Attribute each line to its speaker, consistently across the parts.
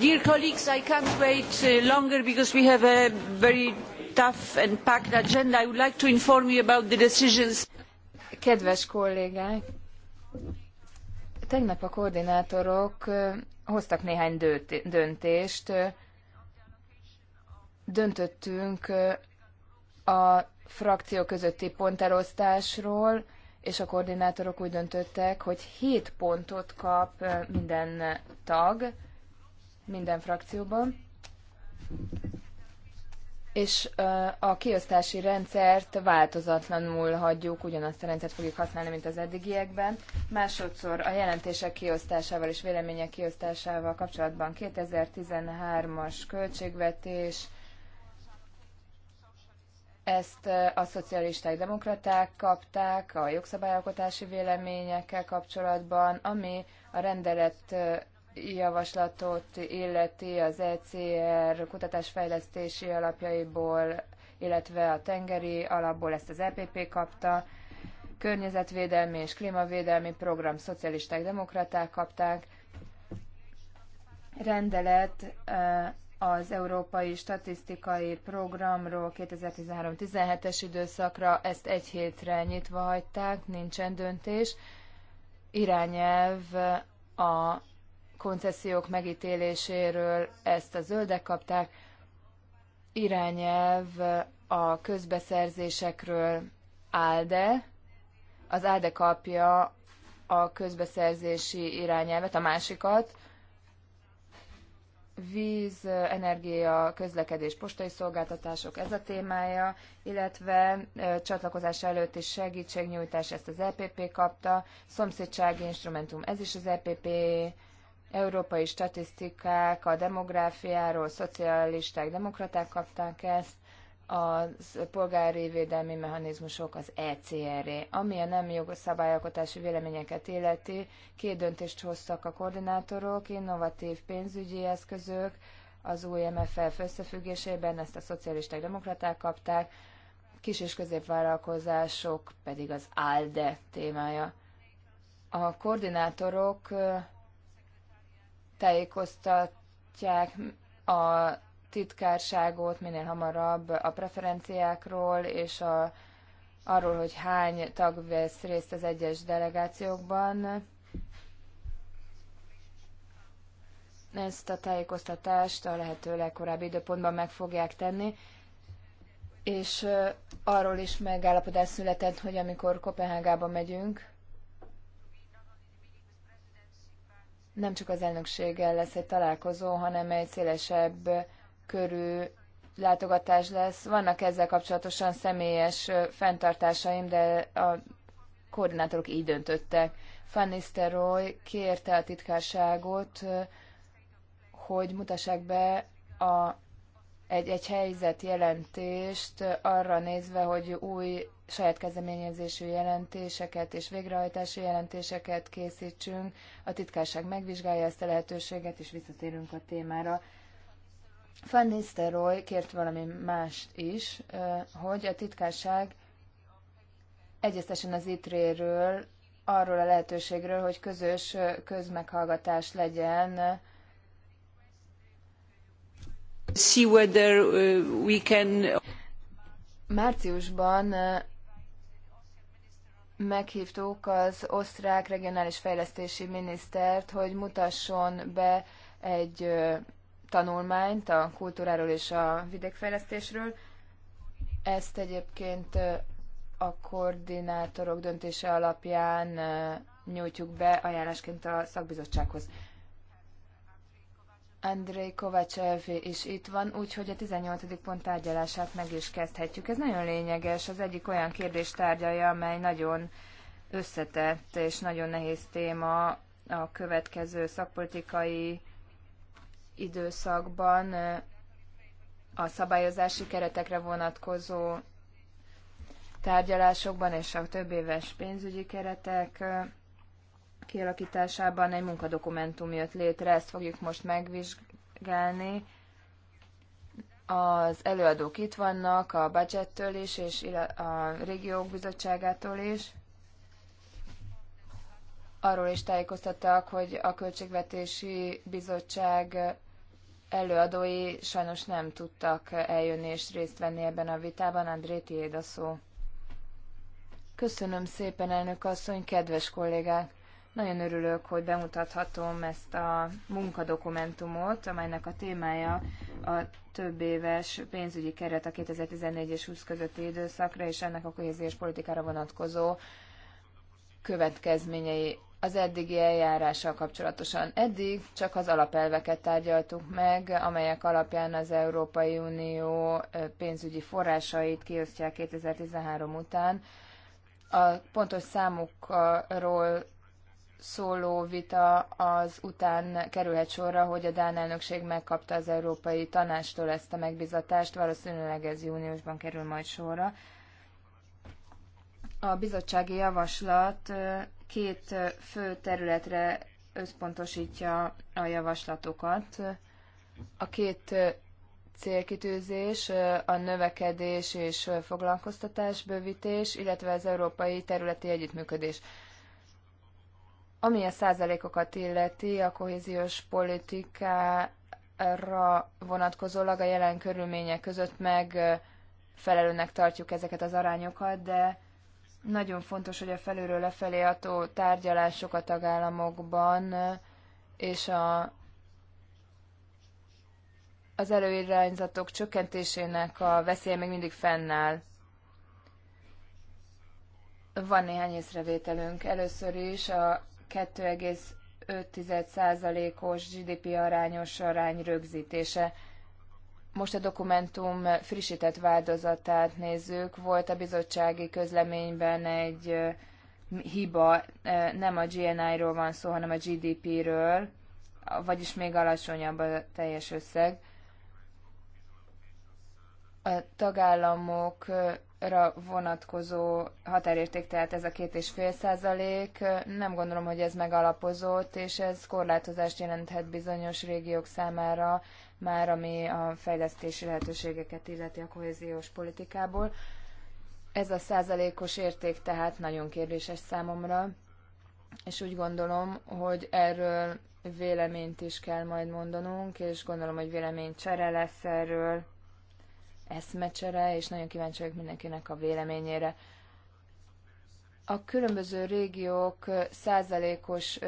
Speaker 1: Dear colleagues, I can't wait uh, longer because we have a very tough and packed agenda. I would like to inform you about the decisions. Kedves
Speaker 2: kollégák, tegnap a koordinátorok hoztak néhány döntést. Döntöttünk a frakció közötti pontelosztásról, és a koordinátorok úgy döntöttek, hogy 7 pontot kap minden tag, minden frakcióban. És a kiosztási rendszert változatlanul hagyjuk, ugyanazt a rendszert fogjuk használni, mint az eddigiekben. Másodszor a jelentések kiosztásával és vélemények kiosztásával kapcsolatban 2013-as költségvetés, ezt a szocialisták demokraták kapták a jogszabályalkotási véleményekkel kapcsolatban, ami a rendelet javaslatot illeti az ECR kutatásfejlesztési alapjaiból, illetve a tengeri alapból ezt az EPP kapta, környezetvédelmi és klímavédelmi program szocialisták, demokraták kapták, rendelet eh, az Európai Statisztikai Programról 2013-17-es időszakra, ezt egy hétre nyitva hagyták, nincsen döntés. Irányelv a koncesziók megítéléséről, ezt a zöldek kapták, irányelv a közbeszerzésekről ALDE, az ALDE kapja a közbeszerzési irányelvet, a másikat, víz, energia, közlekedés, postai szolgáltatások, ez a témája, illetve csatlakozás előtt is segítségnyújtás, ezt az EPP kapta, szomszédsági instrumentum, ez is az EPP európai statisztikák a demográfiáról, szocialisták, demokraták kapták ezt, a polgári védelmi mechanizmusok az ecr e Ami a nem jogos szabályalkotási véleményeket illeti, két döntést hoztak a koordinátorok, innovatív pénzügyi eszközök, az új MFF összefüggésében ezt a szocialisták, demokraták kapták, kis- és középvállalkozások pedig az ALDE témája. A koordinátorok tájékoztatják a titkárságot minél hamarabb a preferenciákról és a, arról, hogy hány tag vesz részt az egyes delegációkban. Ezt a tájékoztatást a lehető legkorábbi időpontban meg fogják tenni, és arról is megállapodás született, hogy amikor Kopenhágába megyünk, nem csak az elnökséggel lesz egy találkozó, hanem egy szélesebb körű látogatás lesz. Vannak ezzel kapcsolatosan személyes fenntartásaim, de a koordinátorok így döntöttek. Van kérte a titkárságot, hogy mutassák be a, egy, egy jelentést arra nézve, hogy új saját kezdeményezésű jelentéseket és végrehajtási jelentéseket készítsünk. A titkárság megvizsgálja ezt a lehetőséget, és visszatérünk a témára. Van Nistelrooy kért valami mást is, hogy a titkárság egyeztesen az ITRÉ-ről, arról a lehetőségről, hogy közös közmeghallgatás legyen,
Speaker 1: See whether we can... Márciusban
Speaker 2: meghívtuk az osztrák regionális fejlesztési minisztert, hogy mutasson be egy tanulmányt a kultúráról és a vidékfejlesztésről. Ezt egyébként a koordinátorok döntése alapján nyújtjuk be ajánlásként a szakbizottsághoz. Andrei Kovácsev is itt van, úgyhogy a 18. pont tárgyalását meg is kezdhetjük. Ez nagyon lényeges, az egyik olyan kérdés tárgyalja, amely nagyon összetett és nagyon nehéz téma a következő szakpolitikai időszakban a szabályozási keretekre vonatkozó tárgyalásokban és a több éves pénzügyi keretek kialakításában egy munkadokumentum jött létre, ezt fogjuk most megvizsgálni. Az előadók itt vannak, a budgettől is, és a régiók bizottságától is. Arról is tájékoztattak, hogy a Költségvetési Bizottság előadói sajnos nem tudtak eljönni és részt venni ebben a vitában. André, tiéd a szó. Köszönöm szépen, elnök asszony, kedves kollégák! Nagyon örülök, hogy bemutathatom ezt a munkadokumentumot, amelynek a témája a több éves pénzügyi keret a 2014 és 20 közötti időszakra, és ennek a kohéziós politikára vonatkozó következményei az eddigi eljárással kapcsolatosan. Eddig csak az alapelveket tárgyaltuk meg, amelyek alapján az Európai Unió pénzügyi forrásait kiosztják 2013 után. A pontos számokról szóló vita az után kerülhet sorra, hogy a Dán elnökség megkapta az Európai Tanástól ezt a megbizatást, valószínűleg ez júniusban kerül majd sorra. A bizottsági javaslat két fő területre összpontosítja a javaslatokat. A két célkitűzés a növekedés és foglalkoztatás bővítés, illetve az európai területi együttműködés. Ami a százalékokat illeti, a kohéziós politikára vonatkozólag a jelen körülmények között meg felelőnek tartjuk ezeket az arányokat, de nagyon fontos, hogy a felülről lefelé adó tárgyalások a tagállamokban és a, az előirányzatok csökkentésének a veszélye még mindig fennáll. Van néhány észrevételünk. Először is a 2,5%-os GDP arányos arány rögzítése. Most a dokumentum frissített változatát nézzük. Volt a bizottsági közleményben egy hiba, nem a GNI-ról van szó, hanem a GDP-ről, vagyis még alacsonyabb a teljes összeg. A tagállamok ra vonatkozó határérték, tehát ez a két és fél százalék. Nem gondolom, hogy ez megalapozott, és ez korlátozást jelenthet bizonyos régiók számára, már ami a fejlesztési lehetőségeket illeti a kohéziós politikából. Ez a százalékos érték tehát nagyon kérdéses számomra, és úgy gondolom, hogy erről véleményt is kell majd mondanunk, és gondolom, hogy vélemény csere lesz erről eszmecsere, és nagyon kíváncsi vagyok mindenkinek a véleményére. A különböző régiók százalékos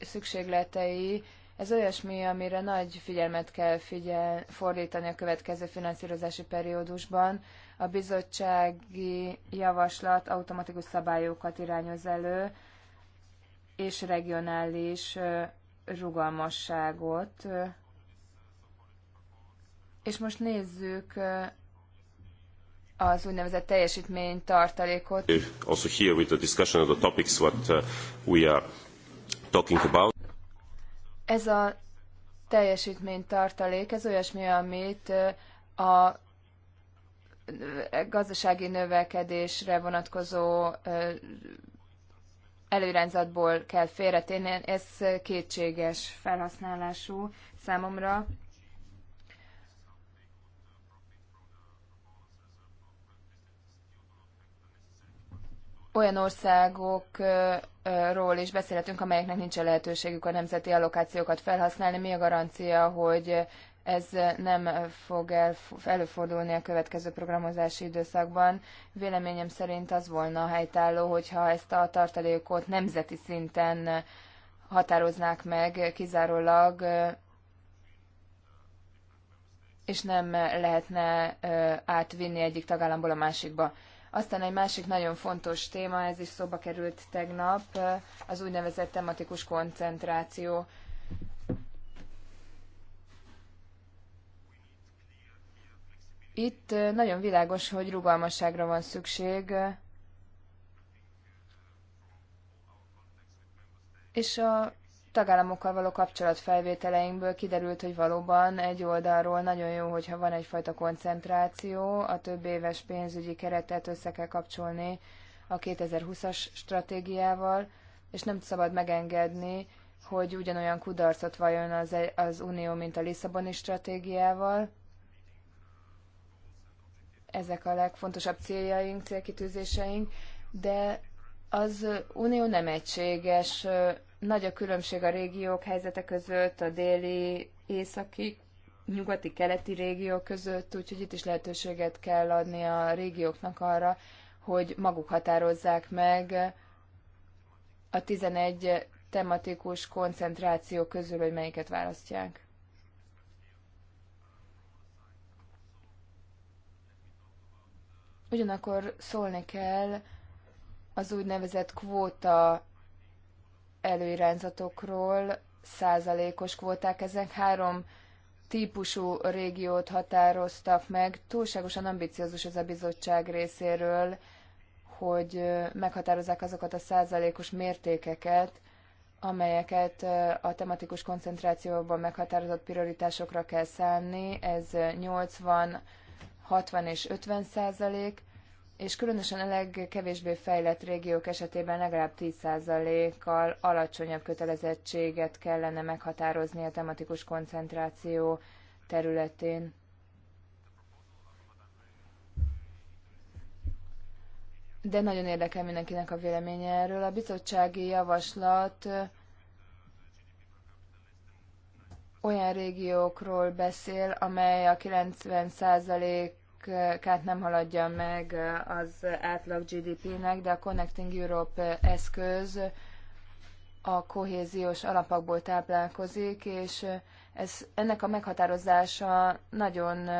Speaker 2: szükségletei, ez olyasmi, amire nagy figyelmet kell figyel, fordítani a következő finanszírozási periódusban. A bizottsági javaslat automatikus szabályokat irányoz elő, és regionális rugalmasságot és most nézzük az úgynevezett teljesítmény tartalékot.
Speaker 3: Also here with the discussion of the topics
Speaker 4: what uh, we are talking about.
Speaker 2: Ez a teljesítmény tartalék, ez olyasmi, amit a gazdasági növekedésre vonatkozó előrendzatból kell félretenni, ez kétséges felhasználású számomra. olyan országokról is beszélhetünk, amelyeknek nincs lehetőségük a nemzeti allokációkat felhasználni. Mi a garancia, hogy ez nem fog előfordulni a következő programozási időszakban. Véleményem szerint az volna a helytálló, hogyha ezt a tartalékot nemzeti szinten határoznák meg kizárólag, és nem lehetne átvinni egyik tagállamból a másikba. Aztán egy másik nagyon fontos téma, ez is szóba került tegnap, az úgynevezett tematikus koncentráció. Itt nagyon világos, hogy rugalmasságra van szükség, és a tagállamokkal való kapcsolatfelvételeinkből kiderült, hogy valóban egy oldalról nagyon jó, hogyha van egyfajta koncentráció, a több éves pénzügyi keretet össze kell kapcsolni a 2020-as stratégiával, és nem szabad megengedni, hogy ugyanolyan kudarcot vajon az, e- az Unió, mint a Lisszaboni stratégiával. Ezek a legfontosabb céljaink, célkitűzéseink, de az Unió nem egységes nagy a különbség a régiók helyzete között, a déli, északi, nyugati, keleti régiók között, úgyhogy itt is lehetőséget kell adni a régióknak arra, hogy maguk határozzák meg a 11 tematikus koncentráció közül, hogy melyiket választják. Ugyanakkor szólni kell az úgynevezett kvóta előirányzatokról, százalékos kvóták, ezek három típusú régiót határoztak meg. Túlságosan ambiciózus ez a bizottság részéről, hogy meghatározzák azokat a százalékos mértékeket, amelyeket a tematikus koncentrációban meghatározott prioritásokra kell szánni. Ez 80, 60 és 50 százalék és különösen a legkevésbé fejlett régiók esetében legalább 10%-kal alacsonyabb kötelezettséget kellene meghatározni a tematikus koncentráció területén. De nagyon érdekel mindenkinek a véleménye erről. A bizottsági javaslat olyan régiókról beszél, amely a 90 át nem haladja meg az átlag GDP-nek, de a Connecting Europe eszköz a kohéziós alapokból táplálkozik, és ez, ennek a meghatározása nagyon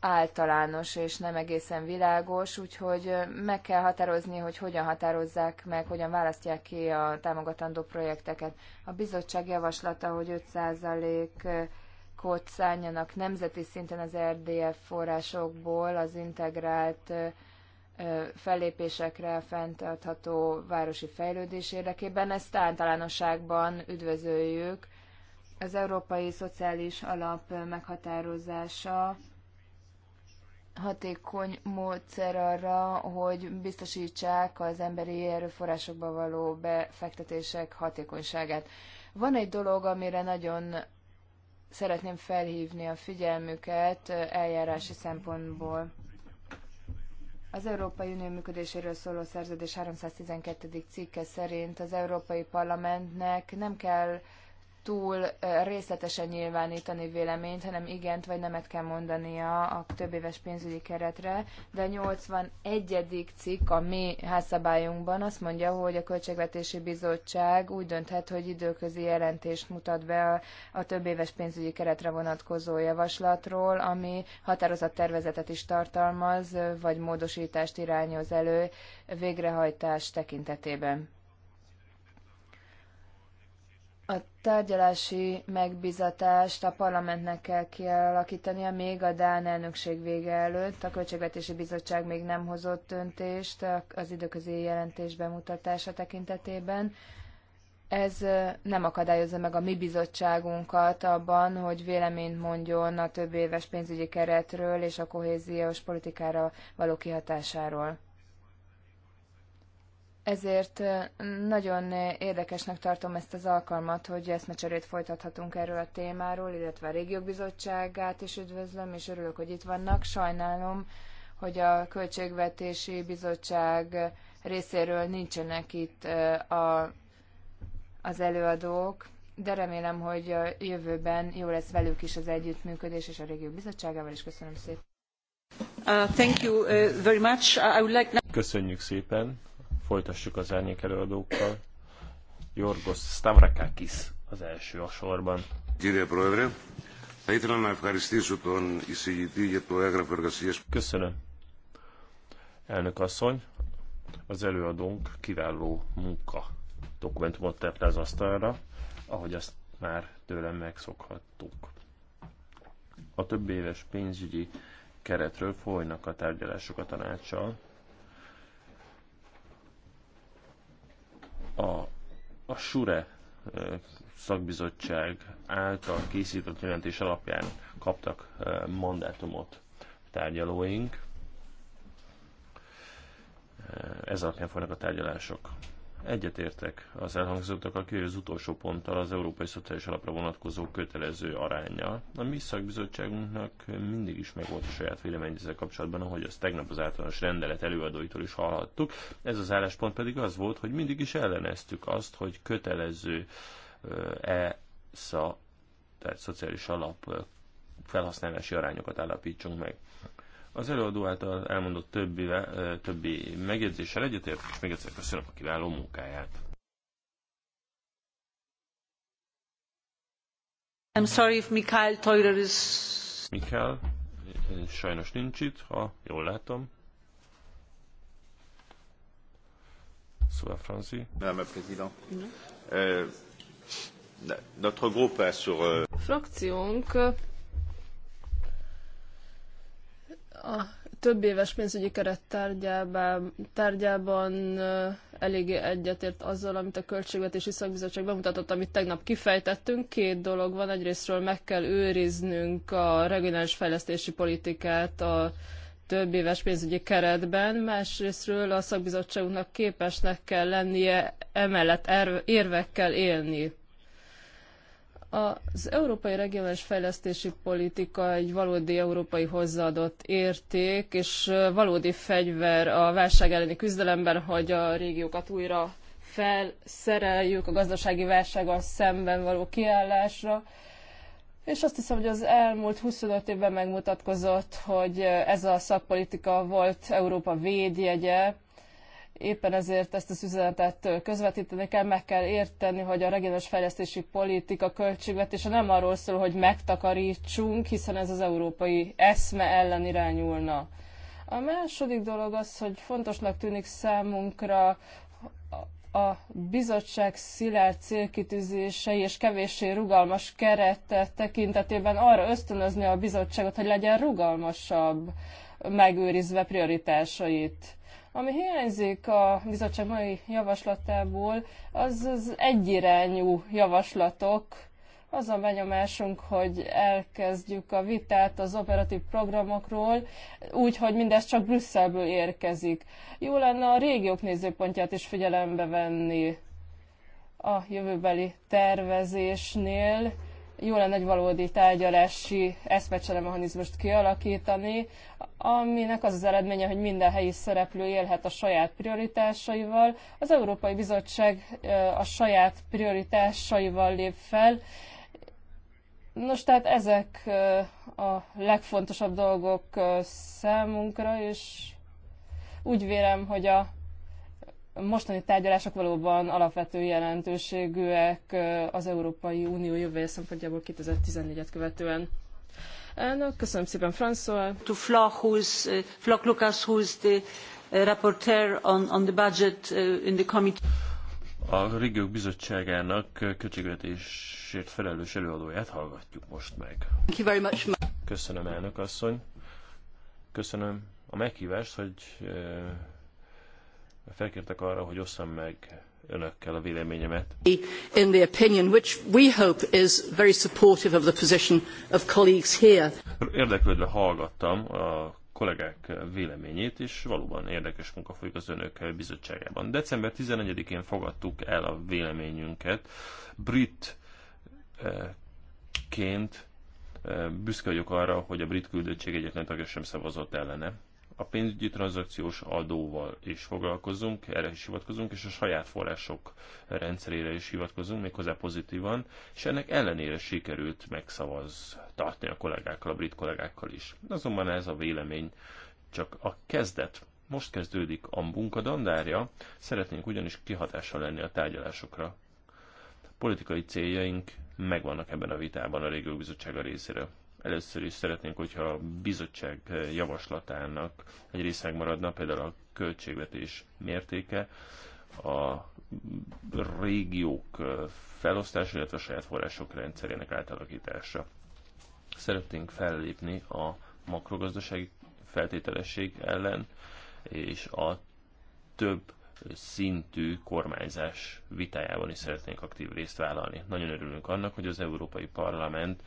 Speaker 2: általános és nem egészen világos, úgyhogy meg kell határozni, hogy hogyan határozzák meg, hogyan választják ki a támogatandó projekteket. A bizottság javaslata, hogy 5 alapokot szálljanak nemzeti szinten az RDF forrásokból az integrált fellépésekre fenntartható városi fejlődés érdekében. Ezt általánosságban üdvözöljük. Az Európai Szociális Alap meghatározása hatékony módszer arra, hogy biztosítsák az emberi erőforrásokba való befektetések hatékonyságát. Van egy dolog, amire nagyon szeretném felhívni a figyelmüket eh, eljárási szempontból. Az Európai Unió működéséről szóló szerződés 312. cikke szerint az Európai Parlamentnek nem kell túl részletesen nyilvánítani véleményt, hanem igent vagy nemet kell mondania a több éves pénzügyi keretre, de a 81. cikk a mi házszabályunkban azt mondja, hogy a Költségvetési Bizottság úgy dönthet, hogy időközi jelentést mutat be a, a több éves pénzügyi keretre vonatkozó javaslatról, ami határozattervezetet is tartalmaz, vagy módosítást irányoz elő végrehajtás tekintetében. A tárgyalási megbizatást a parlamentnek kell kialakítania még a Dán elnökség vége előtt. A Költségvetési Bizottság még nem hozott döntést az időközi jelentés bemutatása tekintetében. Ez nem akadályozza meg a mi bizottságunkat abban, hogy véleményt mondjon a több éves pénzügyi keretről és a kohéziós politikára való kihatásáról. Ezért nagyon érdekesnek tartom ezt az alkalmat, hogy eszmecserét folytathatunk erről a témáról, illetve a Régiók Bizottságát is üdvözlöm, és örülök, hogy itt vannak. Sajnálom, hogy a Költségvetési Bizottság részéről nincsenek itt a, az előadók, de remélem, hogy a jövőben jó lesz velük is az együttműködés és a Régiók Bizottságával, és köszönöm szépen.
Speaker 1: Uh, thank you uh, very much. I would like...
Speaker 3: Köszönjük szépen. Folytassuk az árnyék előadókkal.
Speaker 4: Jorgos Stavrakakis az első a sorban. Köszönöm. Elnök asszony, az előadónk kiváló
Speaker 3: munka dokumentumot tett le az asztalra, ahogy azt már tőlem megszokhattuk. A több éves pénzügyi keretről folynak a tárgyalások a tanácssal, A, a SURE szakbizottság által készített jelentés alapján kaptak mandátumot tárgyalóink. Ez alapján folynak a tárgyalások. Egyetértek az elhangzottak, hogy az utolsó ponttal az Európai Szociális Alapra vonatkozó kötelező aránya. A mi szakbizottságunknak mindig is megvolt a saját vélemény ezzel kapcsolatban, ahogy azt tegnap az általános rendelet előadóitól is hallhattuk. Ez az álláspont pedig az volt, hogy mindig is elleneztük azt, hogy kötelező e tehát szociális alap felhasználási arányokat állapítsunk meg. Az előadó által elmondott többi, többi megjegyzéssel egyetért, és még egyszer köszönöm a kiváló
Speaker 1: munkáját. I'm sorry if Mikhail Teurer is...
Speaker 3: Mikhail, sajnos nincs itt, ha jól látom. Szóval Franci. Madame la Présidente. Mm. notre groupe a sur... Euh...
Speaker 5: Frakciónk a több éves pénzügyi keret tárgyában, eléggé egyetért azzal, amit a Költségvetési Szakbizottság bemutatott, amit tegnap kifejtettünk. Két dolog van. Egyrésztről meg kell őriznünk a regionális fejlesztési politikát a több éves pénzügyi keretben, másrésztről a szakbizottságunknak képesnek kell lennie emellett érvekkel élni az európai regionális fejlesztési politika egy valódi európai hozzáadott érték, és valódi fegyver a válság elleni küzdelemben, hogy a régiókat újra felszereljük a gazdasági válsággal szemben való kiállásra. És azt hiszem, hogy az elmúlt 25 évben megmutatkozott, hogy ez a szakpolitika volt Európa védjegye, Éppen ezért ezt az üzenetet közvetíteni kell, meg kell érteni, hogy a regionális fejlesztési politika költségvetése nem arról szól, hogy megtakarítsunk, hiszen ez az európai eszme ellen irányulna. A második dolog az, hogy fontosnak tűnik számunkra a bizottság szilárd célkitűzései és kevéssé rugalmas kerete tekintetében arra ösztönözni a bizottságot, hogy legyen rugalmasabb, megőrizve prioritásait. Ami hiányzik a bizottság mai javaslatából, az az egyirányú javaslatok. Az a benyomásunk, hogy elkezdjük a vitát az operatív programokról, úgy, hogy mindez csak Brüsszelből érkezik. Jó lenne a régiók nézőpontját is figyelembe venni a jövőbeli tervezésnél jó lenne egy valódi tárgyalási eszmecsere mechanizmust kialakítani, aminek az az eredménye, hogy minden helyi szereplő élhet a saját prioritásaival. Az Európai Bizottság a saját prioritásaival lép fel. Nos, tehát ezek a legfontosabb dolgok számunkra, és úgy vélem, hogy a mostani tárgyalások valóban alapvető jelentőségűek az Európai Unió jövője szempontjából 2014-et követően. Elnök, köszönöm szépen, François. To Fla, who's, uh,
Speaker 1: Flock Lucas, who's the uh, rapporteur on, on the budget uh, in the committee.
Speaker 3: A Régiók Bizottságának költségvetésért felelős előadóját hallgatjuk most meg. Thank you very much. Köszönöm, elnök asszony. Köszönöm a meghívást, hogy uh, felkértek arra, hogy osszam meg önökkel a véleményemet.
Speaker 1: In the opinion, which we hope is very supportive of the position of colleagues here.
Speaker 3: Érdeklődve hallgattam a kollégák véleményét, és valóban érdekes munka folyik az önök bizottságában. December 11-én fogadtuk el a véleményünket. Britként eh, eh, büszke vagyok arra, hogy a brit küldöttség egyetlen tagja sem szavazott ellene a pénzügyi tranzakciós adóval is foglalkozunk, erre is hivatkozunk, és a saját források rendszerére is hivatkozunk, méghozzá pozitívan, és ennek ellenére sikerült megszavaz tartani a kollégákkal, a brit kollégákkal is. Azonban ez a vélemény csak a kezdet. Most kezdődik a munka dandárja, szeretnénk ugyanis kihatással lenni a tárgyalásokra. A politikai céljaink megvannak ebben a vitában a Régiók Bizottsága részéről. Először is szeretnénk, hogyha a bizottság javaslatának egy része maradna például a költségvetés mértéke, a régiók felosztása, illetve a saját források rendszerének átalakítása. Szeretnénk fellépni a makrogazdasági feltételesség ellen, és a több szintű kormányzás vitájában is szeretnénk aktív részt vállalni. Nagyon örülünk annak, hogy az Európai Parlament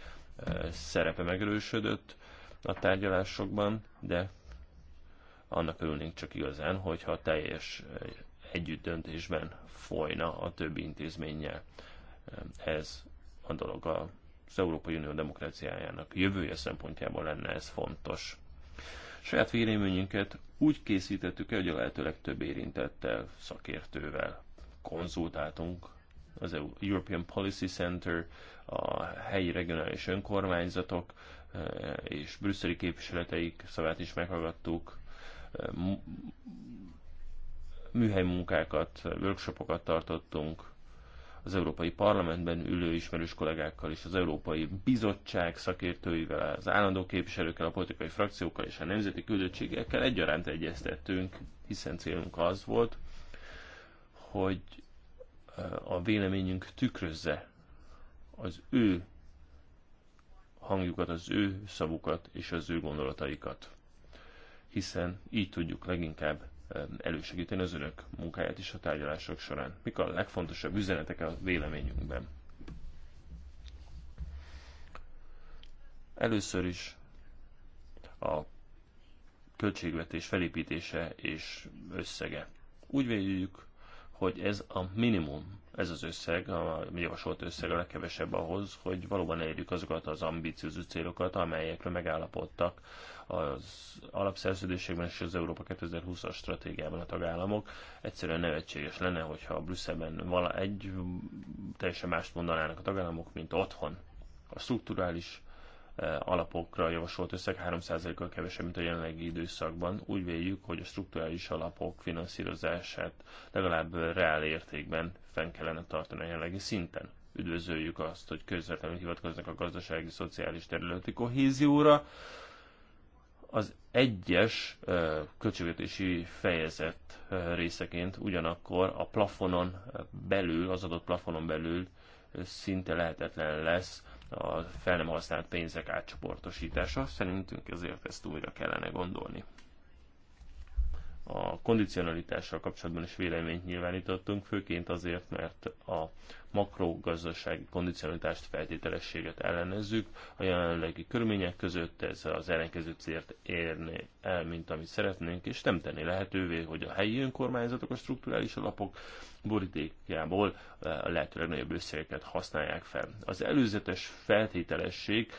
Speaker 3: szerepe megerősödött a tárgyalásokban, de annak örülnénk csak igazán, hogyha a teljes együttdöntésben folyna a többi intézménye. Ez a dolog az Európai Unió demokráciájának jövője szempontjából lenne ez fontos. Saját véleményünket úgy készítettük el, hogy a lehető legtöbb érintettel, szakértővel konzultáltunk az European Policy Center, a helyi regionális önkormányzatok e, és brüsszeli képviseleteik szavát is meghallgattuk, e, műhelymunkákat, workshopokat tartottunk az Európai Parlamentben ülő ismerős kollégákkal és az Európai Bizottság szakértőivel, az állandó képviselőkkel, a politikai frakciókkal és a nemzeti küldöttségekkel egyaránt egyeztettünk, hiszen célunk az volt, hogy e, a véleményünk tükrözze az ő hangjukat, az ő szavukat és az ő gondolataikat. Hiszen így tudjuk leginkább eh, elősegíteni az önök munkáját is a tárgyalások során. Mik a legfontosabb üzenetek a véleményünkben? Először is a költségvetés felépítése és összege. Úgy véljük, hogy ez a minimum, ez az összeg, a javasolt összeg a legkevesebb ahhoz, hogy valóban elérjük azokat az ambiciózus célokat, amelyekről megállapodtak az alapszerződésekben és az Európa 2020-as stratégiában a tagállamok. Egyszerűen nevetséges lenne, hogyha Brüsszelben vala egy teljesen mást mondanának a tagállamok, mint otthon. A strukturális Eh, alapokra javasolt összeg 3%-kal kevesebb, mint a jelenlegi időszakban. Úgy véljük, hogy a strukturális alapok finanszírozását legalább reál értékben fenn kellene tartani a jelenlegi szinten. Üdvözöljük azt, hogy közvetlenül hivatkoznak a gazdasági, szociális területi kohézióra. Az egyes eh, költségvetési fejezet eh, részeként ugyanakkor a plafonon belül, az adott plafonon belül szinte lehetetlen lesz a fel nem használt pénzek átcsoportosítása. Szerintünk ezért ezt újra kellene gondolni a kondicionalitással kapcsolatban is véleményt nyilvánítottunk, főként azért, mert a makrogazdasági kondicionalitást, feltételességet ellenezzük. A jelenlegi körülmények között ez az ellenkező célt érni el, mint amit szeretnénk, és nem tenni lehetővé, hogy a helyi önkormányzatok a strukturális alapok borítékjából eh, a lehető legnagyobb összegeket használják fel. Az előzetes feltételesség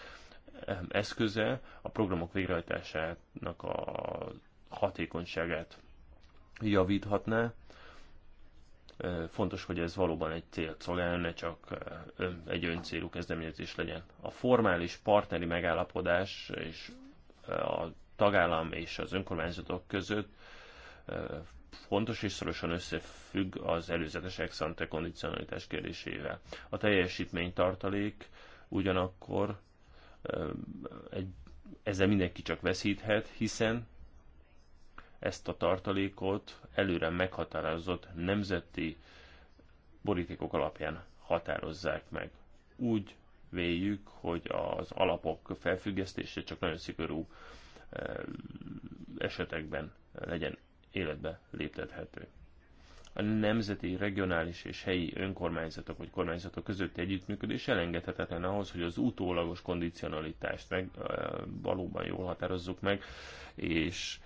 Speaker 3: eh, eszköze a programok végrehajtásának a hatékonyságát javíthatná. Fontos, hogy ez valóban egy cél, szolgáljon, ne csak egy öncélú kezdeményezés legyen. A formális partneri megállapodás és a tagállam és az önkormányzatok között fontos és szorosan összefügg az előzetes ex ante kondicionalitás kérdésével. A teljesítménytartalék ugyanakkor egy, ezzel mindenki csak veszíthet, hiszen ezt a tartalékot előre meghatározott nemzeti politikok alapján határozzák meg. Úgy véljük, hogy az alapok felfüggesztése csak nagyon szigorú eh, esetekben legyen életbe léptethető. A nemzeti, regionális és helyi önkormányzatok vagy kormányzatok közötti együttműködés elengedhetetlen ahhoz, hogy az utólagos kondicionalitást meg eh, valóban jól határozzuk meg, és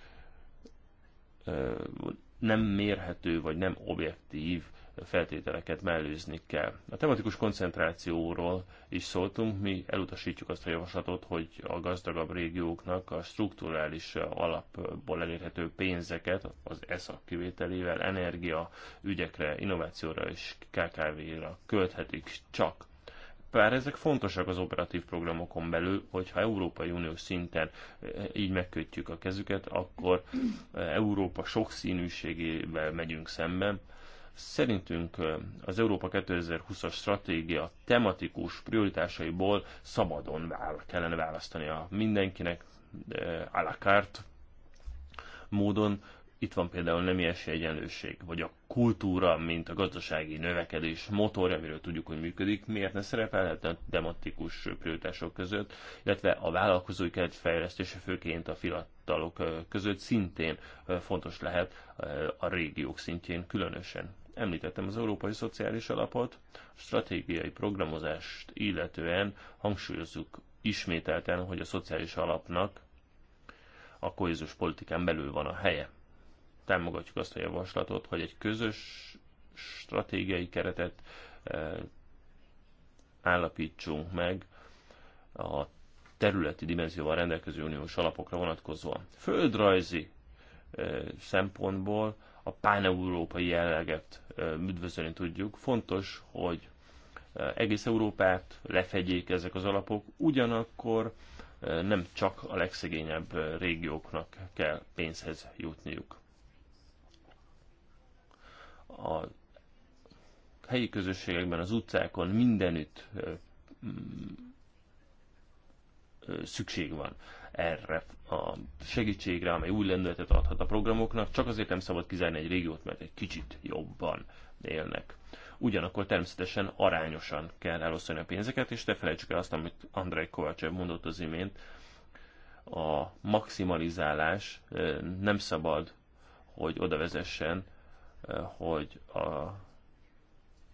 Speaker 3: nem mérhető vagy nem objektív feltételeket mellőzni kell. A tematikus koncentrációról is szóltunk, mi elutasítjuk azt a javaslatot, hogy a gazdagabb régióknak a strukturális alapból elérhető pénzeket az ESZA kivételével energia ügyekre, innovációra és KKV-ra költhetik csak bár ezek fontosak az operatív programokon belül, hogyha Európai Uniós szinten eh, így megkötjük a kezüket, akkor eh, Európa sokszínűségével megyünk szemben. Szerintünk eh, az Európa 2020-as stratégia tematikus prioritásaiból szabadon kellene kellene a mindenkinek à la carte módon itt van például nem esély egyenlőség, vagy a kultúra, mint a gazdasági növekedés motorja, amiről tudjuk, hogy működik, miért ne szerepelhetne a tematikus prioritások között, illetve a vállalkozói keret fejlesztése főként a fiatalok között szintén fontos lehet a régiók szintjén különösen. Említettem az Európai Szociális Alapot, a stratégiai programozást illetően hangsúlyozzuk ismételten, hogy a szociális alapnak a kohézus politikán belül van a helye támogatjuk azt a javaslatot, hogy egy közös stratégiai keretet eh, állapítsunk meg a területi dimenzióval rendelkező uniós alapokra vonatkozóan. Földrajzi eh, szempontból a páneurópai jelleget eh, üdvözölni tudjuk. Fontos, hogy egész Európát lefedjék ezek az alapok, ugyanakkor nem csak a legszegényebb régióknak kell pénzhez jutniuk a helyi közösségekben, az utcákon, mindenütt mm, szükség van erre a segítségre, amely új lendületet adhat a programoknak, csak azért nem szabad kizárni egy régiót, mert egy kicsit jobban élnek. Ugyanakkor természetesen arányosan kell elosztani a pénzeket, és ne felejtsük el azt, amit Andrei Kovácsev mondott az imént, a maximalizálás nem szabad, hogy oda vezessen, hogy a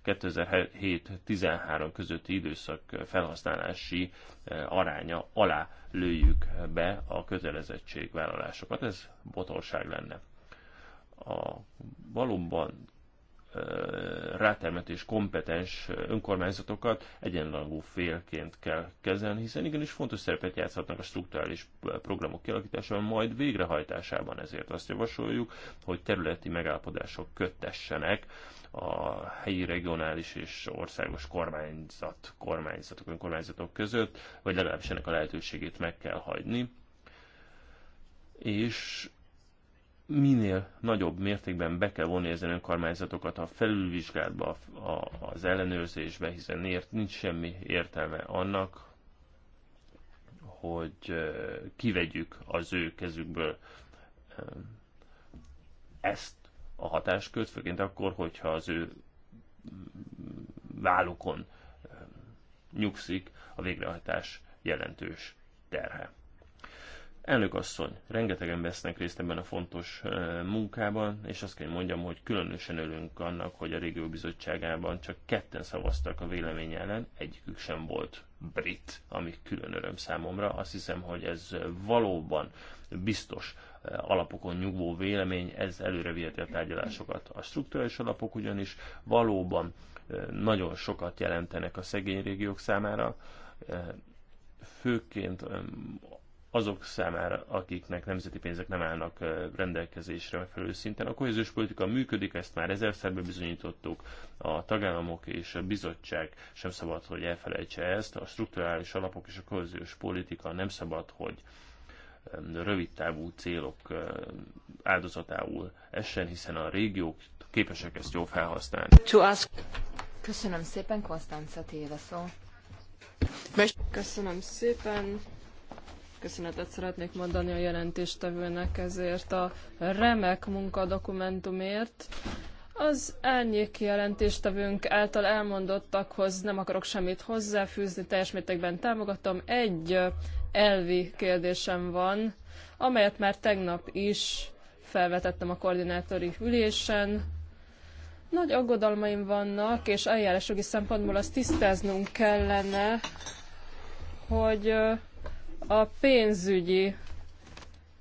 Speaker 3: 2007-13 közötti időszak felhasználási eh, aránya alá lőjük be a kötelezettségvállalásokat. Ez botorság lenne. A valóban rátermetés kompetens önkormányzatokat egyenlangú félként kell kezelni, hiszen igenis fontos szerepet játszhatnak a strukturális programok kialakításában, majd végrehajtásában ezért azt javasoljuk, hogy területi megállapodások köttessenek a helyi, regionális és országos kormányzat, kormányzatok, önkormányzatok között, vagy legalábbis ennek a lehetőségét meg kell hagyni, és minél nagyobb mértékben be kell vonni ezen önkormányzatokat a felülvizsgálatba, a, az ellenőrzésbe, hiszen ért, nincs semmi értelme annak, hogy kivegyük az ő kezükből ezt a hatáskört, főként akkor, hogyha az ő mm, vállukon nyugszik a végrehajtás jelentős terhe. Elnök asszony, rengetegen vesznek részt ebben a fontos munkában, és azt kell mondjam, hogy különösen örülünk annak, hogy a régió bizottságában csak ketten szavaztak a vélemény ellen, egyikük sem volt brit, ami külön öröm számomra. Azt hiszem, hogy ez valóban biztos alapokon nyugvó vélemény, ez előre viheti a tárgyalásokat. A struktúrális alapok ugyanis valóban nagyon sokat jelentenek a szegény régiók számára, főként azok számára, akiknek nemzeti pénzek nem állnak rendelkezésre megfelelő szinten. A kohéziós politika működik, ezt már ezerszer bebizonyítottuk, a tagállamok és a bizottság sem szabad, hogy elfelejtse ezt, a strukturális alapok és a kohéziós politika nem szabad, hogy rövidtávú célok áldozatául essen, hiszen a régiók képesek ezt jól felhasználni.
Speaker 5: Köszönöm szépen, Konstanca Téve szó. Köszönöm szépen, Köszönetet szeretnék mondani a jelentéstevőnek ezért a remek munkadokumentumért. Az elnyék jelentéstevőnk által elmondottakhoz nem akarok semmit hozzáfűzni, teljes mértékben támogatom. Egy elvi kérdésem van, amelyet már tegnap is felvetettem a koordinátori ülésen. Nagy aggodalmaim vannak, és eljárásjogi szempontból azt tisztáznunk kellene, hogy a pénzügyi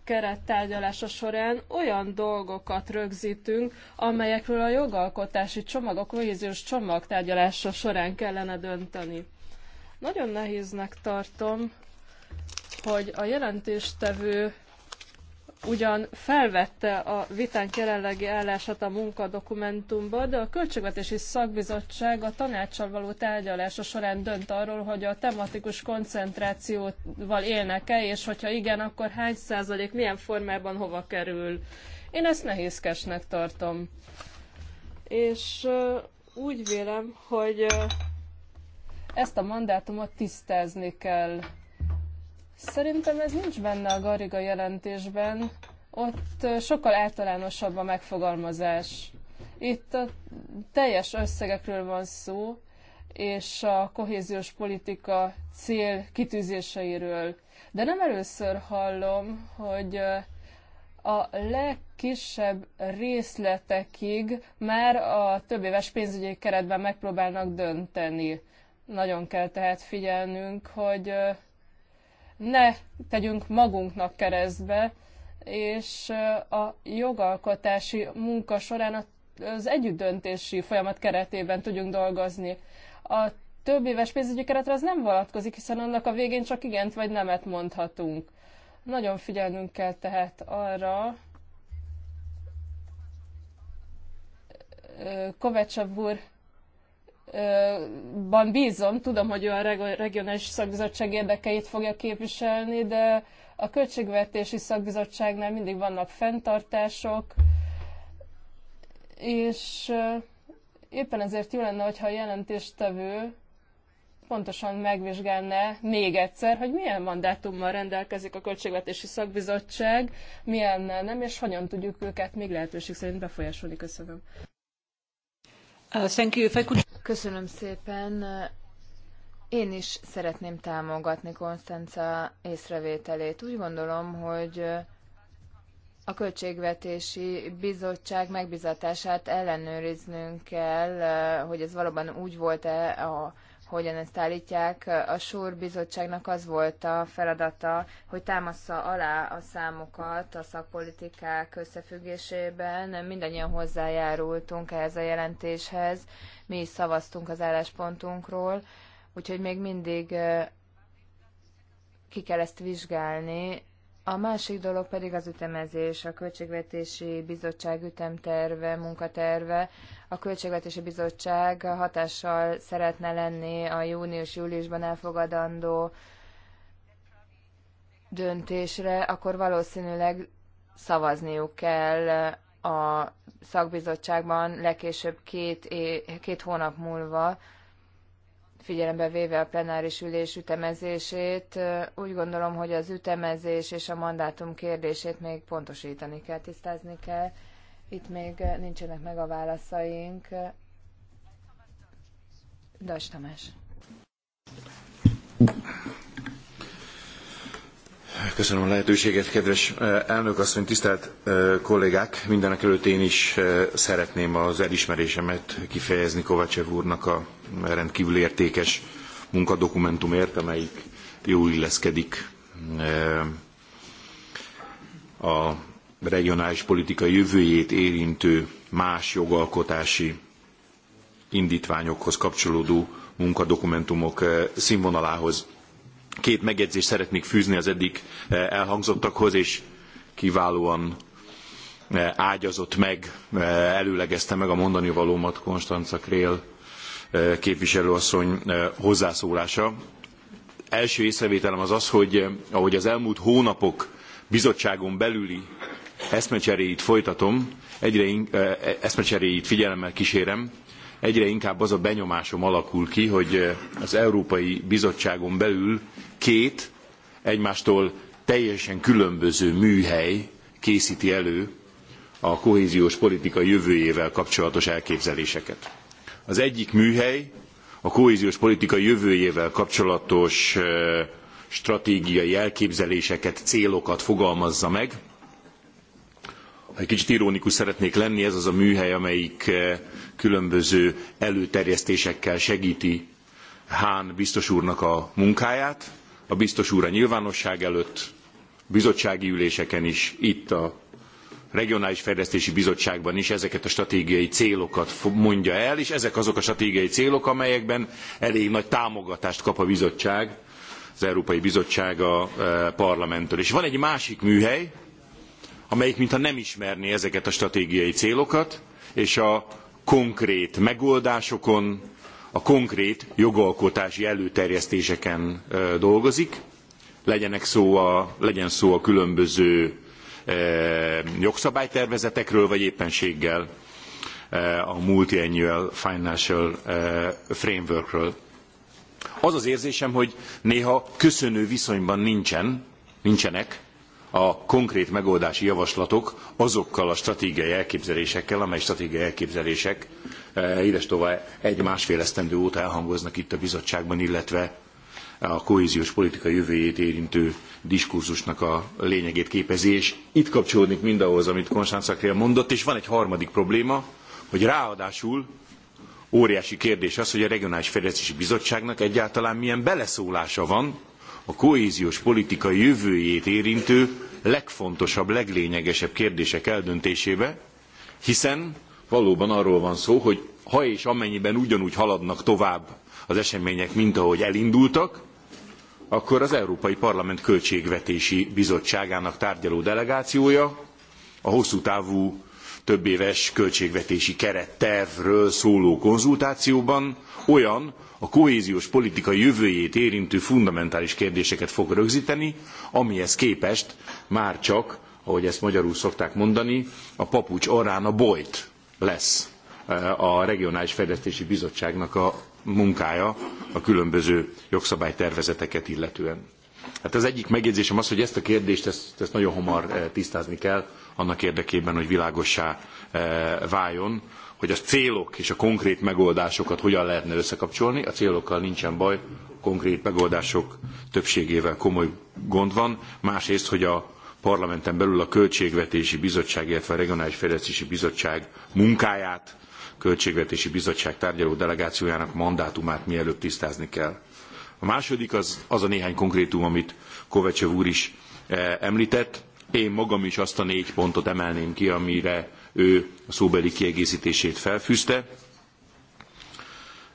Speaker 5: kerettárgyalása során olyan dolgokat rögzítünk, amelyekről a jogalkotási csomag, a kohéziós csomag tárgyalása során kellene dönteni. Nagyon nehéznek tartom, hogy a jelentéstevő ugyan felvette a vitánk jelenlegi állását a munkadokumentumba, de a Költségvetési Szakbizottság a tanácssal való tárgyalása során dönt arról, hogy a tematikus koncentrációval élnek-e, és hogyha igen, akkor hány százalék milyen formában hova kerül. Én ezt nehézkesnek tartom. És uh, úgy vélem, hogy uh, ezt a mandátumot tisztázni kell Szerintem ez nincs benne a Gariga jelentésben, ott sokkal általánosabb a megfogalmazás. Itt a teljes összegekről van szó, és a kohéziós politika cél kitűzéseiről. De nem először hallom, hogy a legkisebb részletekig már a több éves pénzügyi keretben megpróbálnak dönteni. Nagyon kell tehát figyelnünk, hogy ne tegyünk magunknak keresztbe, és a jogalkotási munka során az együttdöntési folyamat keretében tudjunk dolgozni. A több éves pénzügyi keretre az nem vonatkozik, hiszen annak a végén csak igent vagy nemet mondhatunk. Nagyon figyelnünk kell tehát arra, Kovacsev úr ban bízom, tudom, hogy ő a regionális szakbizottság érdekeit fogja képviselni, de a költségvetési szakbizottságnál mindig vannak fenntartások, és éppen ezért jó lenne, hogyha a jelentéstevő pontosan megvizsgálná még egyszer, hogy milyen mandátummal rendelkezik a Költségvetési Szakbizottság, milyen nem, és hogyan tudjuk őket még lehetőség szerint befolyásolni. Köszönöm.
Speaker 1: Uh,
Speaker 2: Köszönöm szépen. Én is szeretném támogatni Konstanca észrevételét. Úgy gondolom, hogy uh, a Költségvetési Bizottság megbizatását ellenőriznünk kell, uh, hogy ez valóban úgy volt-e a hogyan ezt állítják. A SUR bizottságnak az volt a feladata, hogy támassza alá a számokat a szakpolitikák összefüggésében. Mindannyian hozzájárultunk ehhez a jelentéshez, mi is szavaztunk az álláspontunkról, úgyhogy még mindig eh, ki kell ezt vizsgálni, a másik dolog pedig az ütemezés, a Költségvetési Bizottság ütemterve, munkaterve. A Költségvetési Bizottság hatással szeretne lenni a június-júliusban elfogadandó döntésre, akkor valószínűleg szavazniuk kell a szakbizottságban legkésőbb két, é- két hónap múlva, figyelembe véve a plenáris ülés ütemezését, úgy gondolom, hogy az ütemezés és a mandátum kérdését még pontosítani kell, tisztázni kell. Itt még nincsenek meg a válaszaink. Dajs Tamás.
Speaker 4: Köszönöm a lehetőséget, kedves eh, elnök asszony, tisztelt eh, kollégák! Mindenek előtt én is eh, szeretném az elismerésemet kifejezni Kovácsev úrnak a rendkívül értékes munkadokumentumért, amelyik jól illeszkedik a regionális politika jövőjét érintő más jogalkotási indítványokhoz kapcsolódó munkadokumentumok színvonalához. Két megjegyzést szeretnék fűzni az eddig eh, elhangzottakhoz, és kiválóan eh, ágyazott meg, eh, előlegezte meg a mondani valómat Konstanca Krél képviselőasszony hozzászólása. Első észrevételem az az, hogy ahogy az elmúlt hónapok bizottságon belüli eszmecseréit folytatom, egyre eszmecseréit figyelemmel kísérem, egyre inkább az a benyomásom alakul ki, hogy eh, az Európai Bizottságon belül két egymástól teljesen különböző műhely készíti elő a kohéziós politika jövőjével kapcsolatos elképzeléseket. Az egyik műhely a kohéziós politika jövőjével kapcsolatos eh, stratégiai elképzeléseket, célokat fogalmazza meg, egy kicsit ironikus szeretnék lenni, ez az a műhely, amelyik eh, különböző előterjesztésekkel segíti Hán biztos úrnak a munkáját. A biztos úr a nyilvánosság előtt, bizottsági üléseken is, itt a regionális fejlesztési bizottságban is ezeket a stratégiai célokat mondja el, és ezek azok a stratégiai célok, amelyekben elég nagy támogatást kap a bizottság, az Európai Bizottság a eh, parlamenttől. És van egy másik műhely, amelyik mintha nem ismerné ezeket a stratégiai célokat, és a konkrét megoldásokon, a konkrét jogalkotási előterjesztéseken dolgozik. Legyenek szó a, legyen szó a különböző jogszabálytervezetekről, vagy éppenséggel a Multiannual Financial Frameworkről. Az az érzésem, hogy néha köszönő viszonyban nincsen, nincsenek a konkrét megoldási javaslatok azokkal a stratégiai elképzelésekkel, amely stratégiai elképzelések édes e, tovább egy-másfél esztendő óta elhangoznak itt a bizottságban, illetve a kohéziós politika jövőjét érintő diskurzusnak a lényegét képezi, és itt kapcsolódik mindahhoz, amit Konstanz mondott, és van egy harmadik probléma, hogy ráadásul óriási kérdés az, hogy a Regionális Fejlesztési Bizottságnak egyáltalán milyen beleszólása van a kohéziós politika jövőjét érintő legfontosabb, leglényegesebb kérdések eldöntésébe, hiszen valóban arról van szó, hogy ha és amennyiben ugyanúgy haladnak tovább az események, mint ahogy elindultak, akkor az Európai Parlament Költségvetési Bizottságának tárgyaló delegációja a hosszú távú többéves költségvetési kerettervről szóló konzultációban olyan a kohéziós politika jövőjét érintő fundamentális kérdéseket fog rögzíteni, amihez képest már csak, ahogy ezt magyarul szokták mondani, a papucs orrán a bojt lesz e, a Regionális Fejlesztési Bizottságnak a munkája a különböző jogszabálytervezeteket illetően. Hát az egyik megjegyzésem az, hogy ezt a kérdést ezt, ezt nagyon hamar e, tisztázni kell, annak érdekében, hogy világossá eh, váljon, hogy a célok és a konkrét megoldásokat hogyan lehetne összekapcsolni. A célokkal nincsen baj, konkrét megoldások többségével komoly gond van. Másrészt, hogy a parlamenten belül a Költségvetési Bizottság, illetve a Regionális Fejlesztési Bizottság munkáját, Költségvetési Bizottság tárgyaló delegációjának mandátumát mielőbb tisztázni kell. A második az, az a néhány konkrétum, amit Kovacsev úr is eh, említett. Én magam is azt a négy pontot emelném ki, amire ő a szóbeli kiegészítését felfűzte.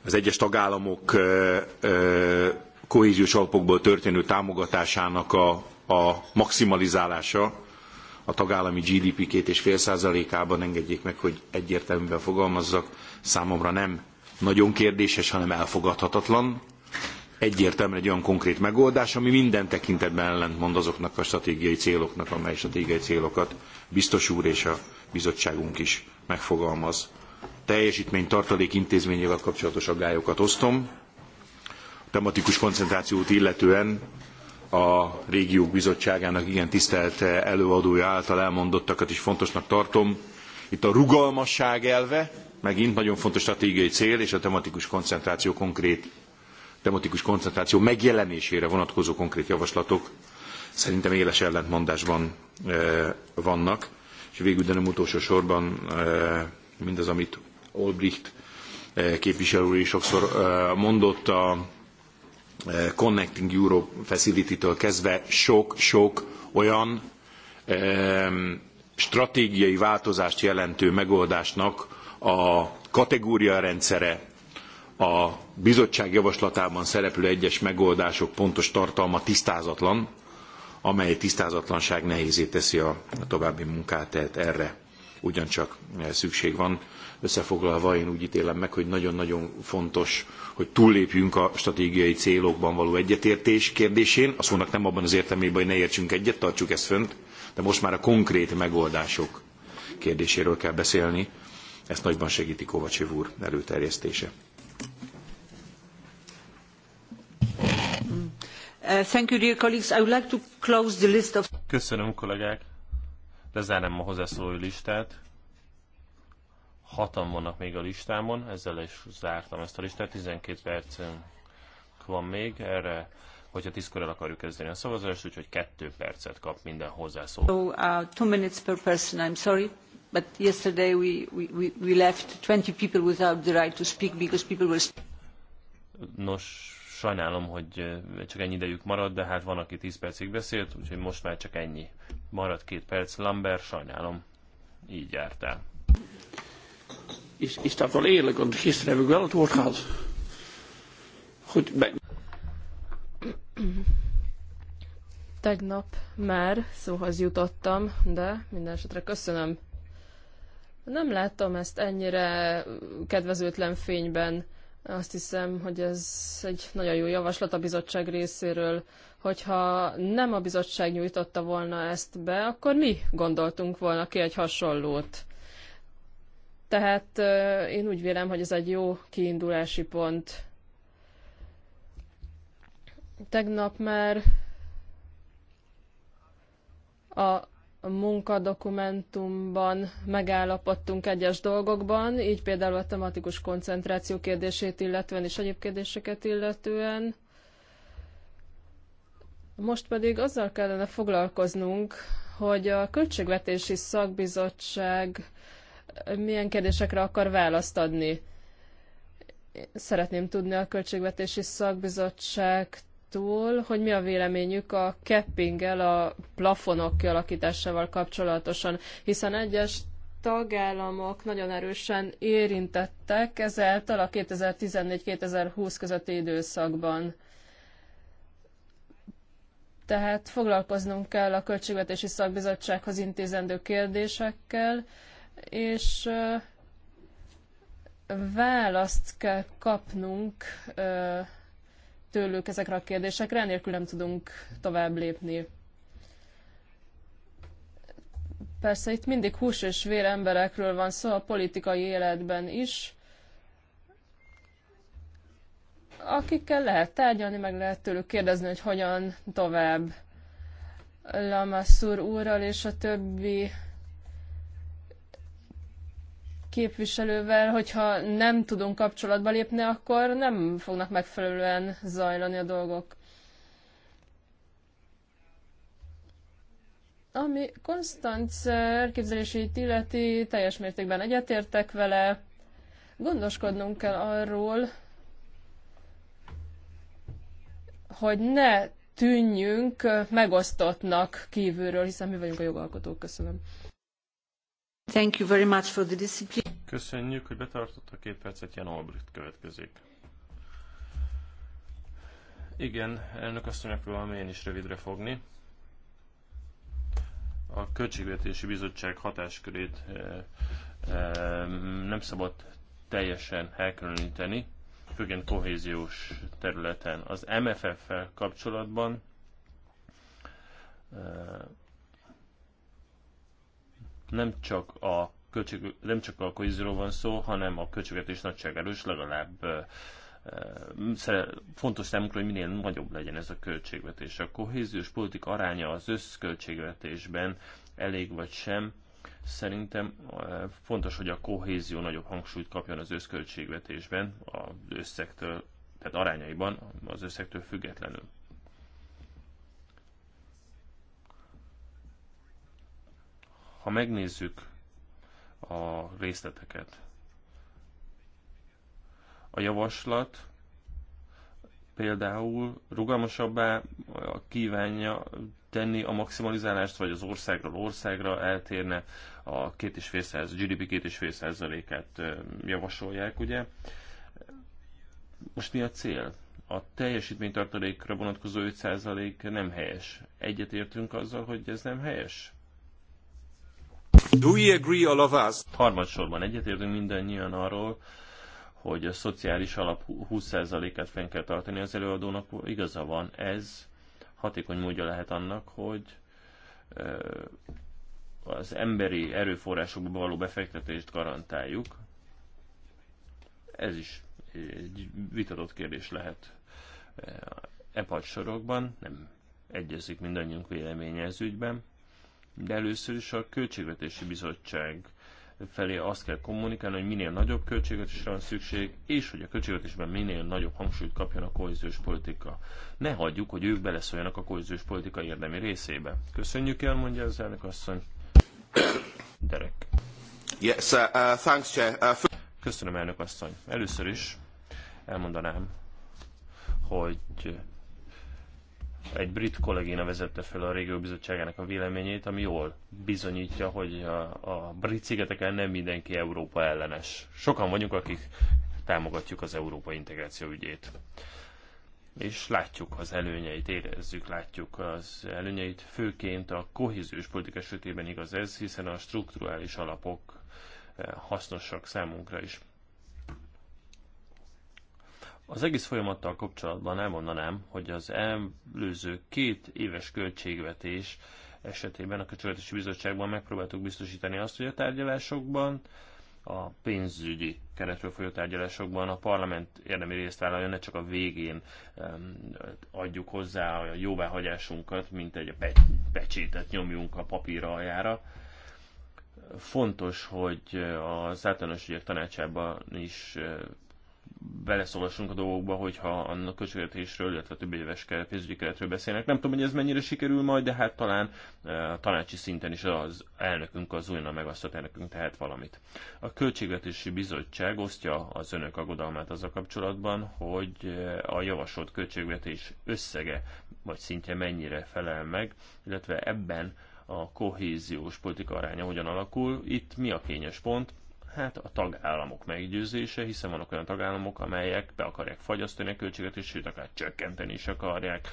Speaker 4: Az egyes tagállamok kohéziós alapokból történő támogatásának a, a maximalizálása a tagállami GDP 2,5%-ában engedjék meg, hogy egyértelműen fogalmazzak, számomra nem nagyon kérdéses, hanem elfogadhatatlan egyértelműen egy olyan konkrét megoldás, ami minden tekintetben ellentmond azoknak a stratégiai céloknak, amely stratégiai célokat biztos úr és a bizottságunk is megfogalmaz. Teljesítmény tartalék intézményével kapcsolatos aggályokat osztom. A tematikus koncentrációt illetően a régiók bizottságának igen tisztelt előadója által elmondottakat is fontosnak tartom. Itt a rugalmasság elve, megint nagyon fontos stratégiai cél, és a tematikus koncentráció konkrét tematikus koncentráció megjelenésére vonatkozó konkrét javaslatok szerintem éles ellentmondásban e, vannak. És végül, de nem utolsó sorban e, mindaz, amit Olbricht e, képviselő úr is sokszor mondott, a Connecting Europe Facility-től kezdve sok-sok olyan stratégiai változást jelentő megoldásnak a kategóriarendszere, a bizottság javaslatában szereplő egyes megoldások pontos tartalma tisztázatlan, amely tisztázatlanság nehézé teszi a további munkát, tehát erre ugyancsak szükség van. Összefoglalva én úgy ítélem meg, hogy nagyon-nagyon fontos, hogy túllépjünk a stratégiai célokban való egyetértés kérdésén. A szónak nem abban az értelmében, hogy ne értsünk egyet, tartsuk ezt fönt, de most már a konkrét megoldások kérdéséről kell beszélni. Ezt nagyban segíti Kovacsev úr előterjesztése.
Speaker 1: Uh, thank you, dear colleagues. I would like
Speaker 3: Köszönöm, kollégák. Lezárnám a hozzászólói listát. Hatan vannak még a listámon, ezzel is zártam ezt a listát. 12 percünk van még erre, hogyha tízkor el akarjuk kezdeni a szavazást, úgyhogy 2 percet kap minden hozzászóló.
Speaker 1: So, uh, two minutes per person, I'm sorry but yesterday we, we, we left 20 people without the right to speak because people were...
Speaker 3: Nos, Sajnálom, hogy csak ennyi idejük marad, de hát van, aki 10 percig beszélt, úgyhogy most már csak ennyi. Marad két perc. Lamber, sajnálom, így jártál. Is, is dat wel eerlijk? Want gisteren heb ik wel het woord gehad. Goed, ben...
Speaker 5: Tegnap már szóhoz jutottam, de minden esetre köszönöm. Nem láttam ezt ennyire kedvezőtlen fényben azt hiszem, hogy ez egy nagyon jó javaslat a bizottság részéről, hogyha nem a bizottság nyújtotta volna ezt be, akkor mi gondoltunk volna ki egy hasonlót. Tehát eh, én úgy vélem, hogy ez egy jó kiindulási pont. Tegnap már a munkadokumentumban megállapodtunk egyes dolgokban, így például a tematikus koncentráció kérdését illetően és egyéb kérdéseket illetően. Most pedig azzal kellene foglalkoznunk, hogy a Költségvetési Szakbizottság milyen kérdésekre akar választ adni. Szeretném tudni a Költségvetési Szakbizottság hallgatótól, hogy mi a véleményük a keppingel a plafonok kialakításával kapcsolatosan, hiszen egyes tagállamok nagyon erősen érintettek ezáltal a 2014-2020 közötti időszakban. Tehát foglalkoznunk kell a Költségvetési Szakbizottsághoz intézendő kérdésekkel, és választ kell kapnunk tőlük ezekre a kérdésekre, enélkül nem tudunk tovább lépni. Persze itt mindig hús és vér emberekről van szó a politikai életben is, akikkel lehet tárgyalni, meg lehet tőlük kérdezni, hogy hogyan tovább. Lamassur úrral és a többi képviselővel, hogyha nem tudunk kapcsolatba lépni, akkor nem fognak megfelelően zajlani a dolgok. Ami Konstanc elképzelését illeti, teljes mértékben egyetértek vele. Gondoskodnunk kell arról, hogy ne tűnjünk megosztottnak kívülről, hiszen mi vagyunk a jogalkotók. Köszönöm. Thank you very much for the discipline.
Speaker 3: Köszönjük, hogy a két percet, Jan Albrecht következik. Igen, elnök asszony, megpróbálom én is rövidre fogni. A Költségvetési Bizottság hatáskörét eh, eh, nem szabad teljesen elkülöníteni, főként kohéziós területen. Az MFF-fel kapcsolatban eh, nem csak a költség, nem csak a kohézióról van szó, hanem a költségvetés nagyságáról is legalább e, e, fontos számunkra, hogy minél nagyobb legyen ez a költségvetés. A kohéziós politika aránya az összköltségvetésben elég vagy sem, szerintem fontos, hogy a kohézió nagyobb hangsúlyt kapjon az összköltségvetésben, az összektől, tehát arányaiban az összektől függetlenül. Ha megnézzük a részleteket, a javaslat például rugalmasabbá kívánja tenni a maximalizálást, vagy az országról országra eltérne a két és fél száz, GDP két és fél százalékát javasolják, ugye. Most mi a cél? A teljesítménytartalékra vonatkozó 5 százalék nem helyes. Egyetértünk azzal, hogy ez nem helyes? Do we agree all of us? Harmadsorban egyetértünk mindannyian arról, hogy a szociális alap 20%-át fenn kell tartani az előadónak, igaza van, ez hatékony módja lehet annak, hogy az emberi erőforrásokba való befektetést garantáljuk. Ez is egy vitatott kérdés lehet e sorokban, nem egyezik mindannyiunk véleménye ez ügyben. De először is a Költségvetési Bizottság felé azt kell kommunikálni, hogy minél nagyobb költségvetésre van szükség, és hogy a költségvetésben minél nagyobb hangsúlyt kapjon a kohéziós politika. Ne hagyjuk, hogy ők beleszóljanak a kohéziós politika érdemi részébe. Köszönjük el, mondja az elnök asszony. Derek. Yes, uh, uh thanks, Chair. Uh, Köszönöm, elnök asszony. Először is elmondanám, hogy egy brit kollégina vezette fel a régió bizottságának a véleményét, ami jól bizonyítja, hogy a, a brit szigeteken nem mindenki Európa ellenes. Sokan vagyunk, akik támogatjuk az Európa integráció ügyét. És látjuk az előnyeit, érezzük, látjuk az előnyeit, főként a kohéziós politika esetében igaz ez, hiszen a strukturális alapok eh, hasznosak számunkra is. Az egész folyamattal kapcsolatban elmondanám, hogy az előző két éves költségvetés esetében a Költségvetési Bizottságban megpróbáltuk biztosítani azt, hogy a tárgyalásokban, a pénzügyi keretről folyó tárgyalásokban a parlament érdemi részt vállaljon, ne csak a végén adjuk hozzá a jóváhagyásunkat, mint egy pecsétet nyomjunk a papír aljára. Fontos, hogy az általános ügyek tanácsában is beleszólassunk a dolgokba, hogyha a költségvetésről, illetve a több éves pénzügyi keretről beszélnek. Nem tudom, hogy ez mennyire sikerül majd, de hát talán eh, a tanácsi szinten is az elnökünk, az újonnan megasztott elnökünk tehet valamit. A Költségvetési Bizottság osztja az önök aggodalmát az a kapcsolatban, hogy eh, a javasolt költségvetés összege vagy szintje mennyire felel meg, illetve ebben a kohéziós politika aránya hogyan alakul. Itt mi a kényes pont? Hát a tagállamok meggyőzése, hiszen vannak olyan tagállamok, amelyek be akarják fagyasztani a költséget, és sőt, akár csökkenteni is akarják.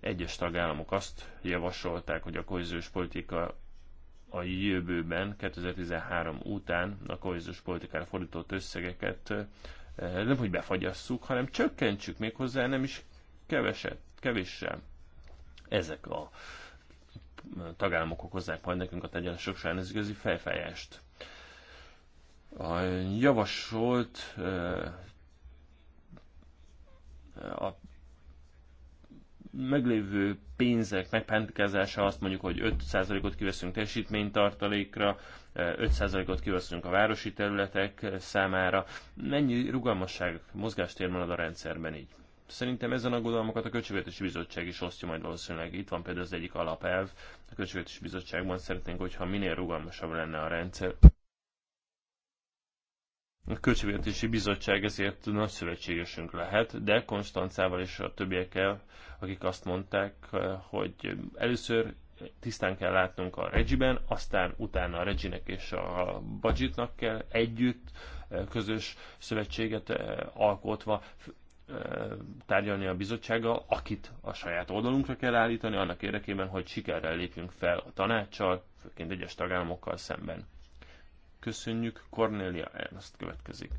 Speaker 3: Egyes tagállamok azt javasolták, hogy a kohéziós politika a jövőben, 2013 után a kohéziós politikára fordított összegeket eh, nem hogy befagyasszuk, hanem csökkentsük még hozzá nem is keveset, kevéssel. Ezek a tagállamok okozzák majd nekünk a tegyen során ez igazi fejfájást. A javasolt a meglévő pénzek megpentkezése azt mondjuk, hogy 5%-ot kiveszünk teljesítménytartalékra, 5%-ot kiveszünk a városi területek számára. Mennyi rugalmasság, mozgástér marad a rendszerben így? Szerintem ezen aggodalmakat a Költségvetési Bizottság is osztja majd valószínűleg. Itt van például az egyik alapelv. A Költségvetési Bizottságban szeretnénk, hogyha minél rugalmasabb lenne a rendszer, a Költségvetési Bizottság ezért nagy szövetségesünk lehet, de Konstancával és a többiekkel, akik azt mondták, hogy először tisztán kell látnunk a regiben, aztán utána a reginek és a budgetnak kell együtt közös szövetséget eh, alkotva eh, tárgyalni a bizottsággal, akit a saját oldalunkra kell állítani, annak érdekében, hogy sikerrel lépjünk fel a tanácssal, főként egyes tagállamokkal szemben. Köszönjük, Cornelia Ernst következik.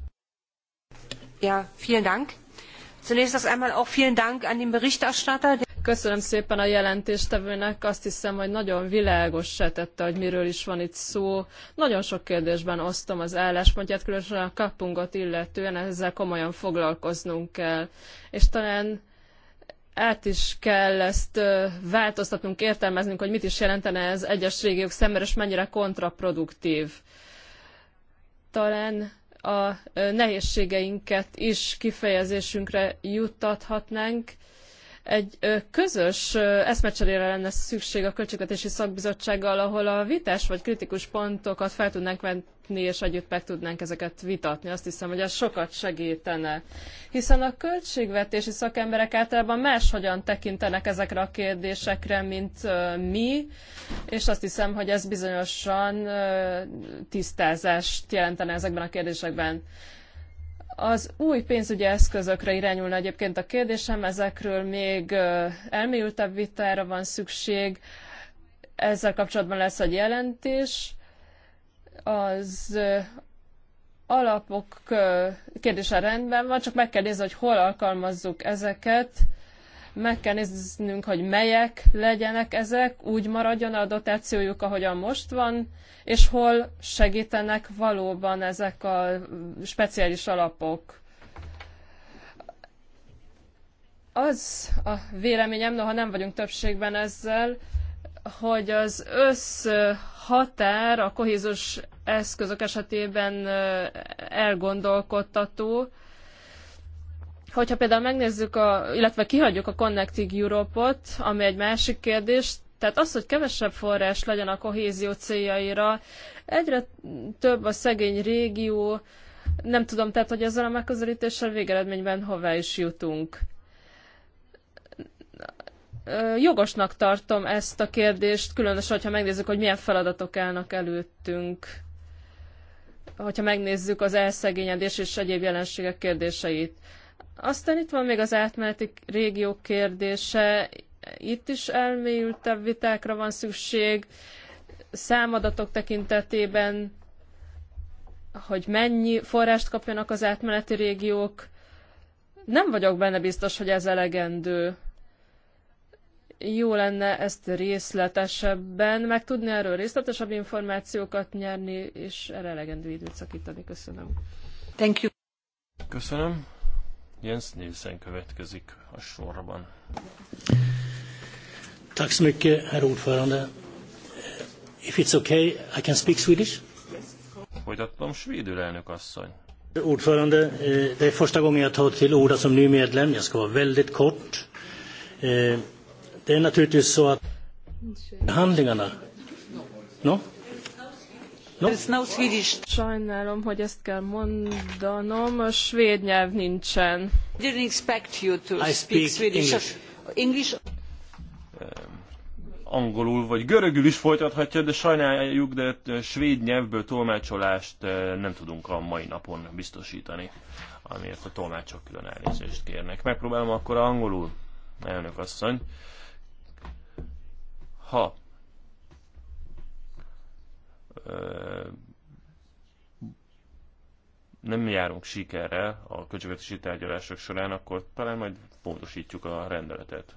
Speaker 1: Ja,
Speaker 5: vielen Dank. Zunächst az einmal auch vielen Dank an den Berichterstatter. Köszönöm szépen a jelentéstevőnek, azt hiszem, hogy nagyon világos se tette, hogy miről is van itt szó. Nagyon sok kérdésben osztom az álláspontját, különösen a kapungot illetően, ezzel komolyan foglalkoznunk kell. És talán át is kell ezt változtatnunk, értelmeznünk, hogy mit is jelentene ez egyes régiók szemben, és mennyire kontraproduktív talán a nehézségeinket is kifejezésünkre juttathatnánk, egy közös eszmecserére lenne szükség a Költségvetési Szakbizottsággal, ahol a vitás vagy kritikus pontokat fel tudnánk venni, és együtt meg tudnánk ezeket vitatni. Azt hiszem, hogy ez sokat segítene. Hiszen a költségvetési szakemberek általában máshogyan tekintenek ezekre a kérdésekre, mint mi, és azt hiszem, hogy ez bizonyosan tisztázást jelentene ezekben a kérdésekben. Az új pénzügyi eszközökre irányulna egyébként a kérdésem, ezekről még elmélyültebb vitára van szükség, ezzel kapcsolatban lesz egy jelentés. Az alapok kérdése rendben van, csak meg kell nézni, hogy hol alkalmazzuk ezeket, meg kell néznünk, hogy melyek legyenek ezek, úgy maradjon a dotációjuk, ahogyan most van, és hol segítenek valóban ezek a speciális alapok. Az a véleményem, noha nem vagyunk többségben ezzel, hogy az össz határ a kohézus eszközök esetében elgondolkodtató, Hogyha például megnézzük, a, illetve kihagyjuk a Connecting Europe-ot, ami egy másik kérdés, tehát az, hogy kevesebb forrás legyen a kohézió céljaira, egyre több a szegény régió, nem tudom, tehát hogy ezzel a megközelítéssel végeredményben hová is jutunk. Jogosnak tartom ezt a kérdést, különösen, ha megnézzük, hogy milyen feladatok állnak előttünk, hogyha megnézzük az elszegényedés és egyéb jelenségek kérdéseit. Aztán itt van még az átmeneti régiók kérdése. Itt is elmélyültebb vitákra van szükség számadatok tekintetében, hogy mennyi forrást kapjanak az átmeneti régiók. Nem vagyok benne biztos, hogy ez elegendő. Jó lenne ezt részletesebben, meg tudni erről részletesebb információkat nyerni, és erre elegendő időt szakítani. Köszönöm.
Speaker 1: Thank you. Köszönöm.
Speaker 3: Jens Nielsen következik a sorban. Tack så mycket, herr ordförande. If it's okay, I can speak Swedish? Folytatom svédül, elnök asszony. Ordförande, eh, det är första gången jag tar till orda som ny medlem. Jag ska vara väldigt kort. Eh, det är naturligtvis så att mm, handlingarna... No? No? No Swedish.
Speaker 5: Sajnálom, hogy ezt kell mondanom, a svéd nyelv nincsen. I didn't expect
Speaker 1: you to I speak, speak English.
Speaker 5: English.
Speaker 3: Angolul vagy görögül is folytathatja, de sajnáljuk, de svéd nyelvből tolmácsolást nem tudunk a mai napon biztosítani, amiért a tolmácsok külön elnézést kérnek. Megpróbálom akkor angolul, elnök asszony. Ha nem járunk sikerre a költségvetési tárgyalások során, akkor talán majd pontosítjuk a rendeletet.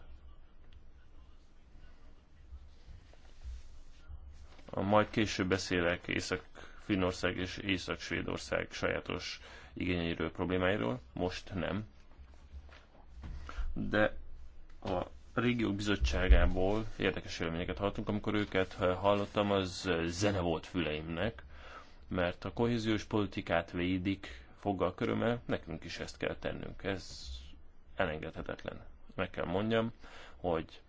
Speaker 3: A majd később beszélek Észak-Finnország és Észak-Svédország sajátos igényeiről, problémáiról. Most nem. De a a régiók bizottságából érdekes élményeket hallottunk. Amikor őket eh, hallottam, az eh, zene volt füleimnek, mert a kohéziós politikát védik foggal körömmel, nekünk is ezt kell tennünk. Ez elengedhetetlen. Meg kell mondjam, hogy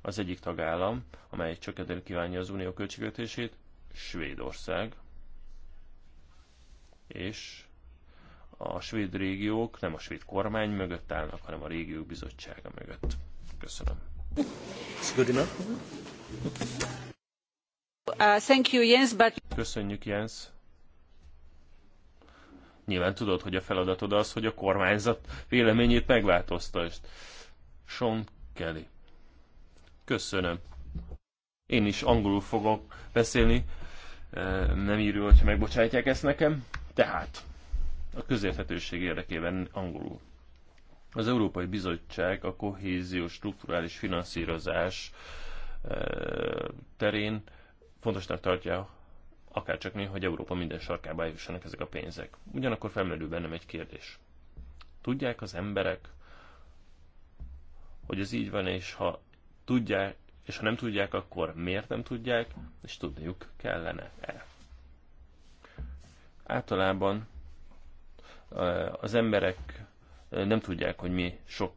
Speaker 3: az egyik tagállam, amely csökkenteni kívánja az unió költségvetését, Svédország, és a svéd régiók nem a svéd kormány mögött állnak, hanem a régiók bizottsága mögött. Köszönöm.
Speaker 1: Uh, thank you, Jens, but...
Speaker 3: Köszönjük, Jens. Nyilván tudod, hogy a feladatod az, hogy a kormányzat véleményét megváltoztasd. Sean Kelly. Köszönöm. Én is angolul fogok beszélni. Nem írő, hogyha megbocsátják ezt nekem. Tehát, a közérthetőség érdekében angolul. Az Európai Bizottság a kohéziós strukturális finanszírozás eh, terén fontosnak tartja akárcsak néha, hogy Európa minden sarkába eljussanak ezek a pénzek. Ugyanakkor felmerül bennem egy kérdés. Tudják az emberek, hogy ez így van, és ha tudják, és ha nem tudják, akkor miért nem tudják, és tudniuk kellene el. Általában eh, az emberek nem tudják, hogy mi sok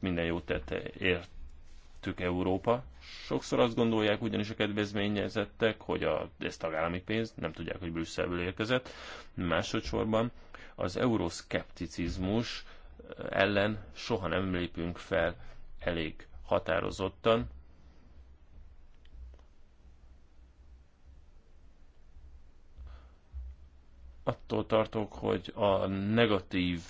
Speaker 3: minden jót tette értük Európa. Sokszor azt gondolják ugyanis a kedvezményezettek, hogy a, ez tagállami pénz, nem tudják, hogy Brüsszelből érkezett. Másodszorban az euroszkepticizmus ellen soha nem lépünk fel elég határozottan, attól tartok, hogy a negatív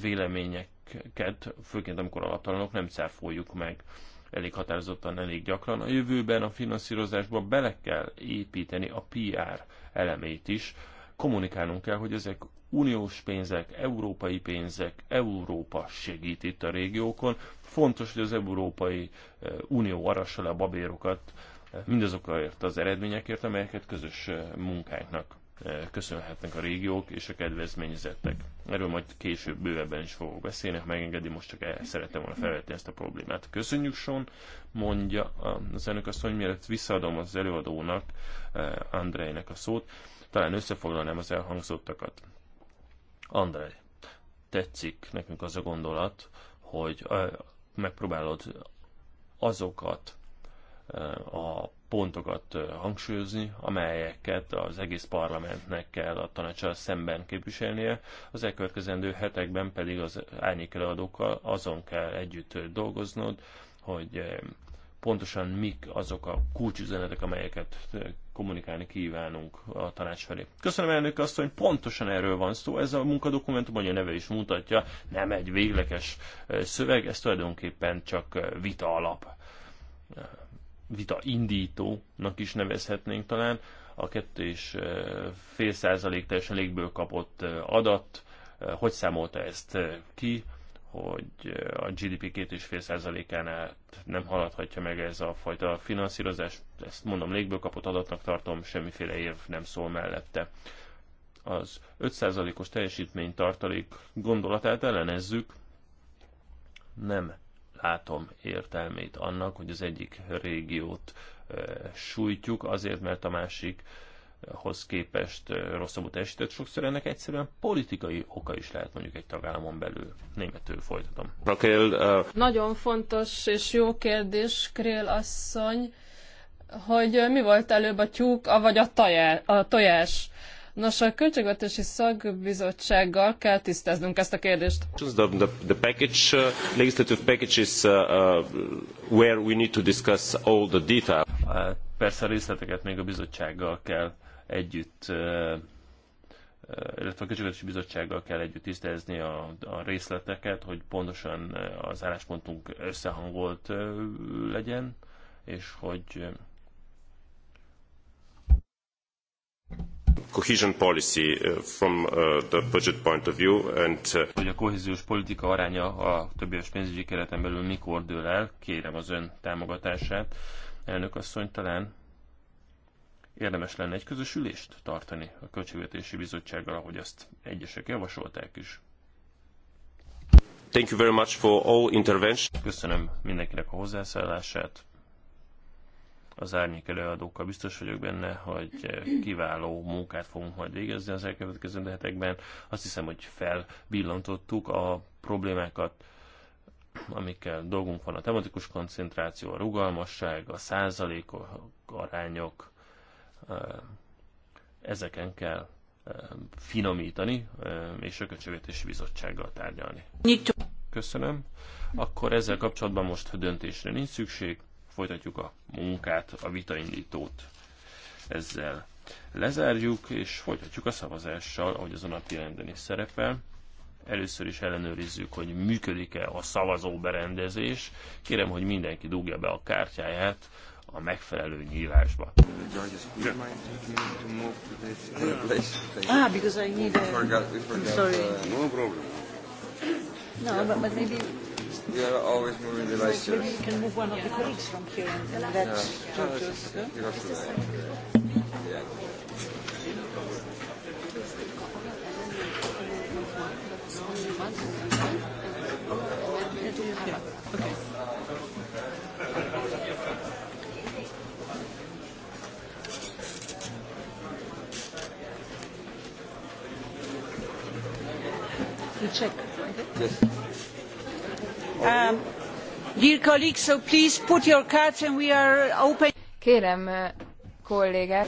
Speaker 3: véleményeket, főként amikor alaptalanok, nem cáfoljuk meg elég határozottan, elég gyakran. A jövőben a finanszírozásba bele kell építeni a PR elemét is. Kommunikálnunk kell, hogy ezek uniós pénzek, európai pénzek, Európa segít itt a régiókon. Fontos, hogy az Európai Unió arassa le a babérokat mindazokért az eredményekért, amelyeket közös munkánknak Eh, köszönhetnek a régiók és a kedvezményezettek. Erről majd később bővebben is fogok beszélni, ha megengedi, most csak el szerettem volna felvetni ezt a problémát. Köszönjük, Son, mondja az elnök azt, hogy mielőtt visszaadom az előadónak, eh, Andrejnek a szót, talán összefoglalnám az elhangzottakat. Andrej, tetszik nekünk az a gondolat, hogy eh, megpróbálod azokat a pontokat hangsúlyozni, amelyeket az egész parlamentnek kell a tanácsal szemben képviselnie. Az elkövetkezendő hetekben pedig az árnyékeladókkal azon kell együtt dolgoznod, hogy pontosan mik azok a kulcsüzenetek, amelyeket kommunikálni kívánunk a tanács felé. Köszönöm elnök azt, hogy pontosan erről van szó. Ez a munkadokumentum, ahogy a neve is mutatja, nem egy végleges szöveg, ez tulajdonképpen csak vita alap vita indítónak is nevezhetnénk talán, a kettő és fél százalék teljesen légből kapott adat, hogy számolta ezt ki, hogy a GDP százalékán át nem haladhatja meg ez a fajta finanszírozás. Ezt mondom, légből kapott adatnak tartom, semmiféle érv nem szól mellette. Az 5%-os teljesítmény tartalék gondolatát ellenezzük, nem átom értelmét annak, hogy az egyik régiót sújtjuk azért, mert a másikhoz képest rosszabbul teljesített. Sokszor ennek egyszerűen politikai oka is lehet mondjuk egy tagállamon belül. Németül folytatom. Raquel, uh...
Speaker 5: Nagyon fontos és jó kérdés, Krél asszony, hogy mi volt előbb a tyúk, vagy a, tajá, a tojás. Nos, a Költségvetési Szakbizottsággal kell tisztáznunk ezt a kérdést. The,
Speaker 3: the, the package, uh, legislative package is uh, uh where we need to discuss all the detail. Uh, persze a részleteket még a bizottsággal kell együtt uh, uh, illetve a Költségvetési Bizottsággal kell együtt tisztázni a, a részleteket, hogy pontosan az álláspontunk összehangolt legyen, és hogy hogy a kohéziós politika aránya a többéves pénzügyi kereten belül mikor dől el, kérem az ön támogatását. Elnök asszony, talán érdemes lenne egy közös ülést tartani a Költségvetési Bizottsággal, ahogy azt egyesek javasolták is. Thank you very much for all intervention. Köszönöm mindenkinek a hozzászállását az árnyék előadókkal. Biztos vagyok benne, hogy kiváló munkát fogunk majd végezni az elkövetkező hetekben. Azt hiszem, hogy felbillantottuk a problémákat, amikkel dolgunk van, a tematikus koncentráció, a rugalmasság, a százalékok, arányok, ezeken kell finomítani, és a Köcsövétési Bizottsággal tárgyalni. Köszönöm. Akkor ezzel kapcsolatban most döntésre nincs szükség folytatjuk a munkát, a vitaindítót ezzel lezárjuk, és folytatjuk a szavazással, ahogy az a napi rendben is szerepel. Először is ellenőrizzük, hogy működik-e a szavazó berendezés. Kérem, hogy mindenki dugja be a kártyáját a megfelelő nyílásba.
Speaker 1: Ah, because I need a... Uh, no problem. but maybe... We are always moving the vice chair. Maybe we can move one of the colleagues from here and let yeah. Georgios. Yeah. Yeah. Yeah. Okay. We check, right? Yes. Kérem uh, kollégák,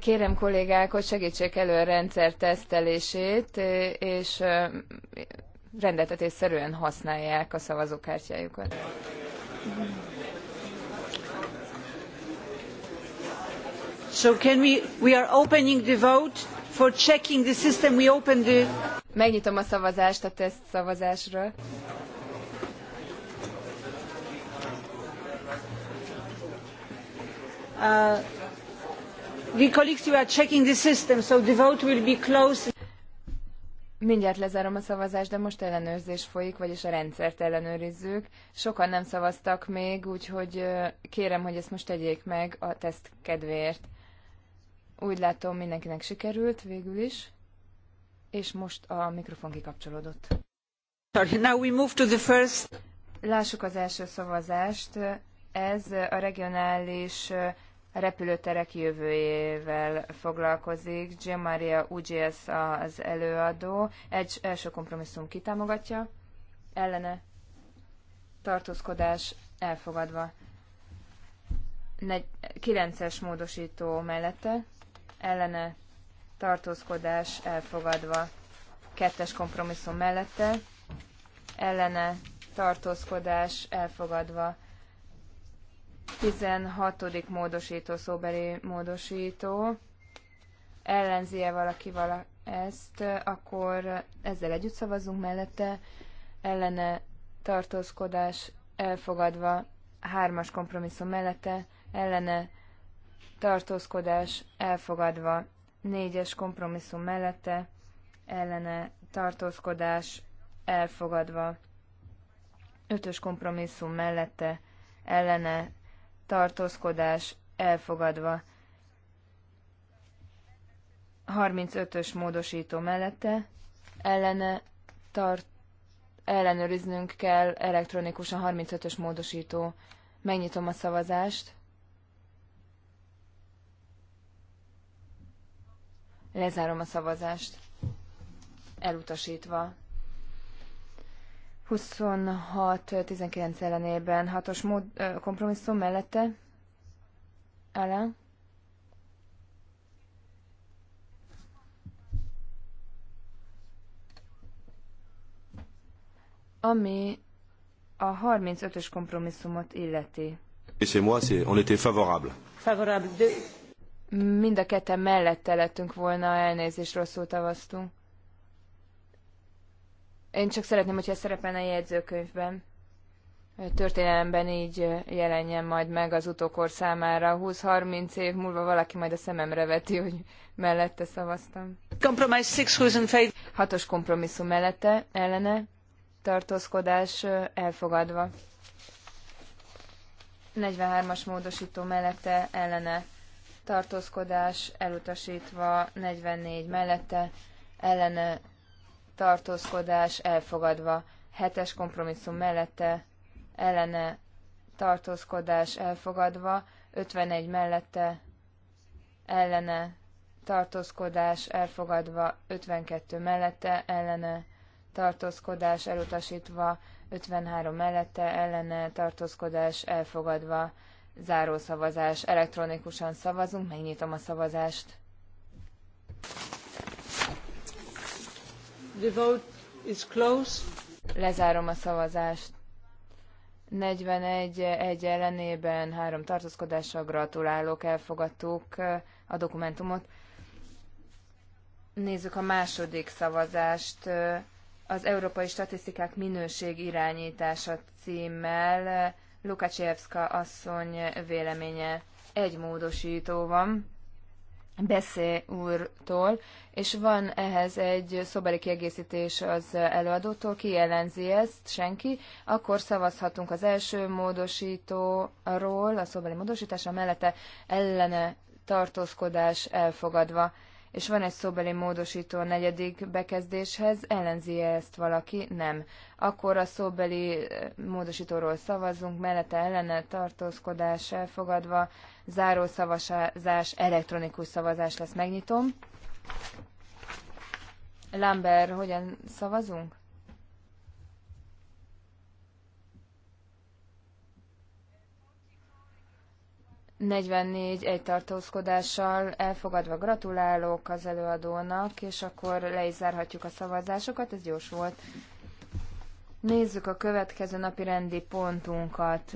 Speaker 1: kérem
Speaker 2: kollégák, hogy segítsék elő a rendszer tesztelését, uh, és uh, rendetetésszerűen használják a szavazókártyájukat.
Speaker 1: So can we, we are opening the vote. For checking the system, we open the...
Speaker 2: Megnyitom a szavazást a teszt szavazásra.
Speaker 1: Uh, the colleagues, you are checking the system, so the vote will be closed. Mindjárt lezárom a szavazást, de
Speaker 2: most ellenőrzés folyik, vagyis a rendszert ellenőrizzük. Sokan nem szavaztak még, úgyhogy kérem, hogy ezt most tegyék meg a teszt kedvéért. Úgy látom, mindenkinek sikerült végül is, és most a mikrofon kikapcsolódott.
Speaker 1: Sorry, now we move to the first...
Speaker 2: Lássuk az első szavazást. Ez a regionális repülőterek jövőjével foglalkozik. Gian Maria Ugyes az előadó. Egy első kompromisszum kitámogatja, ellene tartózkodás elfogadva. 9-es módosító mellette ellene tartózkodás elfogadva. Kettes kompromisszum mellette ellene tartózkodás elfogadva. 16. módosító szóbeli módosító. Ellenzi-e valaki vala ezt, akkor ezzel együtt szavazunk mellette. Ellene tartózkodás elfogadva. Hármas kompromisszum mellette. Ellene tartózkodás elfogadva, négyes kompromisszum mellette, ellene tartózkodás elfogadva, ötös kompromisszum mellette, ellene tartózkodás elfogadva, 35-ös módosító mellette, ellene tart, ellenőriznünk kell elektronikusan 35-ös módosító. Megnyitom a szavazást. Lezárom a szavazást. Elutasítva. 26-19 ellenében hatos mód, kompromisszum mellette. Ellen. Ami a 35-ös kompromisszumot illeti.
Speaker 4: És moi, on était favorable.
Speaker 2: Favorable. De Mind a ketten mellette lettünk volna, elnézést rosszul tavasztunk. Én csak szeretném, hogyha szerepelne a jegyzőkönyvben. történelemben így jelenjen majd meg az utókor számára. 20-30 év múlva valaki majd a szememre veti, hogy mellette szavaztam. Compromise 6, Hatos kompromisszum mellette, ellene, tartózkodás elfogadva. 43-as módosító mellette, ellene, tartózkodás elutasítva, 44 mellette ellene tartózkodás elfogadva, 7-es kompromisszum mellette ellene tartózkodás elfogadva, 51 mellette ellene tartózkodás elfogadva, 52 mellette ellene tartózkodás elutasítva, 53 mellette ellene tartózkodás elfogadva, Záró szavazás. Elektronikusan szavazunk, megnyitom a szavazást. The vote is closed. Lezárom a szavazást. 41 egy ellenében három tartózkodással gratulálok, elfogadtuk eh, a dokumentumot. Nézzük a második szavazást. Eh, az Európai Statisztikák Minőség Irányítása címmel eh, Lukacsevska asszony véleménye egy módosító van, Beszé úrtól, és van ehhez egy szobeli kiegészítés az előadótól, ki jelenzi ezt, senki, akkor szavazhatunk az első módosítóról, a szobeli módosítása mellette ellene tartózkodás elfogadva és van egy szóbeli módosító a negyedik bekezdéshez, ellenzi -e ezt valaki? Nem. Akkor a szóbeli eh, módosítóról szavazunk, mellette ellene tartózkodás elfogadva, záró szavazás, elektronikus szavazás lesz, megnyitom. Lambert, hogyan szavazunk? 44 egy tartózkodással elfogadva gratulálok az előadónak, és akkor le is zárhatjuk a szavazásokat, ez gyors volt. Nézzük a következő napi rendi pontunkat.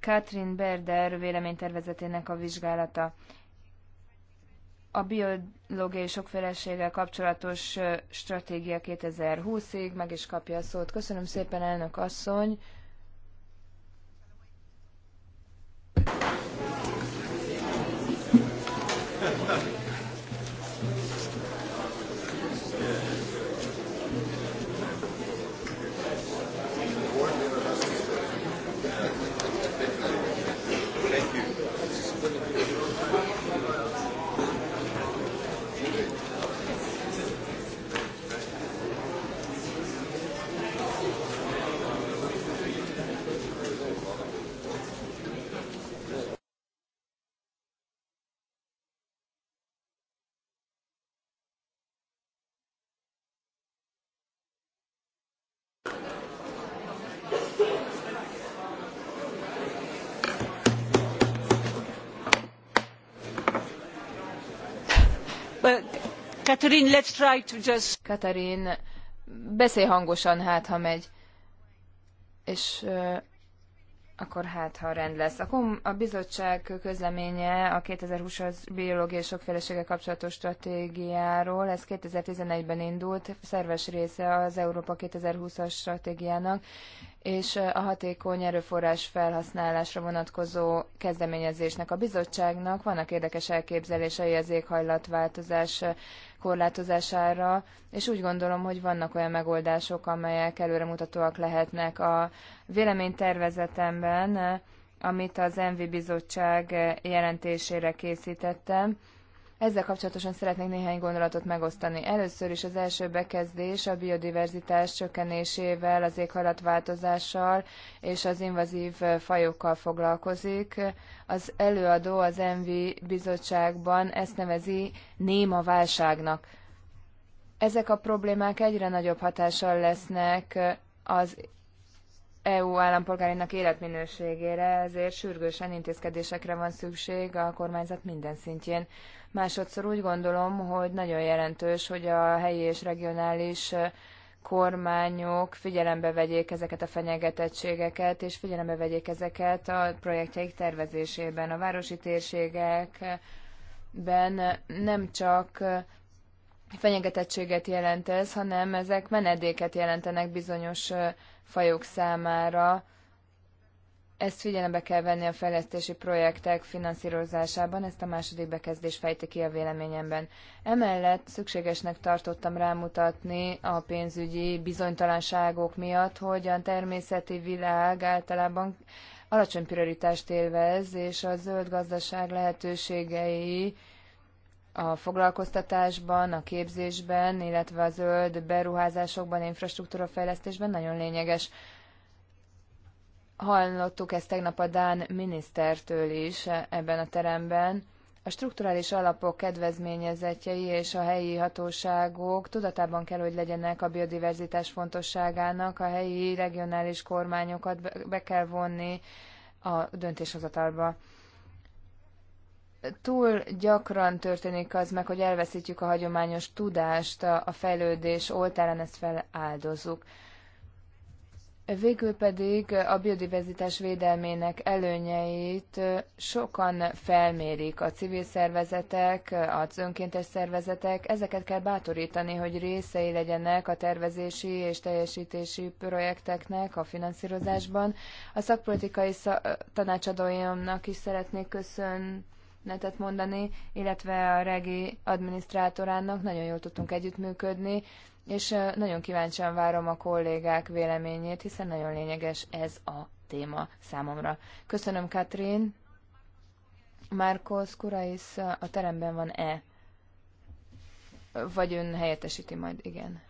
Speaker 2: Katrin Berder véleménytervezetének a vizsgálata. A biológiai sokféleséggel kapcsolatos stratégia 2020-ig meg is kapja a szót. Köszönöm szépen, elnök asszony!
Speaker 1: Katerin, uh, let's try to just... Katerin, beszélj
Speaker 2: hangosan, hát ha megy. És uh, akkor hát, ha rend lesz. Akkor a bizottság közleménye a 2020-as biológiai sokfélesége kapcsolatos stratégiáról, ez 2011-ben indult, szerves része az Európa 2020-as stratégiának, és a hatékony erőforrás felhasználásra vonatkozó kezdeményezésnek a bizottságnak vannak érdekes elképzelései az éghajlatváltozás korlátozására, és úgy gondolom, hogy vannak olyan megoldások, amelyek előremutatóak lehetnek. A véleménytervezetemben, amit az Envi Bizottság jelentésére készítettem, ezzel kapcsolatosan szeretnék néhány gondolatot megosztani. Először is az első bekezdés a biodiverzitás csökkenésével, az éghajlatváltozással és az invazív fajokkal foglalkozik. Az előadó az Envi bizottságban ezt nevezi néma válságnak. Ezek a problémák egyre nagyobb hatással lesznek az EU állampolgárinak életminőségére, ezért sürgősen intézkedésekre van szükség a kormányzat minden szintjén. Másodszor úgy gondolom, hogy nagyon jelentős, hogy a helyi és regionális kormányok figyelembe vegyék ezeket a fenyegetettségeket, és figyelembe vegyék ezeket a projektjeik tervezésében. A városi térségekben nem csak fenyegetettséget jelent ez, hanem ezek menedéket jelentenek bizonyos fajok számára. Ezt figyelembe kell venni a fejlesztési projektek finanszírozásában, ezt a második bekezdés fejti ki a véleményemben. Emellett szükségesnek tartottam rámutatni a pénzügyi bizonytalanságok miatt, hogy a természeti világ általában alacsony prioritást élvez, és a zöld gazdaság lehetőségei a foglalkoztatásban, a képzésben, illetve a zöld beruházásokban, infrastruktúrafejlesztésben nagyon lényeges. Hallottuk ezt tegnap a Dán minisztertől is ebben a teremben. A strukturális alapok kedvezményezetjei és a helyi hatóságok tudatában kell, hogy legyenek a biodiverzitás fontosságának, a helyi regionális kormányokat be kell vonni a döntéshozatalba túl gyakran történik az meg, hogy elveszítjük a hagyományos tudást, a fejlődés oltárán ezt feláldozzuk. Végül pedig a biodiverzitás védelmének előnyeit sokan felmérik a civil szervezetek, az önkéntes szervezetek. Ezeket kell bátorítani, hogy részei legyenek a tervezési és teljesítési projekteknek a finanszírozásban. A szakpolitikai tanácsadóimnak is szeretnék köszönni netet mondani, illetve a regi adminisztrátorának nagyon jól tudtunk együttműködni, és nagyon kíváncsian várom a kollégák véleményét, hiszen nagyon lényeges ez a téma számomra. Köszönöm, Katrin. Márkosz Kurais a teremben van-e? Vagy ön helyettesíti majd, igen.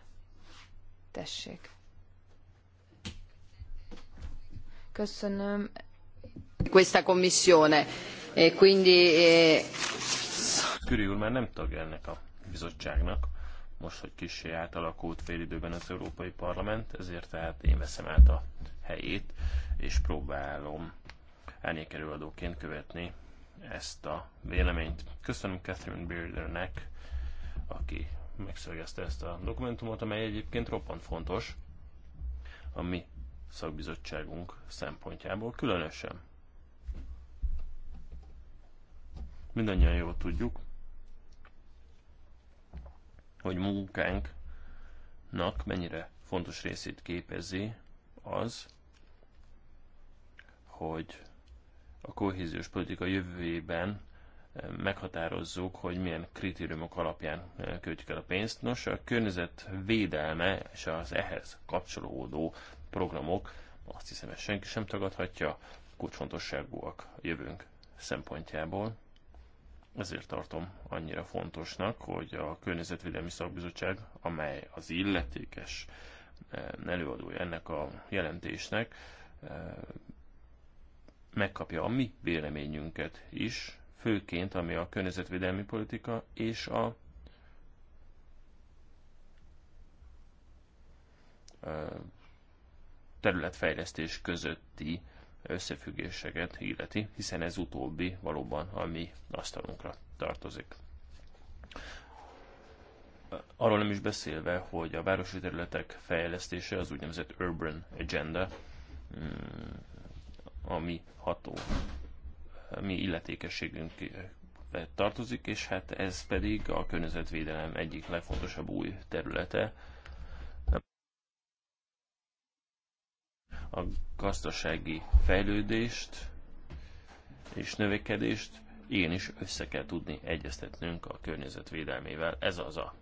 Speaker 2: Tessék. Köszönöm. Questa commissione E quindi... E... Küri már nem
Speaker 3: tagja ennek a bizottságnak, most, hogy kicsi átalakult fél időben az Európai Parlament, ezért tehát én veszem át a helyét, és próbálom elnékerőadóként követni ezt a véleményt. Köszönöm Catherine Beardernek, aki megszögezte ezt a dokumentumot, amely egyébként roppant fontos a mi szakbizottságunk szempontjából különösen. Mindannyian jól tudjuk, hogy munkánknak mennyire fontos részét képezi az, hogy a kohéziós politika jövőjében eh, meghatározzuk, hogy milyen kritériumok alapján eh, költjük el a pénzt. Nos, a környezet védelme és az ehhez kapcsolódó programok, azt hiszem, ezt senki sem tagadhatja, kulcsfontosságúak a jövőnk szempontjából. Ezért tartom annyira fontosnak, hogy a Környezetvédelmi Szakbizottság, amely az illetékes eh, előadója ennek a jelentésnek, eh, megkapja a mi véleményünket is, főként ami a környezetvédelmi politika és a eh, területfejlesztés közötti összefüggéseket illeti, hiszen ez utóbbi valóban a mi asztalunkra tartozik. Arról nem is beszélve, hogy a városi területek fejlesztése az úgynevezett Urban Agenda, mm, ami ható, mi illetékességünk tartozik, és hát ez pedig a környezetvédelem egyik legfontosabb új területe, a gazdasági fejlődést és növekedést igenis össze kell tudni egyeztetnünk a környezetvédelmével. Ez az a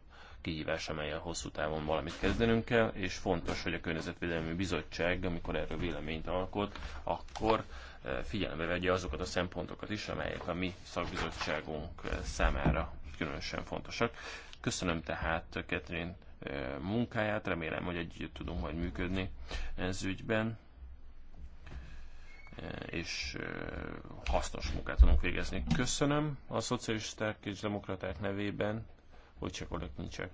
Speaker 3: kihívás, amelyen hosszú távon valamit kezdenünk kell, és fontos, hogy a Környezetvédelmi Bizottság, amikor erről véleményt alkot, akkor eh, figyelembe vegye azokat a szempontokat is, amelyek a mi szakbizottságunk eh, számára különösen fontosak. Köszönöm tehát Ketrin munkáját. Remélem, hogy együtt tudunk majd működni ez ügyben és hasznos munkát tudunk végezni. Köszönöm a szocialisták és demokraták nevében, hogy csak olyan nincsek.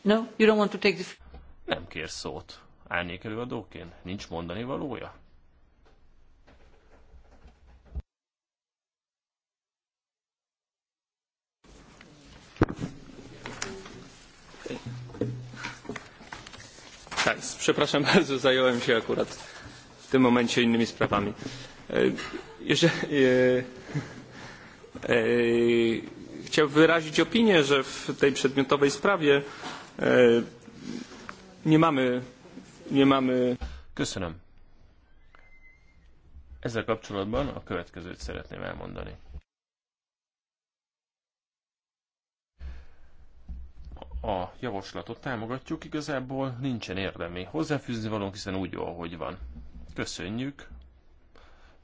Speaker 1: No, you don't want to take the...
Speaker 3: Nem kér szót. Árnyék előadóként? Nincs mondani valója? Tak, przepraszam bardzo, zająłem się akurat w tym momencie innymi sprawami. E, Jeżeli, e, e, wyrazić opinię, że w tej przedmiotowej sprawie nie mamy, nie mamy... Köszönöm. Ezzel kapcsolatban a következőt szeretném elmondani. a javaslatot támogatjuk, igazából nincsen érdemi hozzáfűzni valónk, hiszen úgy jó, ahogy van. Köszönjük.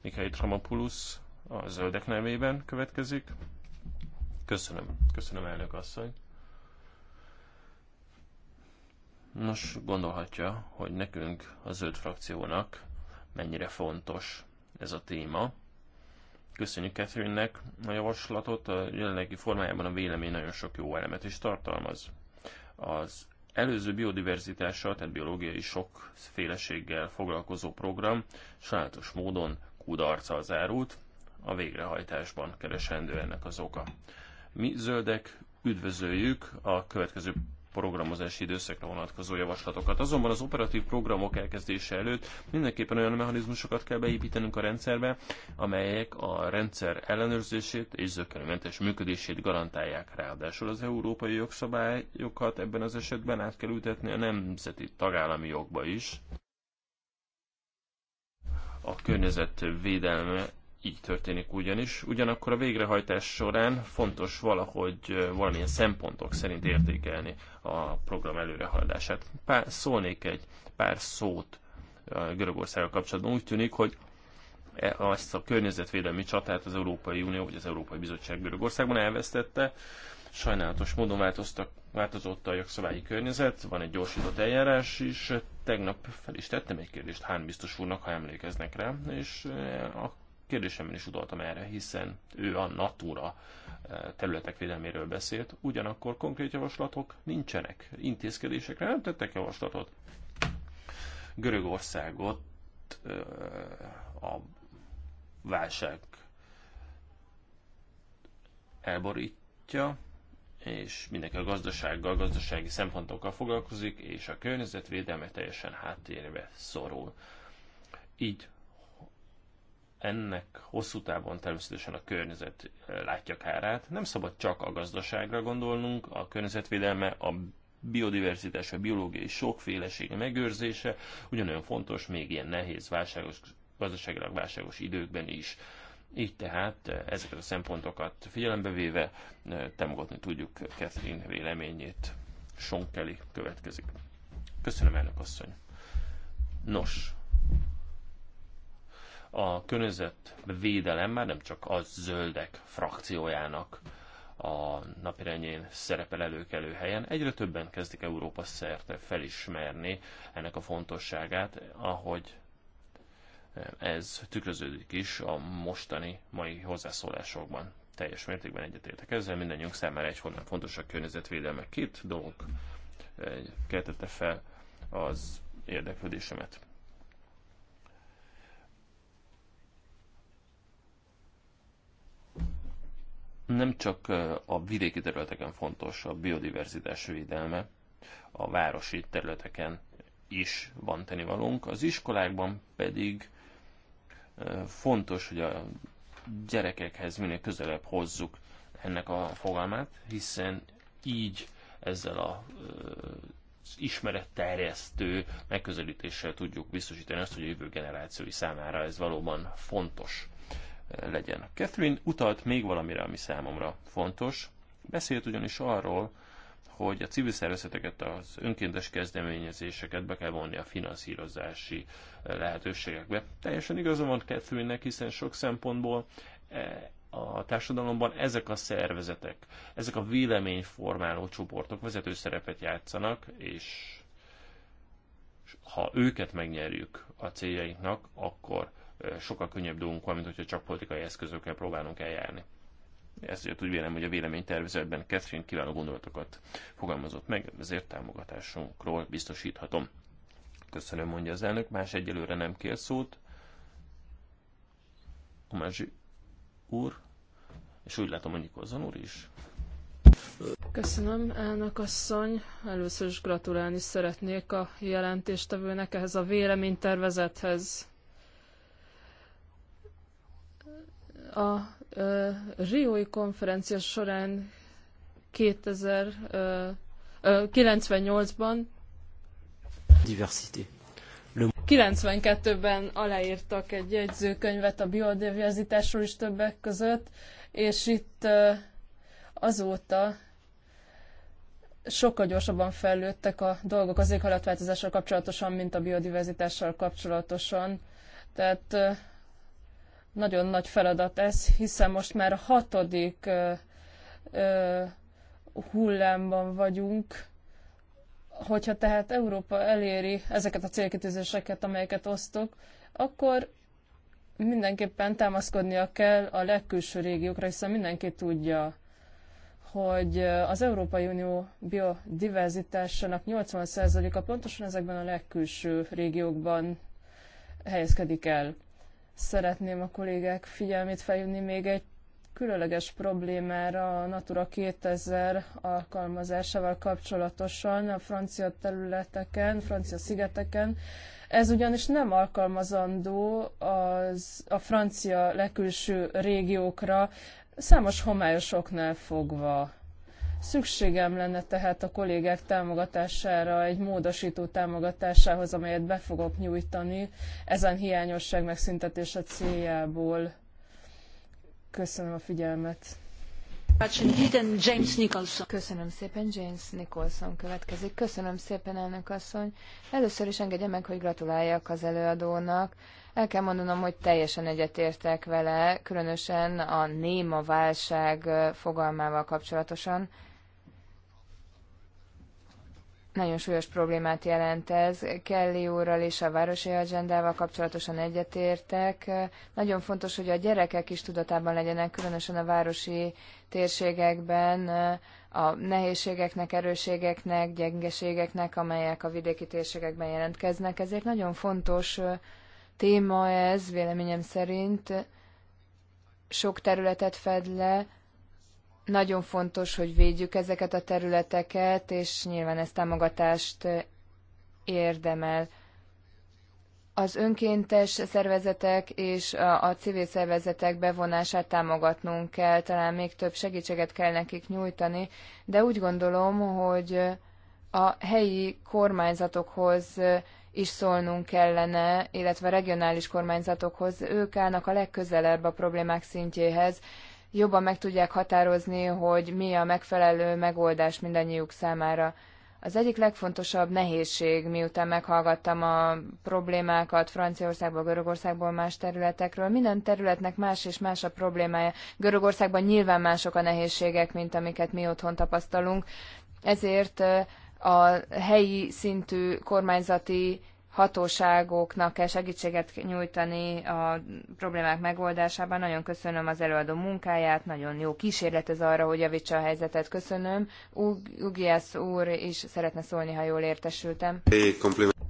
Speaker 3: Mikhail Tramopoulos a zöldek nevében következik. Köszönöm. Köszönöm, elnök asszony. Nos, gondolhatja, hogy nekünk, a zöld frakciónak mennyire fontos ez a téma. Köszönjük Catherine-nek a javaslatot, a jelenlegi formájában a vélemény nagyon sok jó elemet is tartalmaz. Az előző biodiverzitással, tehát biológiai sokféleséggel foglalkozó program sajátos módon kudarccal zárult, a végrehajtásban keresendő ennek az oka. Mi zöldek üdvözöljük a következő programozási időszakra vonatkozó javaslatokat. Azonban az operatív programok elkezdése előtt mindenképpen olyan mechanizmusokat kell beépítenünk a rendszerbe, amelyek a rendszer ellenőrzését és zökkenőmentes működését garantálják. Ráadásul az európai jogszabályokat ebben az esetben át kell ültetni a nemzeti tagállami jogba is. A környezetvédelme így történik ugyanis. Ugyanakkor a végrehajtás során fontos valahogy valamilyen szempontok szerint értékelni a program előrehaladását. Pár, szólnék egy pár szót Görögországgal kapcsolatban. Úgy tűnik, hogy ezt a környezetvédelmi csatát az Európai Unió vagy az Európai Bizottság Görögországban elvesztette. Sajnálatos módon változtak, változott a jogszabályi környezet, van egy gyorsított eljárás is. Tegnap fel is tettem egy kérdést Hán biztos úrnak, ha emlékeznek rá, és a kérdésemben is utaltam erre, hiszen ő a Natura eh, területek védelméről beszélt, ugyanakkor konkrét javaslatok nincsenek, intézkedésekre nem tettek javaslatot. Görögországot eh, a válság elborítja, és mindenki a gazdasággal, gazdasági szempontokkal foglalkozik, és a környezetvédelme teljesen háttérbe szorul. Így ennek hosszú távon természetesen a környezet látja kárát. Nem szabad csak a gazdaságra gondolnunk, a környezetvédelme, a biodiverzitás, a biológiai sokfélesége megőrzése ugyanolyan fontos még ilyen nehéz válságos, gazdaságilag válságos időkben is. Így tehát ezeket a szempontokat figyelembe véve támogatni tudjuk Catherine véleményét. Sean Kelly következik. Köszönöm, elnök asszony. Nos, a védelem már nem csak a zöldek frakciójának a napirendjén szerepel előkelő helyen. Egyre többen kezdik Európa szerte felismerni ennek a fontosságát, ahogy ez tükröződik is a mostani, mai hozzászólásokban. Teljes mértékben egyetértek ezzel, mindannyiunk számára egyformán fontos a környezetvédelme. Két dolog eh, keltette fel az érdeklődésemet. nem csak a vidéki területeken fontos a biodiverzitás védelme, a városi területeken is van tennivalónk, az iskolákban pedig fontos, hogy a gyerekekhez minél közelebb hozzuk ennek a fogalmát, hiszen így ezzel a ismeretterjesztő megközelítéssel tudjuk biztosítani azt, hogy a jövő generációi számára ez valóban fontos legyen. Catherine utalt még valamire, ami számomra fontos. Beszélt ugyanis arról, hogy a civil szervezeteket, az önkéntes kezdeményezéseket be kell vonni a finanszírozási eh, lehetőségekbe. Teljesen igaza van catherine hiszen sok szempontból eh, a társadalomban ezek a szervezetek, ezek a véleményformáló csoportok vezető szerepet játszanak, és ha őket megnyerjük a céljainknak, akkor sokkal könnyebb dolgunk van, mint hogyha csak politikai eszközökkel próbálunk eljárni. ugye úgy vélem, hogy a véleménytervezetben Catherine kiváló gondolatokat fogalmazott meg, ezért támogatásunkról biztosíthatom. Köszönöm, mondja az elnök, más egyelőre nem kér szót. Omazsi úr, és úgy látom, hogy Nikolzon úr is.
Speaker 5: Köszönöm, elnök asszony. Először is gratulálni szeretnék a jelentéstevőnek ehhez a véleménytervezethez. A ö, Riói konferencia során 2098 ban 92-ben aláírtak egy jegyzőkönyvet a biodiverzitásról is többek között, és itt azóta sokkal gyorsabban fejlődtek a dolgok az éghajlatváltozással kapcsolatosan, mint a biodiverzitással kapcsolatosan. Tehát nagyon nagy feladat ez, hiszen most már a hatodik ö, ö, hullámban vagyunk, hogyha tehát Európa eléri ezeket a célkitűzéseket, amelyeket osztok, akkor mindenképpen támaszkodnia kell a legkülső régiókra, hiszen mindenki tudja, hogy az Európai Unió biodiverzitásának 80%-a pontosan ezekben a legkülső régiókban helyezkedik el. Szeretném a kollégák figyelmét felhívni még egy különleges problémára a Natura 2000 alkalmazásával kapcsolatosan a francia területeken, francia szigeteken. Ez ugyanis nem alkalmazandó az, a francia legkülső régiókra, számos homályosoknál fogva. Szükségem lenne tehát a kollégák támogatására, egy módosító támogatásához, amelyet be fogok nyújtani ezen hiányosság megszüntetése céljából. Köszönöm a figyelmet.
Speaker 2: James Nicholson. Köszönöm szépen, James Nicholson következik. Köszönöm szépen, elnök asszony. Először is engedje meg, hogy gratuláljak az előadónak. El kell mondanom, hogy teljesen egyetértek vele, különösen a néma válság fogalmával kapcsolatosan. Nagyon súlyos problémát jelent ez. Kelly úrral és a városi agendával kapcsolatosan egyetértek. Nagyon fontos, hogy a gyerekek is tudatában legyenek, különösen a városi térségekben, a nehézségeknek, erőségeknek, gyengeségeknek, amelyek a vidéki térségekben jelentkeznek. Ezért nagyon fontos téma ez, véleményem szerint. Sok területet fed le, nagyon fontos, hogy védjük ezeket a területeket, és nyilván ez támogatást eh, érdemel. Az önkéntes szervezetek és a civil szervezetek bevonását támogatnunk kell, talán még több segítséget kell nekik nyújtani, de úgy gondolom, hogy a helyi kormányzatokhoz eh, is szólnunk kellene, illetve a regionális kormányzatokhoz, ők állnak a legközelebb a problémák szintjéhez, jobban meg tudják határozni, hogy mi a megfelelő megoldás mindannyiuk számára. Az egyik legfontosabb nehézség, miután meghallgattam a problémákat Franciaországból, Görögországból, más területekről, minden területnek más és más a problémája. Görögországban nyilván mások a nehézségek, mint amiket mi otthon tapasztalunk, ezért a helyi szintű kormányzati hatóságoknak kell segítséget nyújtani a problémák megoldásában. Nagyon köszönöm az előadó munkáját, nagyon jó kísérlet ez arra, hogy javítsa a helyzetet. Köszönöm. Ugiász úr is szeretne szólni, ha jól értesültem.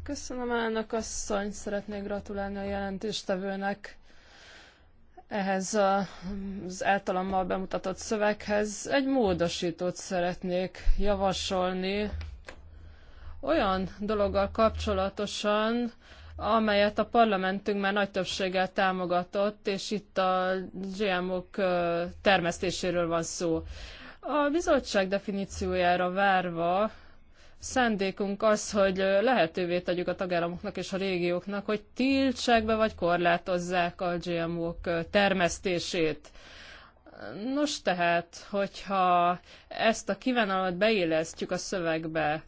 Speaker 5: Köszönöm elnök asszony, szeretnék gratulálni a jelentéstevőnek ehhez az általammal bemutatott szöveghez. Egy módosítót szeretnék javasolni, olyan dologgal kapcsolatosan, amelyet a parlamentünk már nagy többséggel támogatott, és itt a GMO-k termesztéséről van szó. A bizottság definíciójára várva szándékunk az, hogy lehetővé tegyük a tagállamoknak és a régióknak, hogy tiltsák be vagy korlátozzák a GMO-k termesztését. Nos tehát, hogyha ezt a kívánalmat beillesztjük a szövegbe,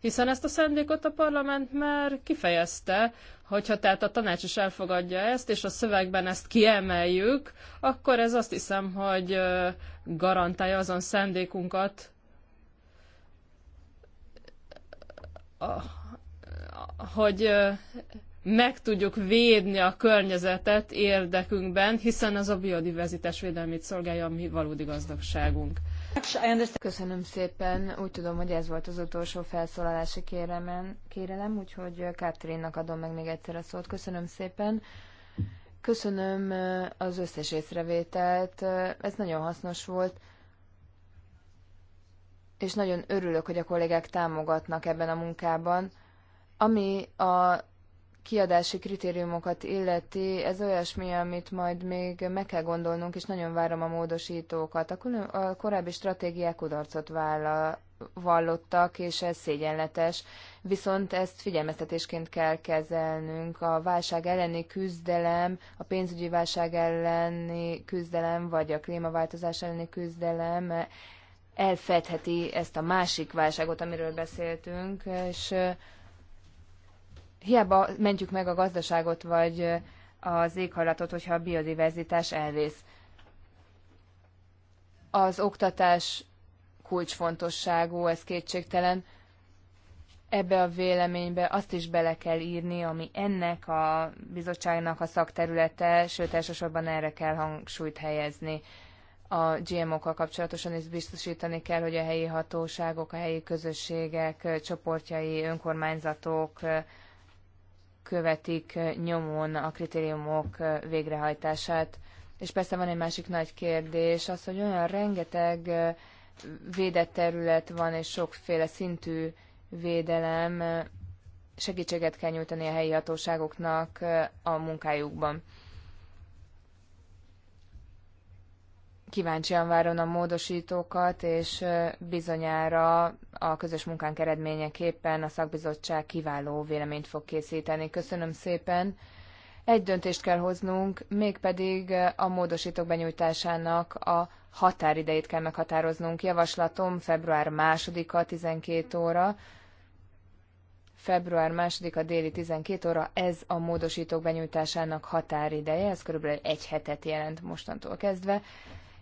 Speaker 5: hiszen ezt a szándékot a parlament már kifejezte, hogyha tehát a tanács is elfogadja ezt, és a szövegben ezt kiemeljük, akkor ez azt hiszem, hogy garantálja azon szándékunkat, hogy meg tudjuk védni a környezetet érdekünkben, hiszen az a biodiverzitás védelmét szolgálja a mi valódi gazdagságunk.
Speaker 2: Köszönöm szépen. Úgy tudom, hogy ez volt az utolsó felszólalási kéremen, kérelem, úgyhogy Katrinnak adom meg még egyszer a szót. Köszönöm szépen. Köszönöm eh, az összes észrevételt. Eh, ez nagyon hasznos volt. És nagyon örülök, hogy a kollégák támogatnak ebben a munkában. Ami a kiadási kritériumokat illeti, ez olyasmi, amit majd még meg kell gondolnunk, és nagyon várom a módosítókat. A, korábbi stratégiák kudarcot vállal, vallottak, és ez szégyenletes. Viszont ezt figyelmeztetésként kell kezelnünk. A válság elleni küzdelem, a pénzügyi válság elleni küzdelem, vagy a klímaváltozás elleni küzdelem elfedheti ezt a másik válságot, amiről beszéltünk, és hiába mentjük meg a gazdaságot vagy az éghajlatot, hogyha a biodiverzitás elvész. Az oktatás kulcsfontosságú, ez kétségtelen. Ebbe a véleménybe azt is bele kell írni, ami ennek a bizottságnak a szakterülete, sőt elsősorban erre kell hangsúlyt helyezni. A GMO-kkal kapcsolatosan is biztosítani kell, hogy a helyi hatóságok, a helyi közösségek, csoportjai, önkormányzatok, követik nyomon a kritériumok végrehajtását. És persze van egy másik nagy kérdés, az, hogy olyan rengeteg védett terület van, és sokféle szintű védelem, segítséget kell nyújtani a helyi hatóságoknak a munkájukban. kíváncsian várom a módosítókat, és bizonyára a közös munkánk eredményeképpen a szakbizottság kiváló véleményt fog készíteni. Köszönöm szépen! Egy döntést kell hoznunk, mégpedig a módosítók benyújtásának a határidejét kell meghatároznunk. Javaslatom február 2-a 12 óra, február 2-a déli 12 óra, ez a módosítók benyújtásának határideje, ez körülbelül egy hetet jelent mostantól kezdve.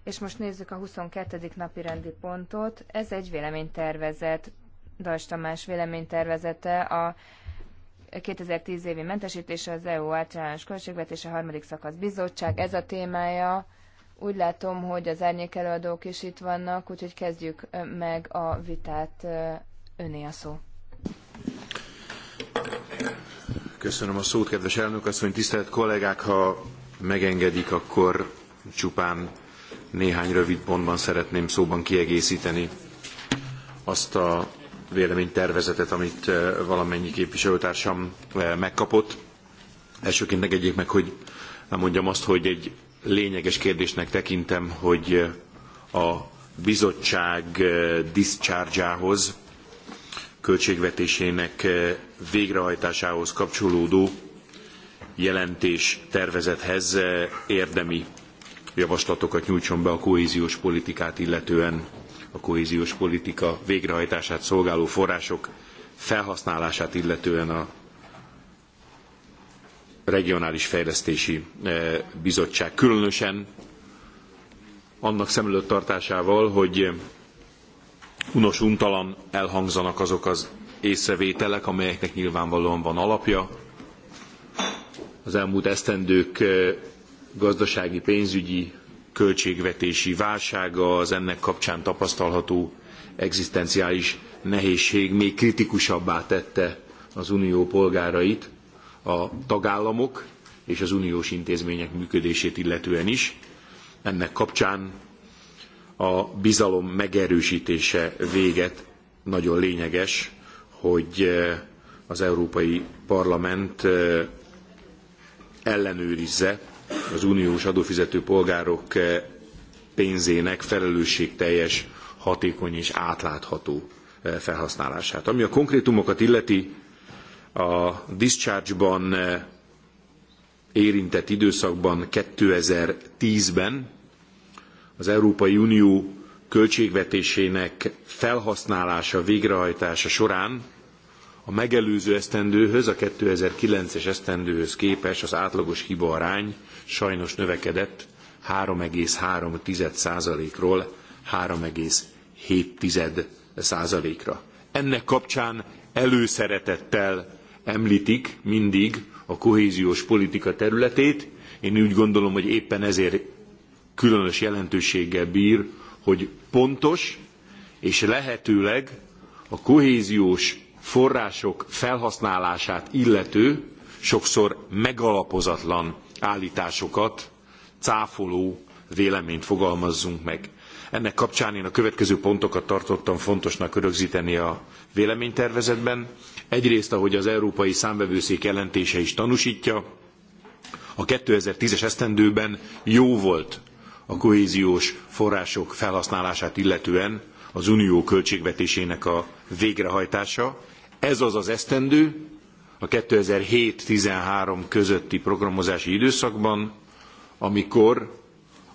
Speaker 2: És most nézzük a 22. napi rendi pontot. Ez egy véleménytervezet, Dajs Tamás véleménytervezete a 2010 évi mentesítése az EU általános költségvetése harmadik szakasz bizottság. Ez a témája. Úgy látom, hogy az árnyékelőadók is itt vannak, úgyhogy kezdjük meg a vitát. Öné a szó.
Speaker 4: Köszönöm a szót, kedves elnök asszony, tisztelt kollégák, ha megengedik, akkor csupán néhány rövid pontban szeretném szóban kiegészíteni azt a véleménytervezetet, amit eh, valamennyi képviselőtársam eh, megkapott. Elsőként engedjék meg, hogy mondjam azt, hogy egy lényeges kérdésnek tekintem, hogy eh, a bizottság discharge-ához, költségvetésének végrehajtásához kapcsolódó jelentés tervezethez érdemi javaslatokat nyújtson be a kohéziós politikát illetően, a kohéziós politika végrehajtását szolgáló források felhasználását illetően a Regionális Fejlesztési e, Bizottság. Különösen annak szemlőtt tartásával, hogy unos untalan elhangzanak azok az észrevételek, amelyeknek nyilvánvalóan van alapja. Az elmúlt esztendők e, gazdasági pénzügyi költségvetési válsága, az ennek kapcsán tapasztalható egzisztenciális nehézség még kritikusabbá tette az unió polgárait a tagállamok és az uniós intézmények működését illetően is. Ennek kapcsán a bizalom megerősítése véget nagyon lényeges, hogy eh, az Európai Parlament eh, ellenőrizze az uniós adófizető polgárok eh, pénzének felelősségteljes, hatékony és átlátható eh, felhasználását. Ami a konkrétumokat illeti, a discharge-ban eh, érintett időszakban 2010-ben az Európai Unió költségvetésének felhasználása, végrehajtása során a megelőző esztendőhöz, a 2009-es esztendőhöz képest az átlagos hibaarány sajnos növekedett 3,3%-ról 3,7%-ra. Ennek kapcsán előszeretettel említik mindig a kohéziós politika területét. Én úgy gondolom, hogy éppen ezért különös jelentőséggel bír, hogy pontos és lehetőleg a kohéziós források felhasználását illető, sokszor megalapozatlan állításokat cáfoló véleményt fogalmazzunk meg. Ennek kapcsán én a következő pontokat tartottam fontosnak rögzíteni a véleménytervezetben. Egyrészt, ahogy az Európai Számvevőszék jelentése is tanúsítja, a 2010-es esztendőben jó volt a kohéziós források felhasználását illetően az unió költségvetésének a végrehajtása, ez az az esztendő, a 2007-13 közötti programozási időszakban, amikor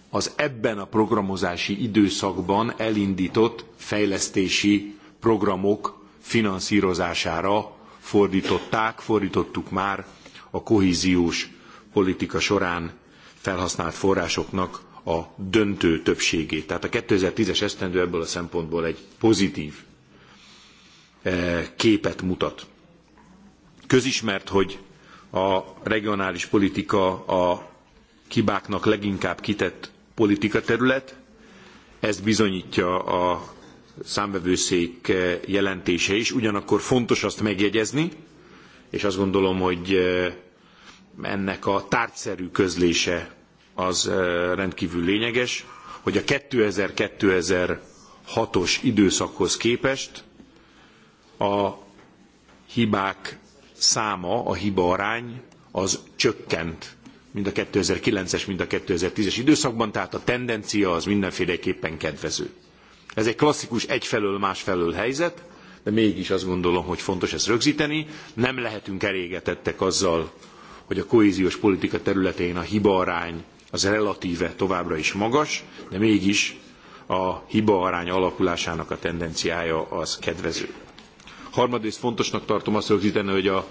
Speaker 4: az ebben a programozási időszakban elindított fejlesztési programok finanszírozására fordították, fordítottuk már a kohéziós politika során felhasznált forrásoknak a döntő többségét. Tehát a 2010-es esztendő ebből a szempontból egy pozitív Eh, képet mutat. Közismert, hogy a regionális politika a hibáknak leginkább kitett politikaterület, ezt bizonyítja a számvevőszék jelentése is. Ugyanakkor fontos azt megjegyezni, és azt gondolom, hogy eh, ennek a tárgyszerű közlése az eh, rendkívül lényeges, hogy a 2000-2006-os időszakhoz képest a hibák száma, a hiba arány az csökkent mind a 2009-es, mind a 2010-es időszakban, tehát a tendencia az mindenféleképpen kedvező. Ez egy klasszikus egyfelől másfelől helyzet, de mégis azt gondolom, hogy fontos ezt rögzíteni. Nem lehetünk elégetettek azzal, hogy a kohéziós politika területén a hibaarány az relatíve továbbra is magas, de mégis a hibaarány alakulásának a tendenciája az kedvező. Harmadrészt fontosnak tartom azt rögzíteni, hogy a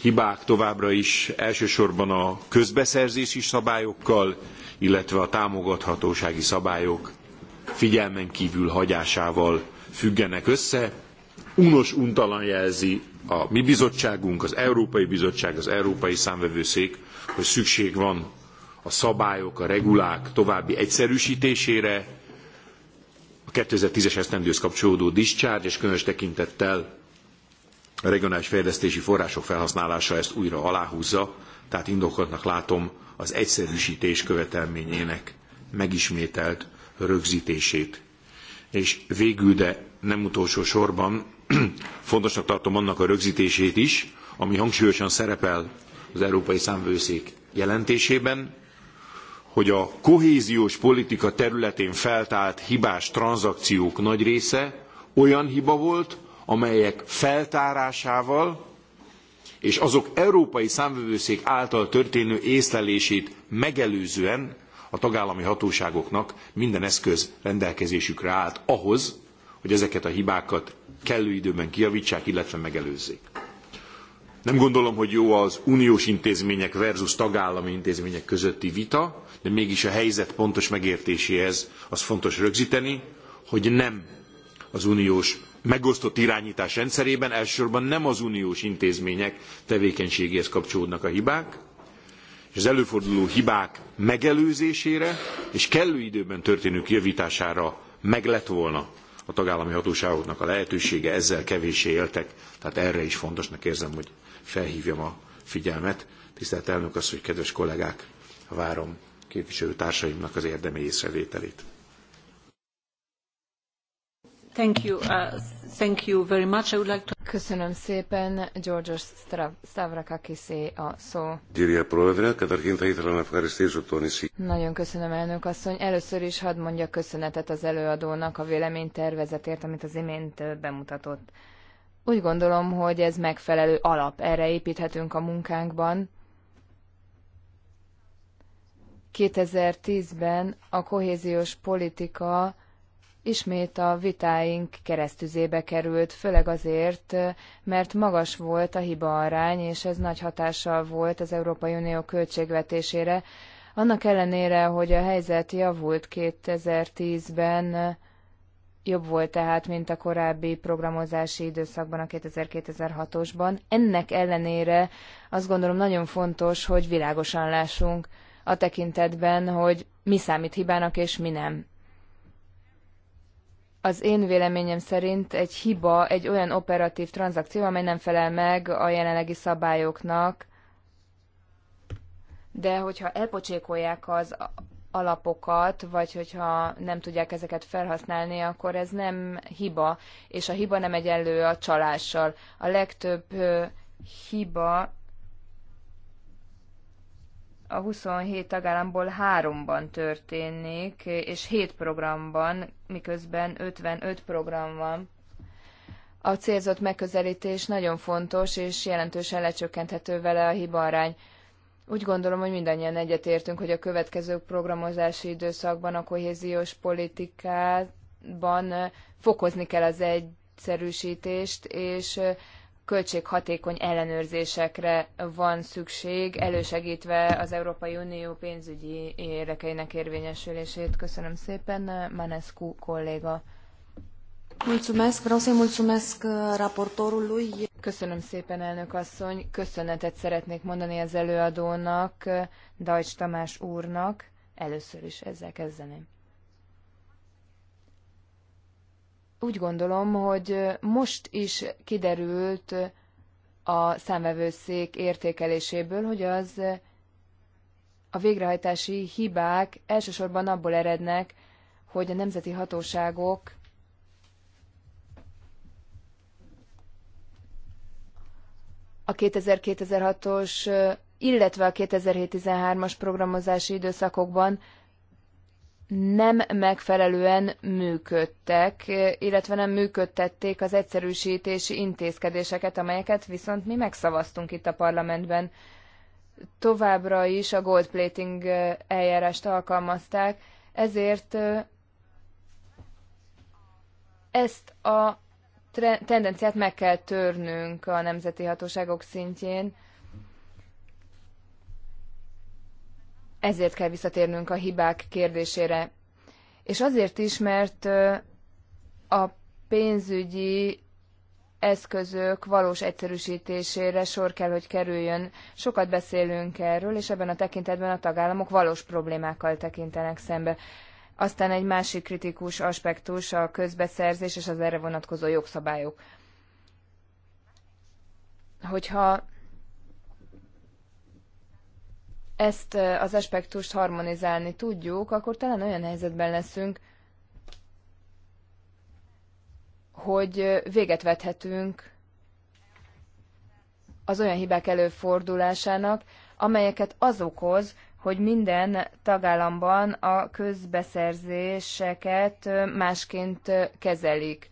Speaker 4: hibák továbbra is elsősorban a közbeszerzési szabályokkal, illetve a támogathatósági szabályok figyelmen kívül hagyásával függenek össze. Unos untalan jelzi a mi bizottságunk, az Európai Bizottság, az Európai Számvevőszék, hogy szükség van a szabályok, a regulák további egyszerűsítésére, a 2010-es esztendőhöz kapcsolódó discharge és különös tekintettel a regionális fejlesztési források felhasználása ezt újra aláhúzza, tehát indokoltnak látom az egyszerűsítés követelményének megismételt rögzítését. És végül, de nem utolsó sorban fontosnak tartom annak a rögzítését is, ami hangsúlyosan szerepel az Európai Számvőszék jelentésében, hogy a kohéziós politika területén feltárt hibás tranzakciók nagy része olyan hiba volt, amelyek feltárásával és azok európai számvevőszék által történő észlelését megelőzően a tagállami hatóságoknak minden eszköz rendelkezésükre állt ahhoz, hogy ezeket a hibákat kellő időben kijavítsák, illetve megelőzzék. Nem gondolom, hogy jó az uniós intézmények versus tagállami intézmények közötti vita, de mégis a helyzet pontos megértéséhez az fontos rögzíteni, hogy nem az uniós megosztott irányítás rendszerében elsősorban nem az uniós intézmények tevékenységéhez kapcsolódnak a hibák, és az előforduló hibák megelőzésére és kellő időben történő javítására meg lett volna a tagállami hatóságoknak a lehetősége, ezzel kevéssé éltek, tehát erre is fontosnak érzem, hogy felhívjam a figyelmet. Tisztelt elnök asszony, kedves kollégák, várom képviselőtársaimnak az érdemi észrevételét.
Speaker 1: Köszönöm szépen, Georgios
Speaker 2: Stavrakakisé a szó. Nagyon köszönöm, elnök asszony. Először is hadd mondja köszönetet az előadónak a véleménytervezetért, amit az imént bemutatott. Úgy gondolom, hogy ez megfelelő alap, erre építhetünk a munkánkban. 2010-ben a kohéziós politika ismét a vitáink keresztüzébe került, főleg azért, mert magas volt a hiba arány, és ez nagy hatással volt az Európai Unió költségvetésére. Annak ellenére, hogy a helyzet javult 2010-ben, jobb volt tehát, mint a korábbi programozási időszakban, a 2000-2006-osban. Ennek ellenére azt gondolom nagyon fontos, hogy világosan lássunk a tekintetben, hogy mi számít hibának és mi nem az én véleményem szerint egy hiba egy olyan operatív tranzakció, amely nem felel meg a jelenlegi szabályoknak, de hogyha elpocsékolják az alapokat, vagy hogyha nem tudják ezeket felhasználni, akkor ez nem hiba, és a hiba nem egyenlő a csalással. A legtöbb hiba a 27 tagállamból háromban történik, és 7 programban, miközben 55 program van. A célzott megközelítés nagyon fontos, és jelentősen lecsökkenthető vele a hibarány. Úgy gondolom, hogy mindannyian egyetértünk, hogy a következő programozási időszakban a kohéziós politikában fokozni kell az egyszerűsítést, és költséghatékony ellenőrzésekre van szükség, elősegítve az Európai Unió pénzügyi érdekeinek érvényesülését. Köszönöm szépen, Manescu kolléga. Mulțumesc, vreau să-i mulțumesc uh, Köszönöm szépen, elnök asszony. Köszönetet szeretnék mondani az előadónak, Dajcs Tamás úrnak. Először is ezzel kezdeném. úgy gondolom, hogy most is kiderült a számvevőszék értékeléséből, hogy az a végrehajtási hibák elsősorban abból erednek, hogy a nemzeti hatóságok a 2000-2006-os, illetve a 2007-13-as programozási időszakokban nem megfelelően működtek, illetve nem működtették az egyszerűsítési intézkedéseket, amelyeket viszont mi megszavaztunk itt a parlamentben. Továbbra is a gold plating eljárást alkalmazták, ezért ezt a tendenciát meg kell törnünk a nemzeti hatóságok szintjén, Ezért kell visszatérnünk a hibák kérdésére. És azért is, mert a pénzügyi eszközök valós egyszerűsítésére sor kell, hogy kerüljön. Sokat beszélünk erről, és ebben a tekintetben a tagállamok valós problémákkal tekintenek szembe. Aztán egy másik kritikus aspektus a közbeszerzés és az erre vonatkozó jogszabályok. Hogyha ezt az aspektust harmonizálni tudjuk, akkor talán olyan helyzetben leszünk, hogy véget vethetünk az olyan hibák előfordulásának, amelyeket az okoz, hogy minden tagállamban a közbeszerzéseket másként kezelik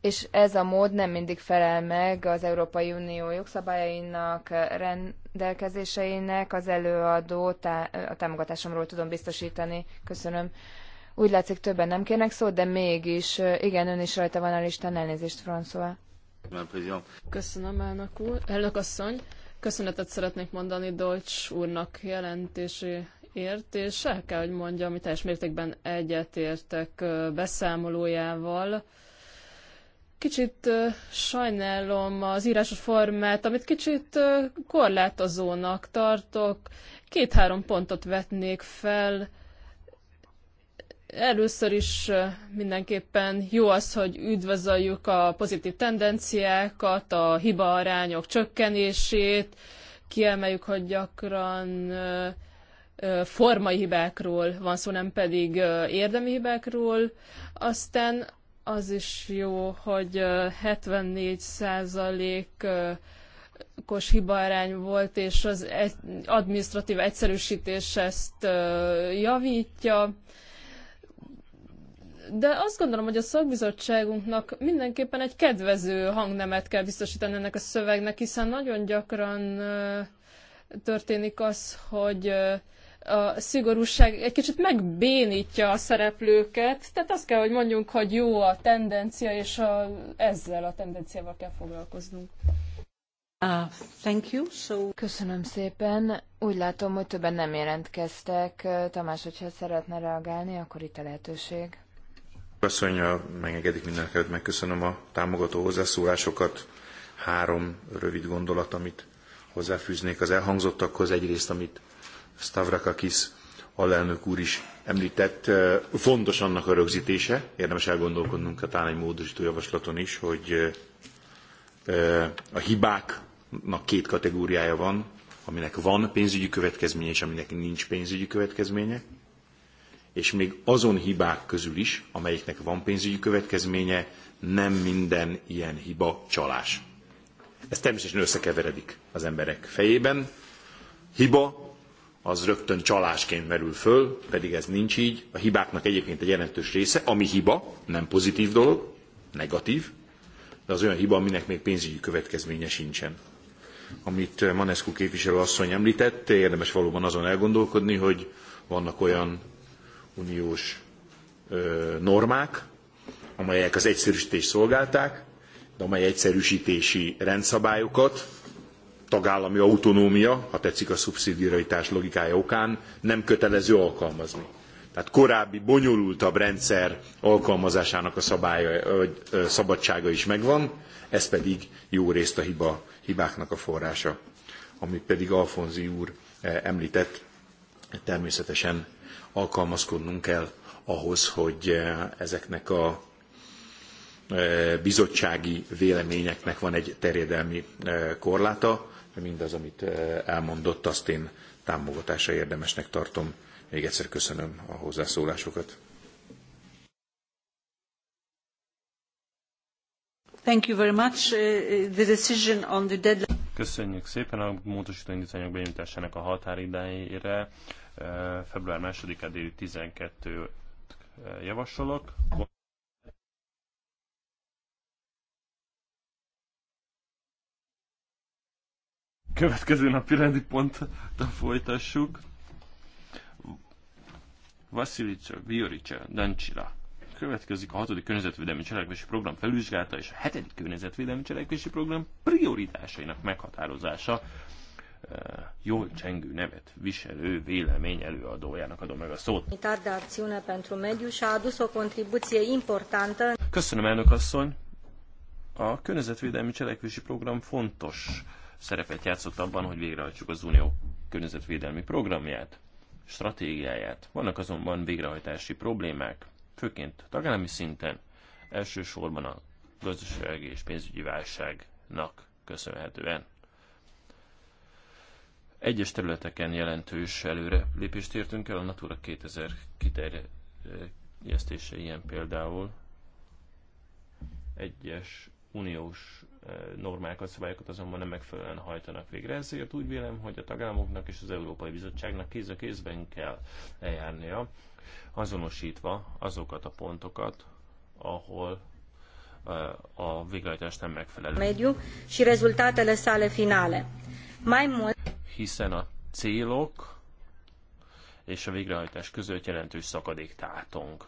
Speaker 2: és ez a mód nem mindig felel meg az Európai Unió jogszabályainak, rendelkezéseinek, az előadó tá- a támogatásomról tudom biztosítani. Köszönöm. Úgy látszik, többen nem kérnek szót, de mégis,
Speaker 5: igen, ön is rajta van a listán, elnézést, François. Köszönöm, elnök úr. Elnök asszony, köszönetet szeretnék mondani Deutsch úrnak jelentéséért, és el kell, hogy mondjam, hogy teljes mértékben egyetértek beszámolójával Kicsit sajnálom az írásos formát, amit kicsit korlátozónak tartok. Két-három pontot vetnék fel. Először is mindenképpen jó az, hogy üdvözöljük a pozitív tendenciákat, a arányok csökkenését, kiemeljük, hogy gyakran formai hibákról van szó, nem pedig érdemi hibákról. Aztán az is jó, hogy 74 százalék kos hibaarány volt, és az administratív egyszerűsítés ezt javítja. De azt gondolom, hogy a szakbizottságunknak mindenképpen egy kedvező hangnemet kell biztosítani ennek a szövegnek, hiszen nagyon gyakran történik az, hogy a szigorúság egy kicsit megbénítja a szereplőket, tehát azt kell, hogy mondjunk, hogy jó a tendencia, és a, ezzel a tendenciával kell foglalkoznunk. Uh,
Speaker 2: thank you. So... Köszönöm szépen. Úgy látom, hogy többen nem jelentkeztek. Tamás, hogyha szeretne reagálni, akkor itt a lehetőség.
Speaker 4: Asszony, megengedik mindenkit, megköszönöm a támogató hozzászólásokat. Három rövid gondolat, amit hozzáfűznék az elhangzottakhoz. Egyrészt, amit Stavrakakis alelnök úr is említett, eh, fontos annak a rögzítése, érdemes elgondolkodnunk a talán egy módosító javaslaton is, hogy eh, eh, a hibáknak két kategóriája van, aminek van pénzügyi következménye, és aminek nincs pénzügyi következménye, és még azon hibák közül is, amelyiknek van pénzügyi következménye, nem minden ilyen hiba csalás. Ez természetesen összekeveredik az emberek fejében. Hiba az rögtön csalásként merül föl, pedig ez nincs így. A hibáknak egyébként egy jelentős része, ami hiba, nem pozitív dolog, negatív, de az olyan hiba, aminek még pénzügyi következménye sincsen. Amit Manescu képviselő asszony említett, érdemes valóban azon elgondolkodni, hogy vannak olyan uniós ö, normák, amelyek az egyszerűsítést szolgálták, de amely egyszerűsítési rendszabályokat tagállami autonómia, ha tetszik a szubszidiaritás logikája okán, nem kötelező alkalmazni. Tehát korábbi, bonyolultabb rendszer alkalmazásának a szabálya, vagy szabadsága is megvan, ez pedig jó részt a hiba, hibáknak a forrása. Amit pedig Alfonzi úr említett, természetesen alkalmazkodnunk kell ahhoz, hogy ezeknek a bizottsági véleményeknek van egy terjedelmi korláta mindaz, amit eh, elmondott, azt én támogatásra érdemesnek tartom. Még egyszer köszönöm a hozzászólásokat.
Speaker 1: Thank you very much. Eh, eh, the decision on the deadline...
Speaker 3: Köszönjük szépen a módosító indítványok benyújtásának a határidájére. Február 2-e déli 12 javasolok. következő napi rendi ponttal folytassuk. Vasilica, Vioricsa, Dancsila. Következik a hatodik környezetvédelmi cselekvési program felvizsgálata és a hetedik környezetvédelmi cselekvési program prioritásainak meghatározása. Jól csengő nevet viselő vélemény előadójának adom meg a szót. Köszönöm, elnök asszony! A környezetvédelmi cselekvési program fontos szerepet játszott abban, hogy végrehajtsuk az Unió környezetvédelmi programját, stratégiáját. Vannak azonban végrehajtási problémák, főként tagállami szinten, elsősorban a gazdasági és pénzügyi válságnak köszönhetően. Egyes területeken jelentős előre lépést értünk el, a Natura 2000 kiterjesztése ilyen például. Egyes uniós normákat, szabályokat azonban nem megfelelően hajtanak végre. Ezért úgy vélem, hogy a tagállamoknak és az Európai Bizottságnak kéz a kézben kell eljárnia, azonosítva azokat a pontokat, ahol a végrehajtás nem megfelelő.
Speaker 1: Mediu și rezultatele sale finale. Mai mult...
Speaker 3: Hiszen a célok és a végrehajtás között jelentős szakadék tátong.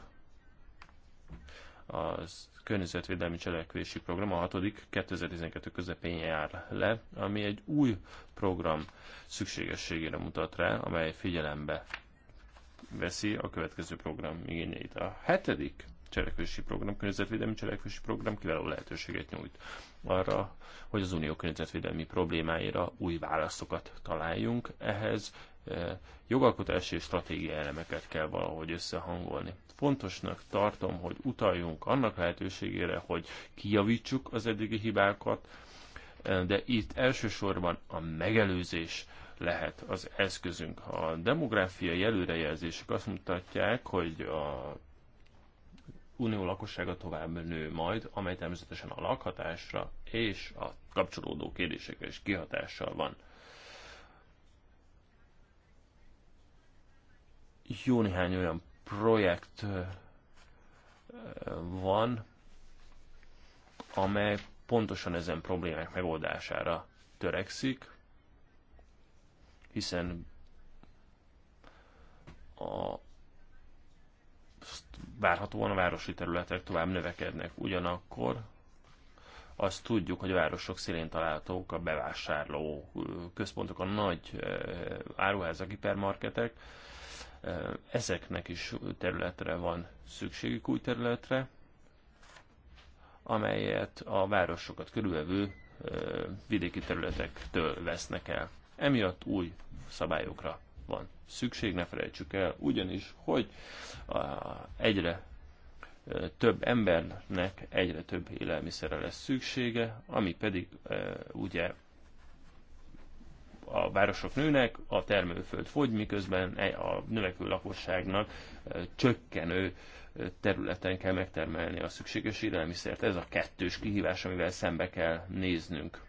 Speaker 3: Az környezetvédelmi cselekvési program, a hatodik 2012 közepén jár le, ami egy új program szükségességére mutat rá, amely figyelembe veszi a következő program igényeit. A hetedik cselekvési program, környezetvédelmi cselekvési program kiváló lehetőséget nyújt arra, hogy az unió környezetvédelmi problémáira új válaszokat találjunk. Ehhez eh, jogalkotási és stratégiai elemeket kell valahogy összehangolni fontosnak tartom, hogy utaljunk annak lehetőségére, hogy kijavítsuk az eddigi hibákat, de itt elsősorban a megelőzés lehet az eszközünk. A demográfiai előrejelzések azt mutatják, hogy a unió lakossága tovább nő majd, amely természetesen a lakhatásra és a kapcsolódó kérdésekre is kihatással van. Jó néhány olyan projekt van, amely pontosan ezen problémák megoldására törekszik, hiszen a várhatóan a városi területek tovább növekednek. Ugyanakkor azt tudjuk, hogy a városok szélén találhatók a bevásárló központok, a nagy áruházak, hipermarketek, ezeknek is területre van szükségük, új területre, amelyet a városokat körülvevő vidéki területektől vesznek el. Emiatt új szabályokra van szükség, ne felejtsük el, ugyanis, hogy egyre több embernek egyre több élelmiszerre lesz szüksége, ami pedig ugye a városok nőnek, a termőföld fogy, miközben e, a növekvő lakosságnak e, csökkenő e, területen kell megtermelni a szükséges élelmiszert. Ez a kettős kihívás, amivel szembe kell néznünk.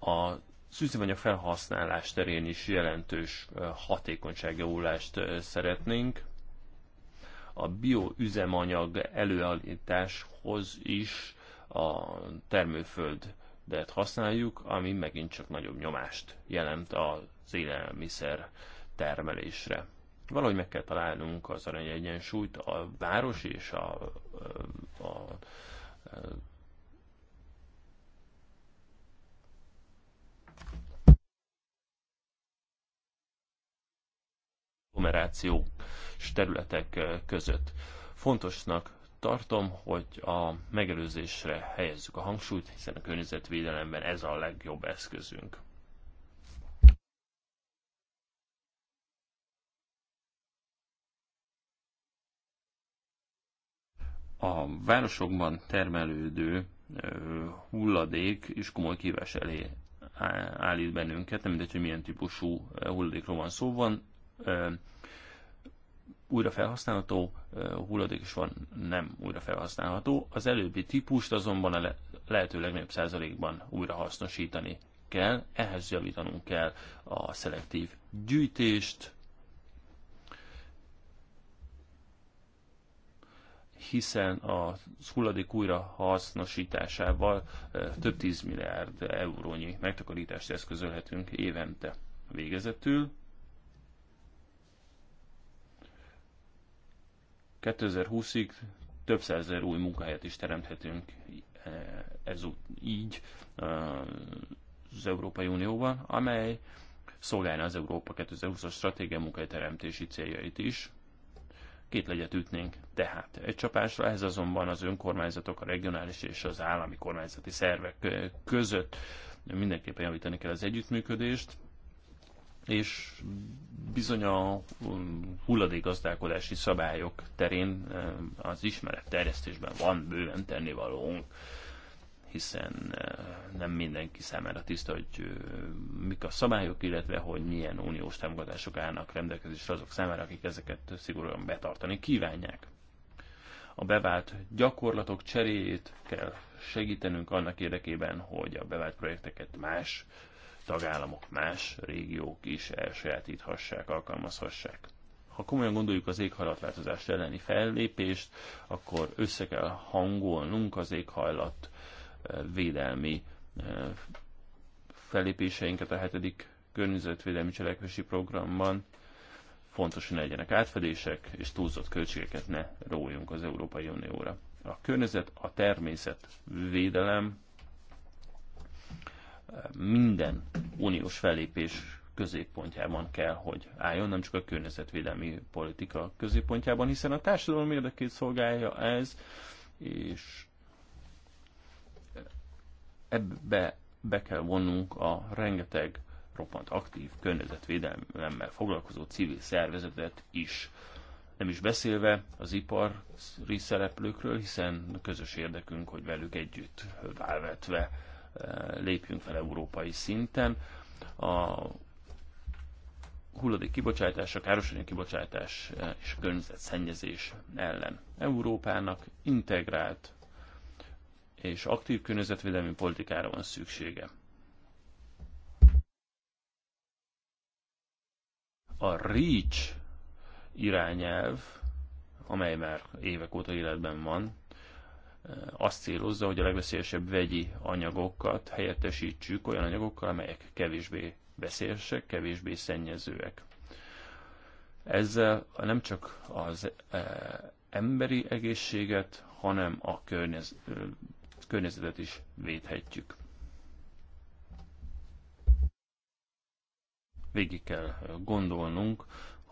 Speaker 3: A szűzőanyag felhasználás terén is jelentős hatékonyságjavulást szeretnénk. A bioüzemanyag előállításhoz is a termőföld de használjuk, ami megint csak nagyobb nyomást jelent az élelmiszer termelésre. Valahogy meg kell találnunk az arany egyensúlyt a város és a, a, a agglomerációs területek között. Fontosnak tartom, hogy a megelőzésre helyezzük a hangsúlyt, hiszen a környezetvédelemben ez a legjobb eszközünk. A városokban termelődő hulladék is komoly kívás elé állít bennünket, nem mindegy, hogy milyen típusú hulladékról van szó, van újra felhasználható hulladék is van, nem újra felhasználható. Az előbbi típust azonban a lehető legnagyobb százalékban újra hasznosítani kell, ehhez javítanunk kell a szelektív gyűjtést, hiszen a hulladék újra hasznosításával több tízmilliárd eurónyi megtakarítást eszközölhetünk évente. Végezetül 2020-ig több százezer új munkahelyet is teremthetünk e, ezút így e, az Európai Unióban, amely szolgálna az Európa 2020-as stratégia munkahelyteremtési céljait is. Két legyet ütnénk tehát egy csapásra, ehhez azonban az önkormányzatok, a regionális és az állami kormányzati szervek e, között mindenképpen javítani kell az együttműködést, és bizony a um, hulladékgazdálkodási szabályok terén um, az ismeretterjesztésben van bőven tennivalónk, hiszen uh, nem mindenki számára tiszta, hogy uh, mik a szabályok, illetve hogy milyen uniós támogatások állnak rendelkezésre azok számára, akik ezeket szigorúan betartani kívánják. A bevált gyakorlatok cseréjét kell segítenünk annak érdekében, hogy a bevált projekteket más tagállamok, más régiók is elsajátíthassák, alkalmazhassák. Ha komolyan gondoljuk az éghajlatváltozás elleni fellépést, akkor össze kell hangolnunk az éghajlat eh, védelmi eh, fellépéseinket a hetedik környezetvédelmi cselekvési programban. Fontos, hogy ne legyenek átfedések, és túlzott költségeket ne róljunk az Európai Unióra. A környezet, a természet védelem minden uniós fellépés középpontjában kell, hogy álljon, nem csak a környezetvédelmi politika középpontjában, hiszen a társadalom érdekét szolgálja ez, és ebbe be kell vonnunk a rengeteg roppant aktív környezetvédelemmel foglalkozó civil szervezetet is. Nem is beszélve az ipari szereplőkről, hiszen közös érdekünk, hogy velük együtt válvetve Eh, lépjünk fel európai szinten. A hulladék kibocsátás, a károsanyag kibocsátás eh, és a környezetszennyezés ellen. Európának integrált és aktív környezetvédelmi politikára van szüksége. A REACH irányelv, amely már évek óta életben van, azt célozza, hogy a legveszélyesebb vegyi anyagokat helyettesítsük olyan anyagokkal, amelyek kevésbé veszélyesek, kevésbé szennyezőek. Ezzel nem csak az e, emberi egészséget, hanem a környez, környezetet is védhetjük. Végig kell gondolnunk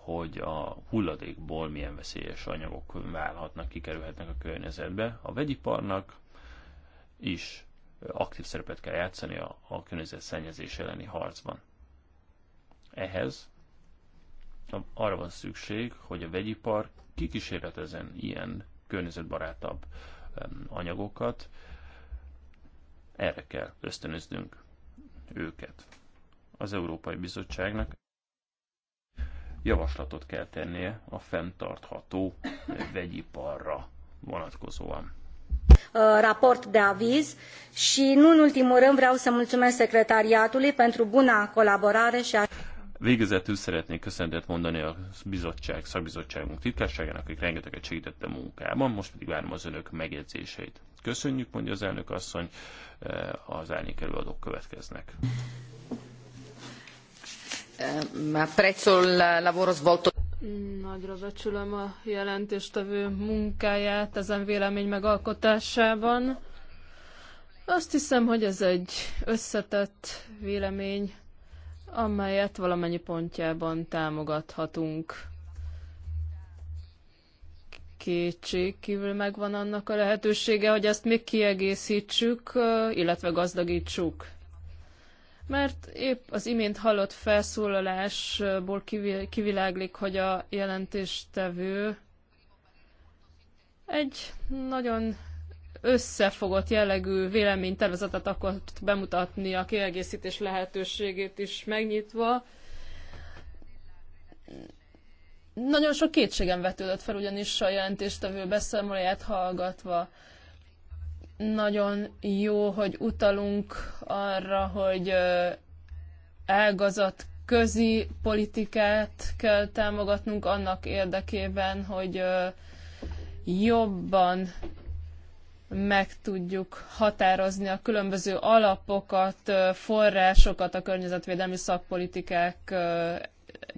Speaker 3: hogy a hulladékból milyen veszélyes anyagok válhatnak, kikerülhetnek a környezetbe. A vegyiparnak is aktív szerepet kell játszani a, a szennyezés elleni harcban. Ehhez arra van szükség, hogy a vegyipar kikísérletezen ilyen környezetbarátabb anyagokat, erre kell ösztönöznünk őket. Az Európai Bizottságnak javaslatot kell tennie a fenntartható vegyiparra vonatkozóan.
Speaker 1: raport de aviz și nu în ultimul rând vreau să mulțumesc secretariatului pentru buna colaborare și a...
Speaker 3: Végezetül szeretnék köszönetet mondani a bizottság, szakbizottságunk titkárságának, akik rengeteget segített a munkában, most pedig várom az önök megjegyzéseit. Köszönjük, mondja az elnök asszony, eh, az árnyék előadók következnek.
Speaker 2: Ehm,
Speaker 5: Nagyra becsülöm a jelentéstevő munkáját ezen vélemény megalkotásában. Azt hiszem, hogy ez egy összetett vélemény, amelyet valamennyi pontjában támogathatunk. Kétség kívül megvan annak a lehetősége, hogy ezt még kiegészítsük, illetve gazdagítsuk mert épp az imént hallott felszólalásból kiviláglik, hogy a jelentéstevő egy nagyon összefogott jellegű véleménytervezetet akart bemutatni a kiegészítés lehetőségét is megnyitva. Nagyon sok kétségem vetődött fel ugyanis a jelentéstevő beszámolóját hallgatva. Nagyon jó, hogy utalunk arra, hogy elgazat közi politikát kell támogatnunk annak érdekében, hogy jobban meg tudjuk határozni a különböző alapokat, forrásokat a környezetvédelmi szakpolitikák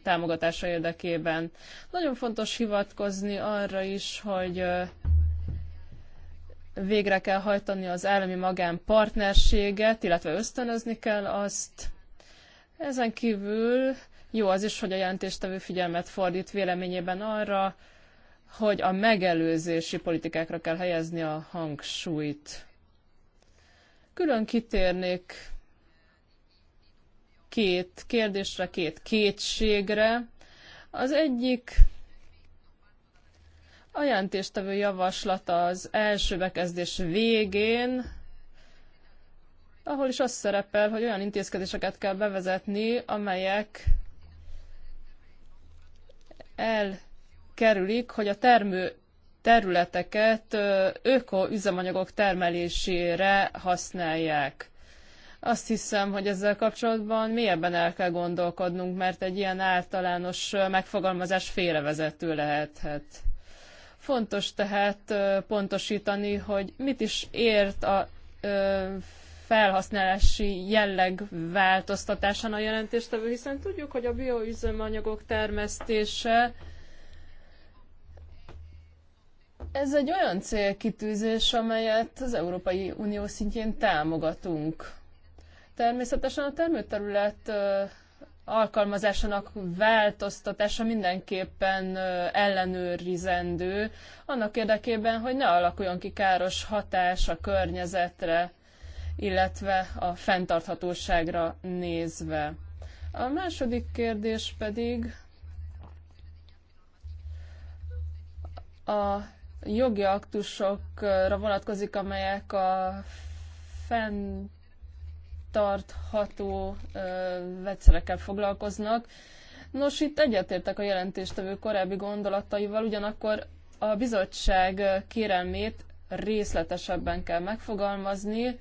Speaker 5: támogatása érdekében. Nagyon fontos hivatkozni arra is, hogy végre kell hajtani az állami magánpartnerséget, illetve ösztönözni kell azt. Ezen kívül jó az is, hogy a jelentéstevő figyelmet fordít véleményében arra, hogy a megelőzési politikákra kell helyezni a hangsúlyt. Külön kitérnék két kérdésre, két kétségre. Az egyik a jelentéstevő javaslata az első bekezdés végén, ahol is az szerepel, hogy olyan intézkedéseket kell bevezetni, amelyek elkerülik, hogy a termő területeket üzemanyagok termelésére használják. Azt hiszem, hogy ezzel kapcsolatban mélyebben el kell gondolkodnunk, mert egy ilyen általános megfogalmazás félrevezető lehethet. Fontos tehát pontosítani, hogy mit is ért a felhasználási jelleg változtatásán a jelentéstevő, hiszen tudjuk, hogy a bioüzemanyagok termesztése ez egy olyan célkitűzés, amelyet az Európai Unió szintjén támogatunk. Természetesen a termőterület alkalmazásának változtatása mindenképpen ellenőrizendő, annak érdekében, hogy ne alakuljon ki káros hatás a környezetre, illetve a fenntarthatóságra nézve. A második kérdés pedig a jogi aktusokra vonatkozik, amelyek a fenntarthatóságra fenntartható vegyszerekkel foglalkoznak. Nos, itt egyetértek a jelentéstevő korábbi gondolataival, ugyanakkor a bizottság kérelmét részletesebben kell megfogalmazni,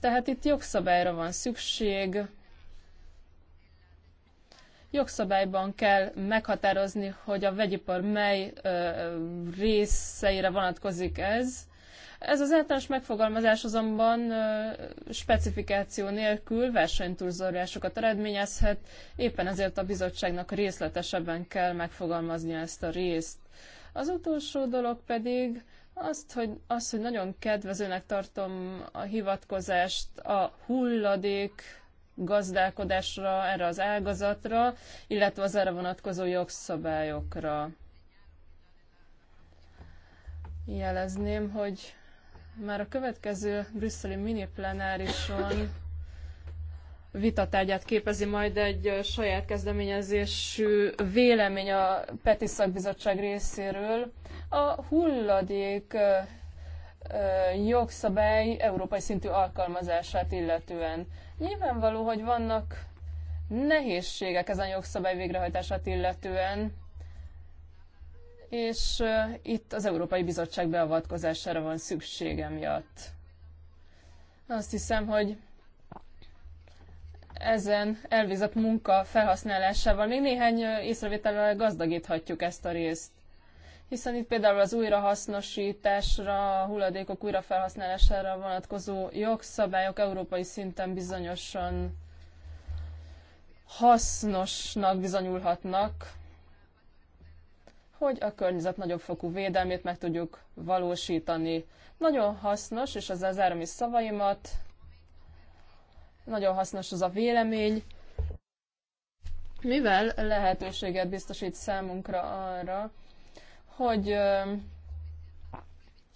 Speaker 5: tehát itt jogszabályra van szükség, jogszabályban kell meghatározni, hogy a vegyipar mely ö, részeire vonatkozik ez, ez az általános megfogalmazás azonban specifikáció nélkül versenytúlzorásokat eredményezhet, éppen ezért a bizottságnak részletesebben kell megfogalmaznia ezt a részt. Az utolsó dolog pedig azt, hogy, azt, hogy nagyon kedvezőnek tartom a hivatkozást a hulladék gazdálkodásra, erre az ágazatra, illetve az erre vonatkozó jogszabályokra. Jelezném, hogy már a következő brüsszeli miniplenárison vitatárgyát képezi majd egy saját kezdeményezésű vélemény a Peti Szakbizottság részéről. A hulladék jogszabály európai szintű alkalmazását illetően. Nyilvánvaló, hogy vannak nehézségek ezen jogszabály végrehajtását illetően, és itt az Európai Bizottság beavatkozására van szüksége miatt. Azt hiszem, hogy ezen elvizett munka felhasználásával még néhány észrevétellel gazdagíthatjuk ezt a részt. Hiszen itt például az újrahasznosításra, a hulladékok újrafelhasználására vonatkozó jogszabályok európai szinten bizonyosan hasznosnak bizonyulhatnak, hogy a környezet nagyobb fokú védelmét meg tudjuk valósítani. Nagyon hasznos, és az zárom is szavaimat, nagyon hasznos az a vélemény, mivel lehetőséget biztosít számunkra arra, hogy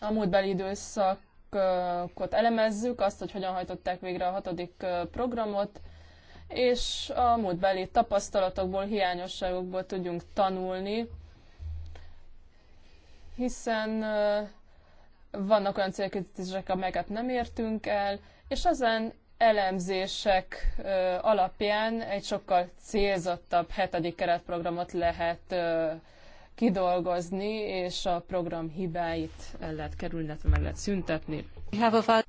Speaker 5: a múltbeli időszakot elemezzük, azt, hogy hogyan hajtották végre a hatodik programot, és a múltbeli tapasztalatokból, hiányosságokból tudjunk tanulni, hiszen vannak olyan célkitűzések, amelyeket nem értünk el, és ezen elemzések alapján egy sokkal célzottabb hetedik keretprogramot lehet kidolgozni, és a program hibáit el lehet kerülni, illetve meg lehet szüntetni.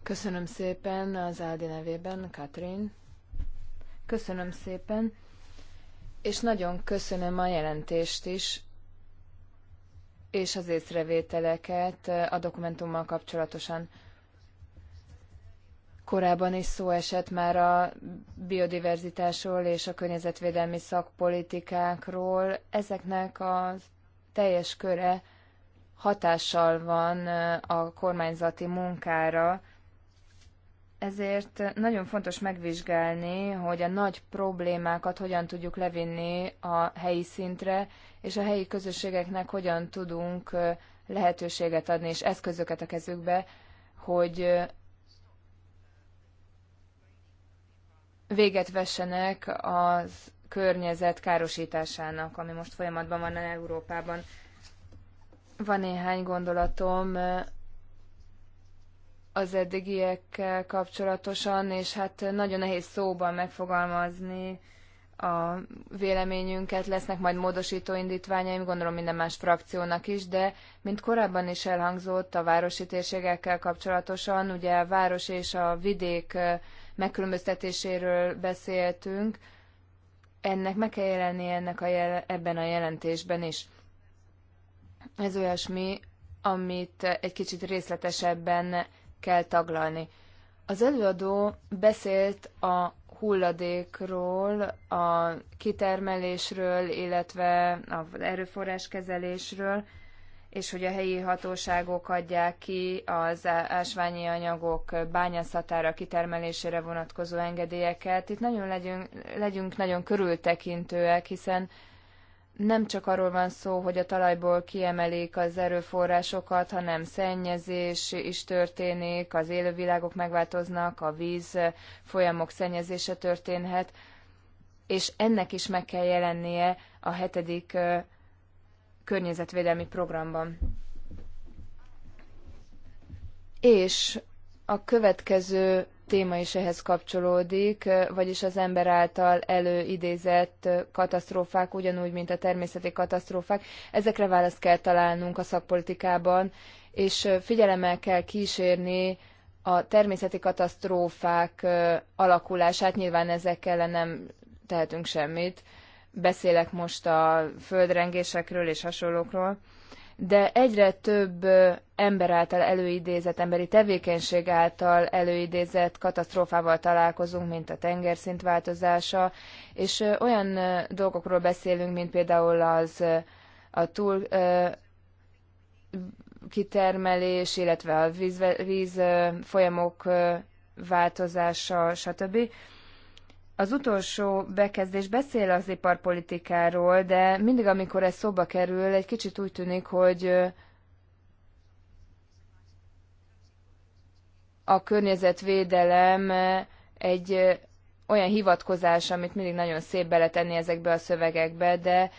Speaker 2: Köszönöm szépen az Ádi nevében, Katrin. Köszönöm szépen, és nagyon köszönöm a jelentést is és az észrevételeket a dokumentummal kapcsolatosan. Korábban is szó esett már a biodiverzitásról és a környezetvédelmi szakpolitikákról. Ezeknek a teljes köre hatással van a kormányzati munkára, ezért nagyon fontos megvizsgálni, hogy a nagy problémákat hogyan tudjuk levinni a helyi szintre, és a helyi közösségeknek hogyan tudunk lehetőséget adni és eszközöket a kezükbe, hogy véget vessenek az környezet károsításának, ami most folyamatban van Európában. Van néhány gondolatom az eddigiekkel kapcsolatosan, és hát nagyon nehéz szóban megfogalmazni a véleményünket, lesznek majd módosító indítványaim, gondolom minden más frakciónak is, de mint korábban is elhangzott a városi térségekkel kapcsolatosan, ugye a város és a vidék megkülönböztetéséről beszéltünk, ennek meg kell jelenni ennek a jel- ebben a jelentésben is. Ez olyasmi, amit egy kicsit részletesebben kell taglalni. Az előadó beszélt a hulladékról, a kitermelésről, illetve az erőforráskezelésről, és hogy a helyi hatóságok adják ki az ásványi anyagok bányászatára, kitermelésére vonatkozó engedélyeket. Itt nagyon legyünk, legyünk nagyon körültekintőek, hiszen nem csak arról van szó, hogy a talajból kiemelik az erőforrásokat, hanem szennyezés is történik, az élővilágok megváltoznak, a víz folyamok szennyezése történhet, és ennek is meg kell jelennie a hetedik környezetvédelmi programban. És a következő téma is ehhez kapcsolódik, vagyis az ember által előidézett katasztrófák, ugyanúgy, mint a természeti katasztrófák. Ezekre választ kell találnunk a szakpolitikában, és figyelemmel kell kísérni a természeti katasztrófák alakulását. Nyilván ezek ellen nem tehetünk semmit. Beszélek most a földrengésekről és hasonlókról de egyre több ember által előidézett, emberi tevékenység által előidézett katasztrófával találkozunk, mint a tengerszint változása, és olyan dolgokról beszélünk, mint például az a túl kitermelés, illetve a víz, víz folyamok változása, stb. Az utolsó bekezdés beszél az iparpolitikáról, de mindig, amikor ez szóba kerül, egy kicsit úgy tűnik, hogy a környezetvédelem egy olyan hivatkozás, amit mindig nagyon szép beletenni ezekbe a szövegekbe, de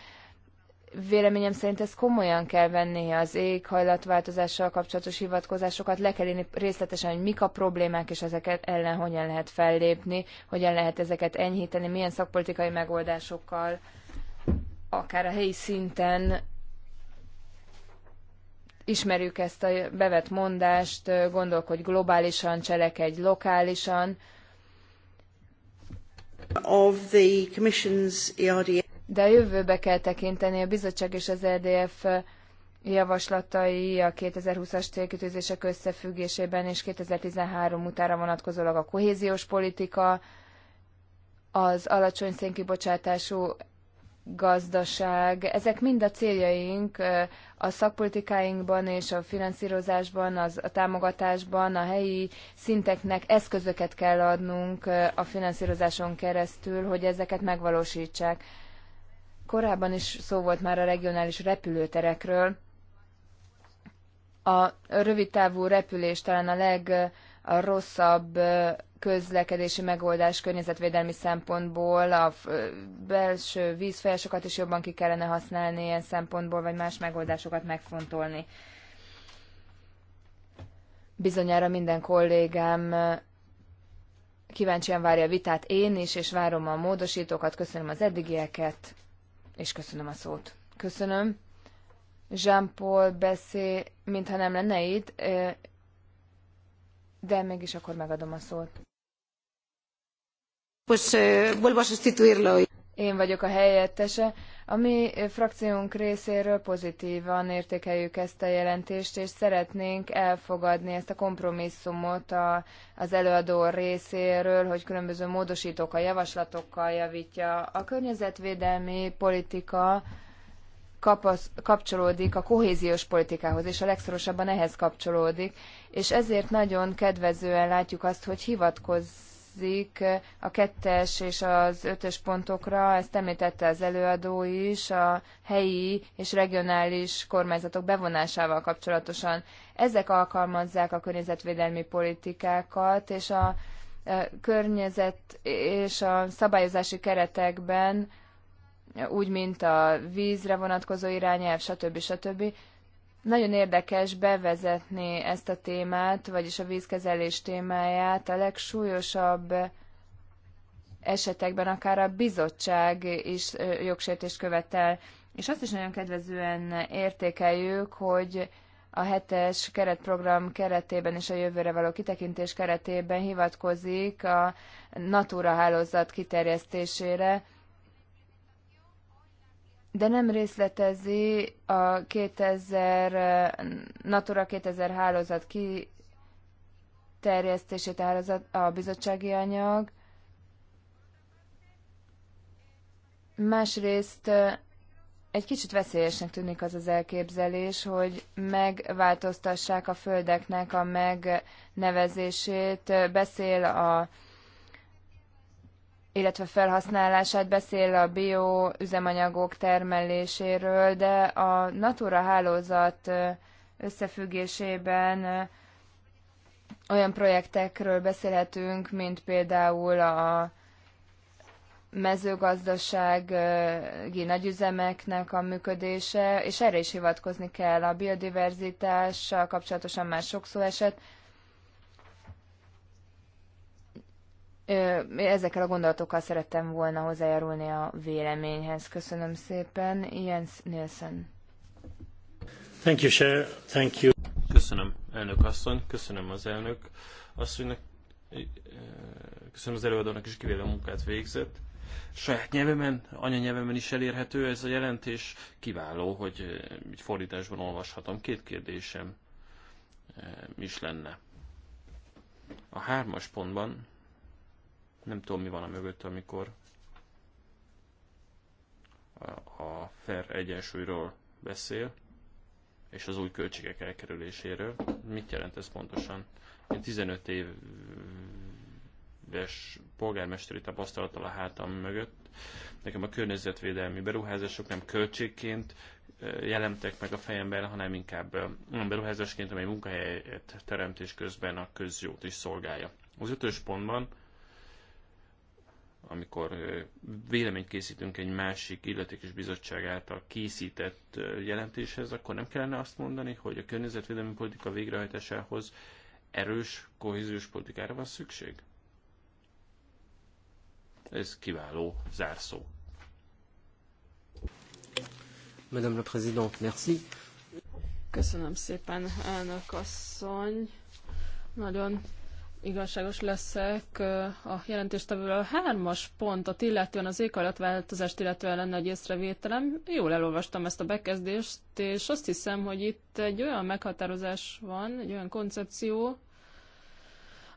Speaker 2: Véleményem szerint ezt komolyan kell venni, az éghajlatváltozással kapcsolatos hivatkozásokat le kell írni részletesen, hogy mik a problémák, és ezeket ellen hogyan lehet fellépni, hogyan lehet ezeket enyhíteni, milyen szakpolitikai megoldásokkal, akár a helyi szinten ismerjük ezt a bevett mondást, gondolkodj globálisan, cselekedj lokálisan. Of the commission's ERDA de a jövőbe kell tekinteni a bizottság és az EDF javaslatai a 2020-as célkitűzések összefüggésében és 2013 utára vonatkozólag a kohéziós politika, az alacsony szénkibocsátású gazdaság, ezek mind a céljaink a szakpolitikáinkban és a finanszírozásban, az, a támogatásban, a helyi szinteknek eszközöket kell adnunk a finanszírozáson keresztül, hogy ezeket megvalósítsák. Korábban is szó volt már a regionális repülőterekről. A rövidtávú repülés talán a legrosszabb közlekedési megoldás környezetvédelmi szempontból, a belső vízfolyasokat is jobban ki kellene használni ilyen szempontból, vagy más megoldásokat megfontolni. Bizonyára minden kollégám kíváncsian várja a vitát én is, és várom a módosítókat. Köszönöm az eddigieket, és köszönöm a szót. Köszönöm. Jean-Paul beszél, mintha nem lenne itt, de mégis akkor megadom a szót.
Speaker 1: Pues eh, vuelvo a sustituirlo
Speaker 2: én vagyok a helyettese. A mi frakciónk részéről pozitívan értékeljük ezt a jelentést, és szeretnénk elfogadni ezt a kompromisszumot a, az előadó részéről, hogy különböző a javaslatokkal javítja. A környezetvédelmi politika kapasz, kapcsolódik a kohéziós politikához, és a legszorosabban ehhez kapcsolódik, és ezért nagyon kedvezően látjuk azt, hogy hivatkozz vonatkozik a kettes és az ötös pontokra, ezt említette az előadó is, a helyi és regionális kormányzatok bevonásával kapcsolatosan. Ezek alkalmazzák a környezetvédelmi politikákat, és a e, környezet és a szabályozási keretekben, úgy, mint a vízre vonatkozó irányelv, stb. stb. stb nagyon érdekes bevezetni ezt a témát, vagyis a vízkezelés témáját. A legsúlyosabb esetekben akár a bizottság is jogsértést követel. És azt is nagyon kedvezően értékeljük, hogy a hetes keretprogram keretében és a jövőre való kitekintés keretében hivatkozik a Natura hálózat kiterjesztésére, de nem részletezi a 2000, Natura 2000 hálózat kiterjesztését a bizottsági anyag. Másrészt egy kicsit veszélyesnek tűnik az az elképzelés, hogy megváltoztassák a földeknek a megnevezését. Beszél a illetve felhasználását, beszél a bioüzemanyagok termeléséről, de a Natura hálózat összefüggésében olyan projektekről beszélhetünk, mint például a mezőgazdasági nagyüzemeknek a működése, és erre is hivatkozni kell. A biodiverzitással kapcsolatosan már sok szó esett, Ezekkel a gondolatokkal szerettem volna hozzájárulni a véleményhez. Köszönöm szépen. Jens Nielsen.
Speaker 3: Thank you, Chair. Thank you. Köszönöm, elnök asszony. Köszönöm az elnök asszonynak. Köszönöm az előadónak is a munkát végzett. Saját nyelvemen, anyanyelvemen is elérhető ez a jelentés. Kiváló, hogy így fordításban olvashatom. Két kérdésem is lenne. A hármas pontban nem tudom, mi van a mögött, amikor a fair egyensúlyról beszél, és az új költségek elkerüléséről. Mit jelent ez pontosan? Én 15 éves polgármesteri tapasztalattal a hátam mögött. Nekem a környezetvédelmi beruházások nem költségként jelentek meg a fejemben, hanem inkább olyan beruházásként, amely munkahelyet teremtés közben a közjót is szolgálja. Az ötös pontban amikor véleményt készítünk egy másik illetékes bizottság által készített jelentéshez, akkor nem kellene azt mondani, hogy a környezetvédelmi politika végrehajtásához erős, kohéziós politikára van szükség? Ez kiváló zárszó.
Speaker 1: Madame la Présidente, merci.
Speaker 5: Köszönöm szépen, elnök asszony. Nagyon igazságos leszek a jelentéstevőről. A hármas pontot illetően az éghajlatváltozást illetően lenne egy észrevételem. Jól elolvastam ezt a bekezdést, és azt hiszem, hogy itt egy olyan meghatározás van, egy olyan koncepció,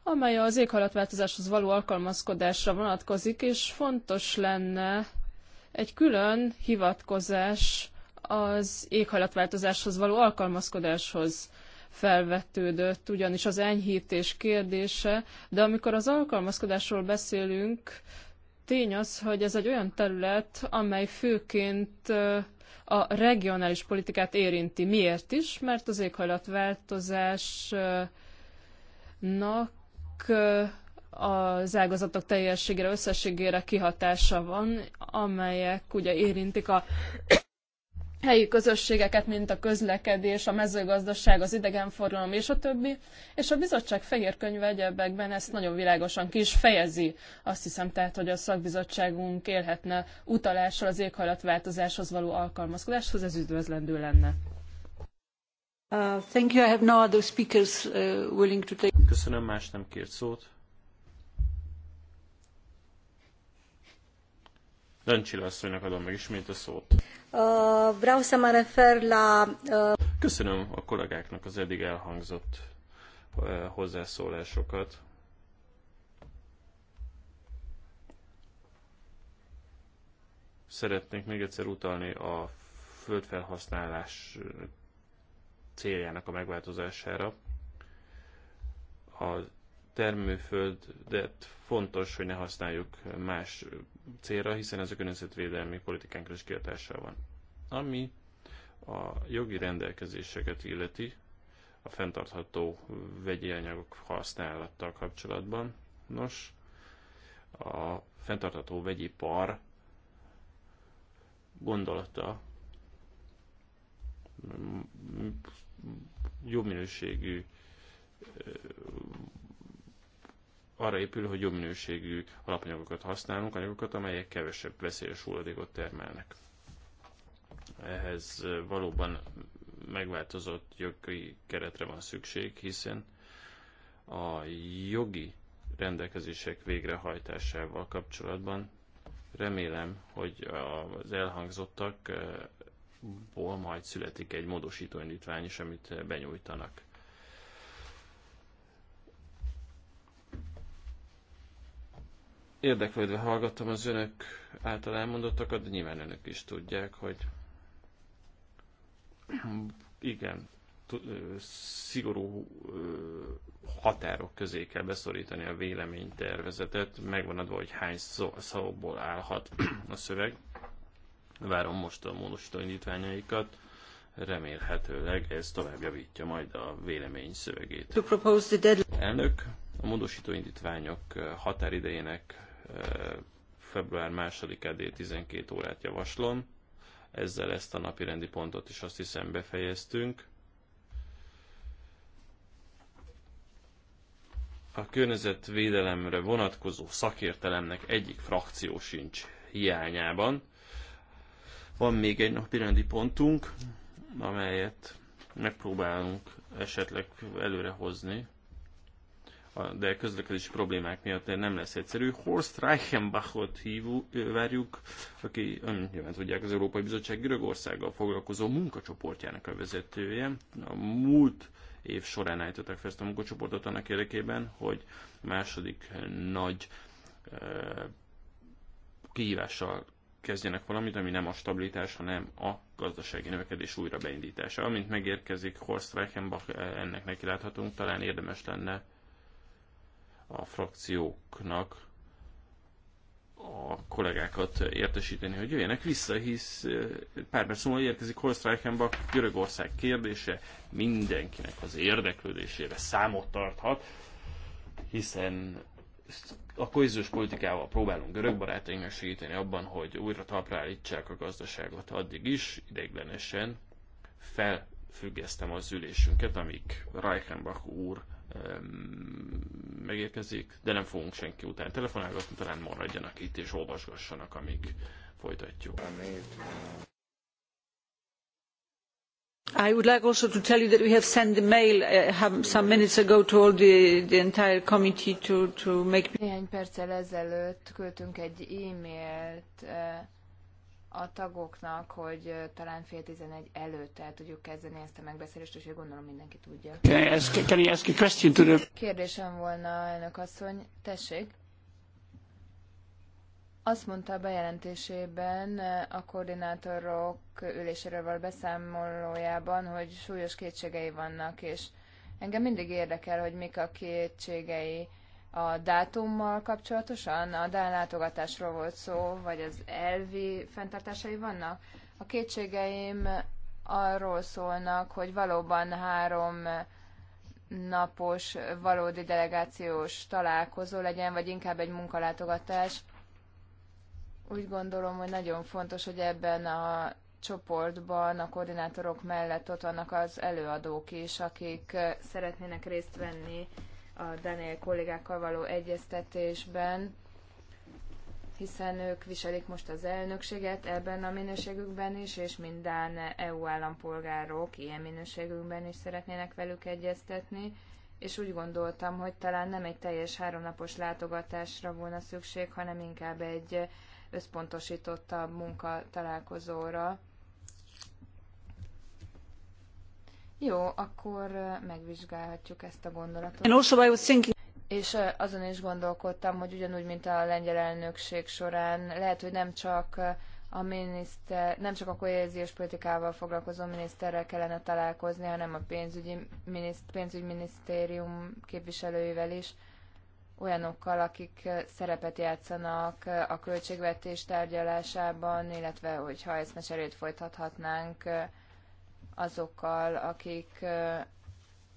Speaker 5: amely az éghajlatváltozáshoz való alkalmazkodásra vonatkozik, és fontos lenne egy külön hivatkozás az éghajlatváltozáshoz való alkalmazkodáshoz felvetődött, ugyanis az enyhítés kérdése, de amikor az alkalmazkodásról beszélünk, tény az, hogy ez egy olyan terület, amely főként a regionális politikát érinti. Miért is? Mert az éghajlatváltozásnak az ágazatok teljességére, összességére kihatása van, amelyek ugye érintik a helyi közösségeket, mint a közlekedés, a mezőgazdaság, az idegenforgalom és a többi, és a bizottság fehér könyve egyebekben ezt nagyon világosan ki is fejezi. Azt hiszem tehát, hogy a szakbizottságunk élhetne utalással az éghajlatváltozáshoz való alkalmazkodáshoz, ez üdvözlendő lenne.
Speaker 1: Uh, thank you. I have no other speakers uh, willing to take. Köszönöm, más nem kért szót.
Speaker 3: Döncsi asszonynak adom meg ismét a szót.
Speaker 1: Uh, vreau să mă refer la... Uh,
Speaker 3: Köszönöm a kollégáknak az eddig elhangzott uh, hozzászólásokat. Szeretnék még egyszer utalni a földfelhasználás céljának a megváltozására. Az termőföldet fontos, hogy ne használjuk más célra, hiszen ez a környezetvédelmi politikánkra is kihatással van. Ami a jogi rendelkezéseket illeti, a fenntartható vegyi anyagok használattal kapcsolatban. Nos, a fenntartható par gondolata jó minőségű arra épül, hogy jobb minőségű alapanyagokat használunk, anyagokat, amelyek kevesebb veszélyes hulladékot termelnek. Ehhez valóban megváltozott jogi keretre van szükség, hiszen a jogi rendelkezések végrehajtásával kapcsolatban remélem, hogy az elhangzottak majd születik egy módosító indítvány is, amit benyújtanak. Érdeklődve hallgattam az önök által elmondottakat, de nyilván önök is tudják, hogy igen, szigorú határok közé kell beszorítani a véleménytervezetet. Megvan adva, hogy hány szavakból állhat a szöveg. Várom most a módosító indítványaikat. Remélhetőleg ez tovább javítja majd a vélemény szövegét. Elnök, a módosító indítványok határidejének február 2-án 12 órát javaslom. Ezzel ezt a napi rendi pontot is azt hiszem befejeztünk. A környezetvédelemre vonatkozó szakértelemnek egyik frakció sincs hiányában. Van még egy napi rendi pontunk, amelyet megpróbálunk esetleg előrehozni, de közlekedési problémák miatt nem lesz egyszerű. Horst Reichenbachot hívó várjuk, aki nyilván tudják az Európai Bizottság Görögországgal foglalkozó munkacsoportjának a vezetője. A múlt év során állították fel ezt a munkacsoportot annak érdekében, hogy a második nagy kihívással kezdjenek valamit, ami nem a stabilitás, hanem a gazdasági növekedés újra beindítása. Amint megérkezik Horst Reichenbach, ennek neki láthatunk, talán érdemes lenne a frakcióknak a kollégákat értesíteni, hogy jöjjenek vissza, hisz eh, pár perc múlva érkezik Horstreichenbach Görögország kérdése mindenkinek az érdeklődésére számot tarthat, hiszen a kohéziós politikával próbálunk görög barátainknak segíteni abban, hogy újra talpra állítsák a gazdaságot addig is, ideiglenesen felfüggesztem az ülésünket, amíg Reichenbach úr megérkezik, de nem fogunk senki után telefonálgatni, talán maradjanak itt és olvasgassanak, amíg folytatjuk.
Speaker 1: I would like also to tell you that we have sent the mail uh, some minutes ago to all the, the entire committee to, to make... Néhány
Speaker 2: perccel ezelőtt küldtünk egy e-mailt uh a tagoknak, hogy talán fél tizenegy előtt el tudjuk kezdeni ezt a megbeszélést, úgyhogy gondolom mindenki tudja. Can
Speaker 3: I ask a question
Speaker 1: to the...
Speaker 2: Kérdésem volna, elnök asszony, tessék. Azt mondta a bejelentésében a koordinátorok üléséről való beszámolójában, hogy súlyos kétségei vannak, és engem mindig érdekel, hogy mik a kétségei a dátummal kapcsolatosan? A Dán látogatásról volt szó, vagy az elvi fenntartásai vannak? A kétségeim arról szólnak, hogy valóban három napos valódi delegációs találkozó legyen, vagy inkább egy munkalátogatás. Úgy gondolom, hogy nagyon fontos, hogy ebben a csoportban a koordinátorok mellett ott vannak az előadók is, akik szeretnének részt venni a Daniel kollégákkal való egyeztetésben, hiszen ők viselik most az elnökséget ebben a minőségükben is, és minden EU állampolgárok ilyen minőségükben is szeretnének velük egyeztetni és úgy gondoltam, hogy talán nem egy teljes háromnapos látogatásra volna szükség, hanem inkább egy összpontosítottabb munka találkozóra, Jó, akkor megvizsgálhatjuk ezt a gondolatot. És azon is gondolkodtam, hogy ugyanúgy, mint a lengyel elnökség során, lehet, hogy nem csak a miniszter, nem csak a kohéziós politikával foglalkozó miniszterrel kellene találkozni, hanem a pénzügyi miniszt, pénzügyminisztérium képviselőivel is, olyanokkal, akik szerepet játszanak a költségvetés tárgyalásában, illetve hogyha eszmecserét folytathatnánk, azokkal, akik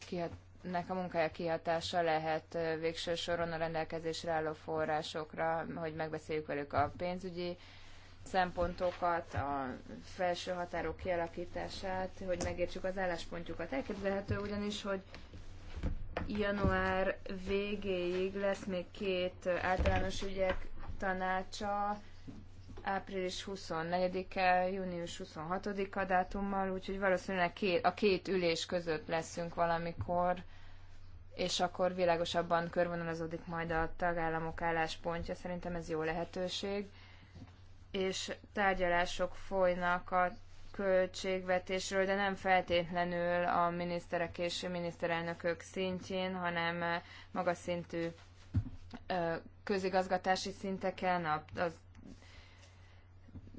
Speaker 2: kihatnak a munkája kihatása lehet végső soron a rendelkezésre álló forrásokra, hogy megbeszéljük velük a pénzügyi szempontokat, a felső határok kialakítását, hogy megértsük az álláspontjukat. Elképzelhető ugyanis, hogy január végéig lesz még két általános ügyek tanácsa, április 24-e, június 26-a dátummal, úgyhogy valószínűleg két, a két ülés között leszünk valamikor, és akkor világosabban körvonalazódik majd a tagállamok álláspontja. Szerintem ez jó lehetőség. És tárgyalások folynak a költségvetésről, de nem feltétlenül a miniszterek és miniszterelnökök szintjén, hanem magas szintű közigazgatási szinteken, a, a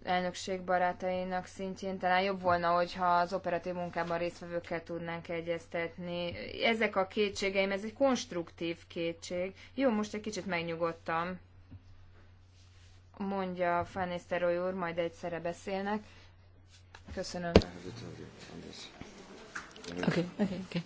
Speaker 2: elnökség barátainak szintjén talán jobb volna, hogyha az operatív munkában résztvevőkkel tudnánk egyeztetni. Ezek a kétségeim, ez egy konstruktív kétség. Jó, most egy kicsit megnyugodtam, mondja Fanisteroy úr, majd egyszerre beszélnek. Köszönöm. Oké,
Speaker 1: okay, oké, okay, oké. Okay.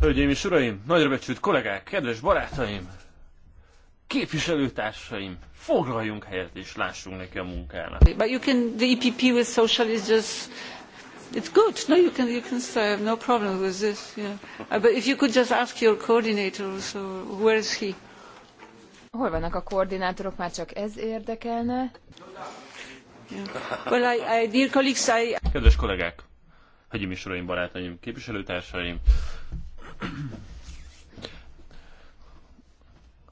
Speaker 3: Hölgyeim és uraim, nagyra becsült kollégák, kedves barátaim, képviselőtársaim, foglaljunk helyet és lássunk neki a munkának.
Speaker 1: But you can, the EPP with socialists just It's good. No, you can, you can say, I have no problem with this. Yeah. Uh, but if you could just ask your coordinator where is he?
Speaker 2: Hol vannak a koordinátorok? Már csak ez érdekelne.
Speaker 3: Kedves kollégák, hegyim és uraim, barátaim, képviselőtársaim,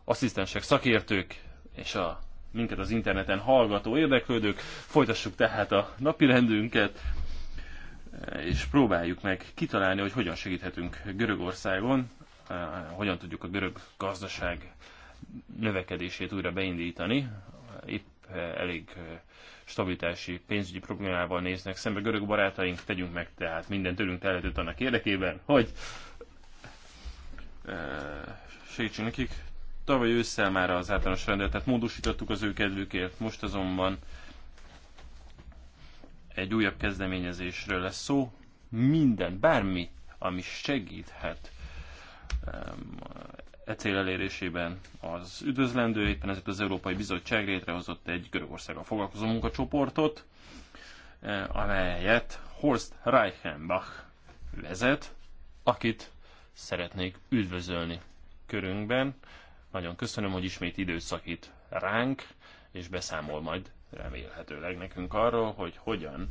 Speaker 3: asszisztensek, szakértők és a minket az interneten hallgató érdeklődők. Folytassuk tehát a napi rendünket, és próbáljuk meg kitalálni, hogy hogyan segíthetünk Görögországon, eh, hogyan tudjuk a görög gazdaság növekedését újra beindítani. Épp eh, elég eh, stabilitási pénzügyi problémával néznek szembe. Görög barátaink, tegyünk meg tehát minden tőlünk telhetőt annak érdekében, hogy e, segítsünk nekik. Tavaly ősszel már az általános rendeletet módosítottuk az ő kedvükért, most azonban egy újabb kezdeményezésről lesz szó. Minden, bármi, ami segíthet e, e cél elérésében az üdvözlendő, éppen ezért az Európai Bizottság létrehozott egy Görögországgal foglalkozó munkacsoportot, e, amelyet Horst Reichenbach vezet, akit szeretnék üdvözölni körünkben. Nagyon köszönöm, hogy ismét időt szakít ránk, és beszámol majd remélhetőleg nekünk arról, hogy hogyan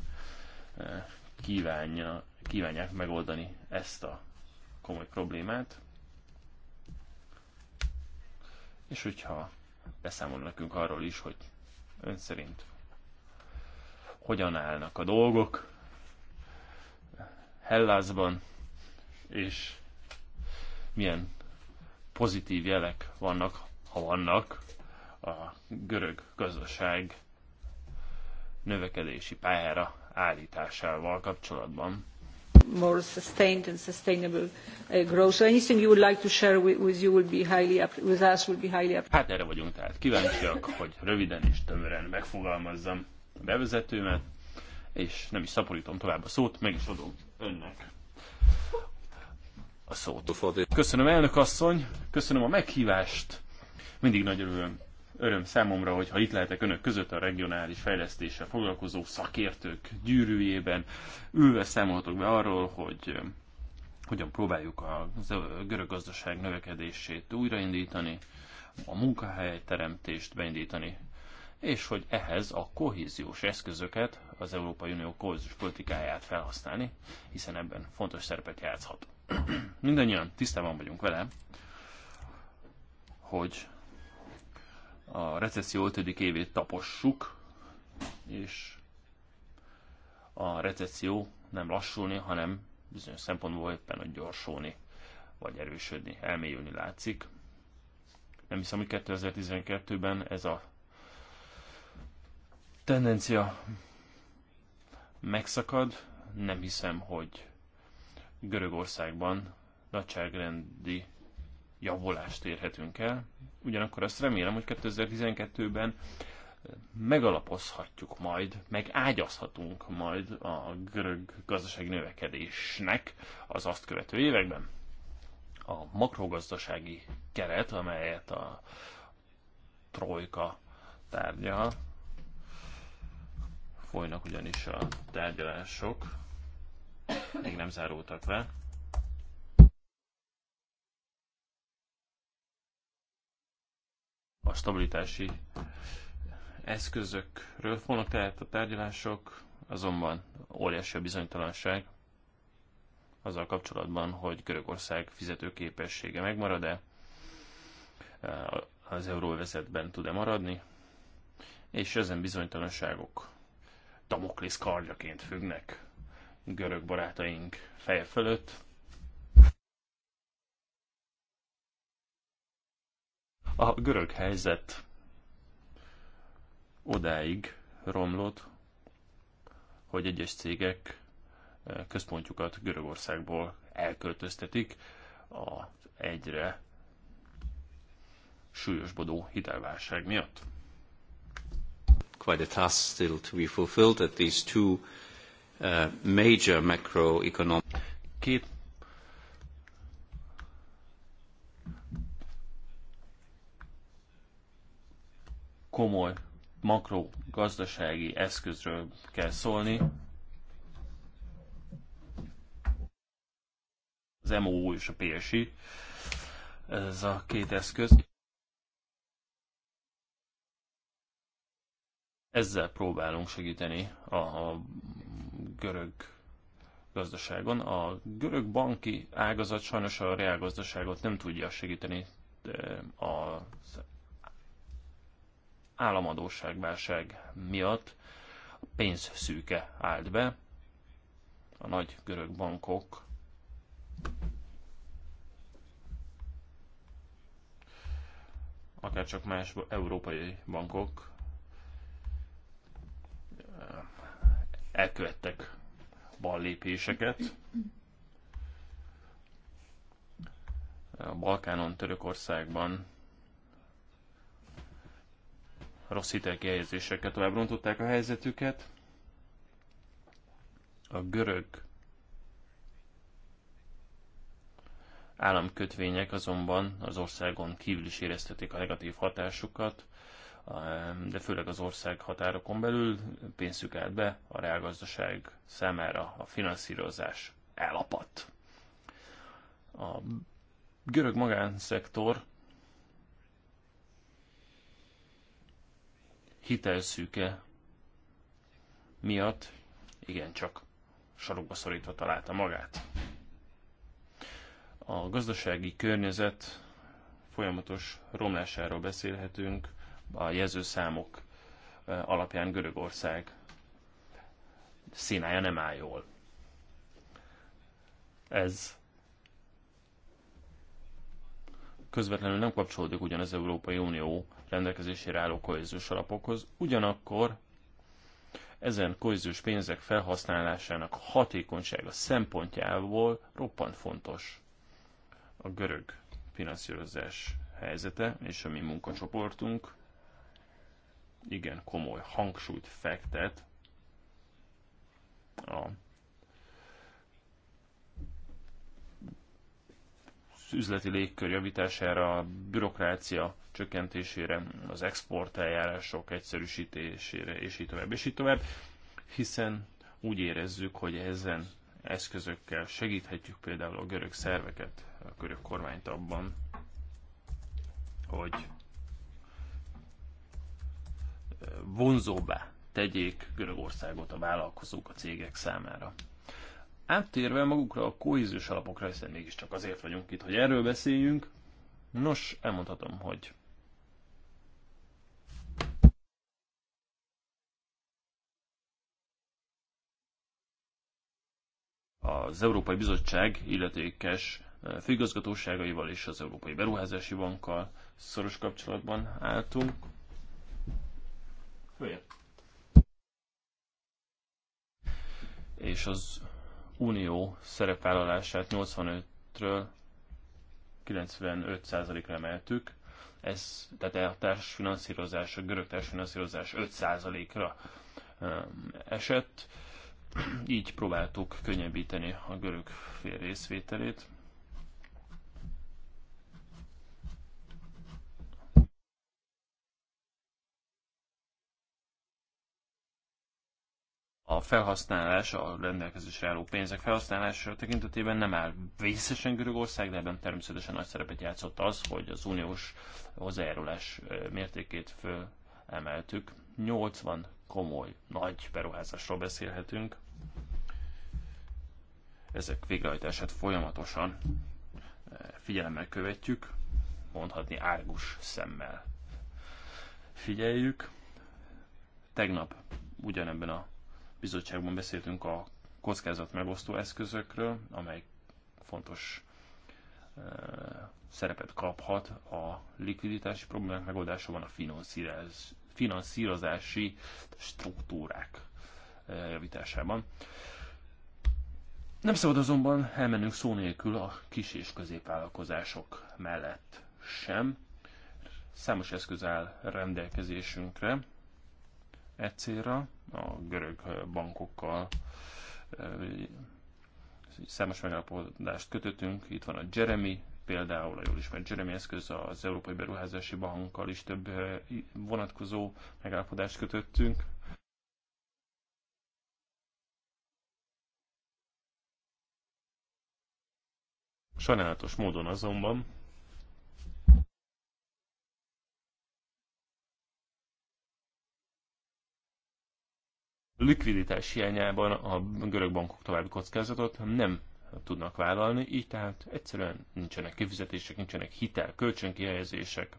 Speaker 3: e, kívánja, kívánják megoldani ezt a komoly problémát, és hogyha beszámol nekünk arról is, hogy ön szerint hogyan állnak a dolgok Hellászban, és milyen pozitív jelek vannak, ha vannak, a görög gazdaság növekedési pályára állításával kapcsolatban
Speaker 1: more sustained and sustainable uh, growth. So anything you would like to share with, with you will be highly with us will be highly appreciated.
Speaker 3: Hát erre vagyunk tehát kíváncsiak, hogy röviden és tömören megfogalmazzam a bevezetőmet, és nem is szaporítom tovább a szót, meg is adom önnek a szót. Köszönöm elnök asszony, köszönöm a meghívást, mindig nagy örülöm öröm számomra, hogy ha itt lehetek önök között a regionális fejlesztéssel foglalkozó szakértők gyűrűjében, ülve számolhatok be arról, hogy hogyan próbáljuk a görög gazdaság növekedését újraindítani, a munkahelyteremtést beindítani, és hogy ehhez a kohéziós eszközöket, az Európai Unió kohéziós politikáját felhasználni, hiszen ebben fontos szerepet játszhat. Mindannyian tisztában vagyunk vele, hogy a recesszió 5. évét tapossuk, és a recesszió nem lassulni, hanem bizonyos szempontból éppen, a gyorsulni, vagy erősödni, elmélyülni látszik. Nem hiszem, hogy 2012-ben ez a tendencia megszakad. Nem hiszem, hogy Görögországban nagyságrendi javulást érhetünk el, ugyanakkor azt remélem, hogy 2012-ben megalapozhatjuk majd, meg ágyazhatunk majd a görög gazdasági növekedésnek az azt követő években. A makrogazdasági keret, amelyet a trojka tárgyal, folynak ugyanis a tárgyalások, még nem zárultak le. a stabilitási eszközökről fognak tehát a tárgyalások, azonban óriási a bizonytalanság azzal kapcsolatban, hogy Görögország fizetőképessége megmarad-e, az euróvezetben tud-e maradni, és ezen bizonytalanságok damoklis kardjaként függnek görög barátaink feje fölött, A görög helyzet odáig romlott, hogy egyes cégek eh, központjukat Görögországból elköltöztetik a egyre súlyosbodó hitelválság miatt.
Speaker 6: Quite a task still to be fulfilled at these two uh, major macroeconomic.
Speaker 3: Két komoly makrogazdasági eszközről kell szólni. Az MOU és a PSI, ez a két eszköz. Ezzel próbálunk segíteni a, a görög gazdaságon. A görög banki ágazat sajnos a reálgazdaságot nem tudja segíteni az államadóságválság miatt a pénz szűke állt be. A nagy görög bankok akár csak más európai bankok eh, elkövettek ballépéseket. A Balkánon, Törökországban rossz hitelkihelyezésekkel tovább rontották a helyzetüket. A görög államkötvények azonban az országon kívül is éreztették a negatív hatásukat, de főleg az ország határokon belül pénzük állt be, a reálgazdaság számára a finanszírozás elapadt. A görög magánszektor hitelszűke miatt igencsak sarokba szorítva találta magát. A gazdasági környezet folyamatos romlásáról beszélhetünk, a jelzőszámok e, alapján Görögország színája nem áll jól. Ez közvetlenül nem kapcsolódik ugyan az Európai Unió rendelkezésére álló kohéziós alapokhoz, ugyanakkor ezen kohéziós pénzek felhasználásának hatékonysága szempontjából roppant fontos a görög finanszírozás helyzete, és a mi munkacsoportunk igen komoly hangsúlyt fektet a üzleti légkör javítására, a bürokrácia csökkentésére, az export eljárások egyszerűsítésére, és így tovább, és így tovább, hiszen úgy érezzük, hogy ezen eszközökkel segíthetjük például a görög szerveket, a görög kormányt abban, hogy vonzóbbá tegyék Görögországot a vállalkozók, a cégek számára. Áttérve magukra a kohéziós alapokra, hiszen mégiscsak azért vagyunk itt, hogy erről beszéljünk, nos, elmondhatom, hogy az Európai Bizottság illetékes főigazgatóságaival és az Európai Beruházási Bankkal szoros kapcsolatban álltunk. Följebb. És az unió szerepvállalását 85-ről 95%-ra emeltük. Ez, tehát a társfinanszírozás, a görög társfinanszírozás 5%-ra esett így próbáltuk könnyebbíteni a görög fél részvételét. a felhasználás, a rendelkezésre álló pénzek felhasználása tekintetében nem áll vészesen Görögország, de ebben természetesen nagy szerepet játszott az, hogy az uniós hozzájárulás mértékét fölemeltük. 80 komoly, nagy beruházásról beszélhetünk. Ezek végrehajtását folyamatosan eh, figyelemmel követjük, mondhatni árgus szemmel figyeljük. Tegnap ugyanebben a bizottságban beszéltünk a kockázat megosztó eszközökről, amely fontos eh, szerepet kaphat a likviditási problémák megoldásában, a finanszírozás finanszírozási struktúrák eh, javításában. Nem szabad azonban elmennünk szó nélkül a kis és középvállalkozások mellett sem. Számos eszköz áll rendelkezésünkre e célra, a görög bankokkal eh, számos megállapodást kötöttünk, itt van a Jeremy például a jól ismert Jeremy eszköz az Európai Beruházási Bankkal is több vonatkozó megállapodást kötöttünk. Sajnálatos módon azonban likviditás hiányában a görög bankok további kockázatot nem tudnak vállalni, így tehát egyszerűen nincsenek kifizetések, nincsenek hitel, kölcsönkihelyezések.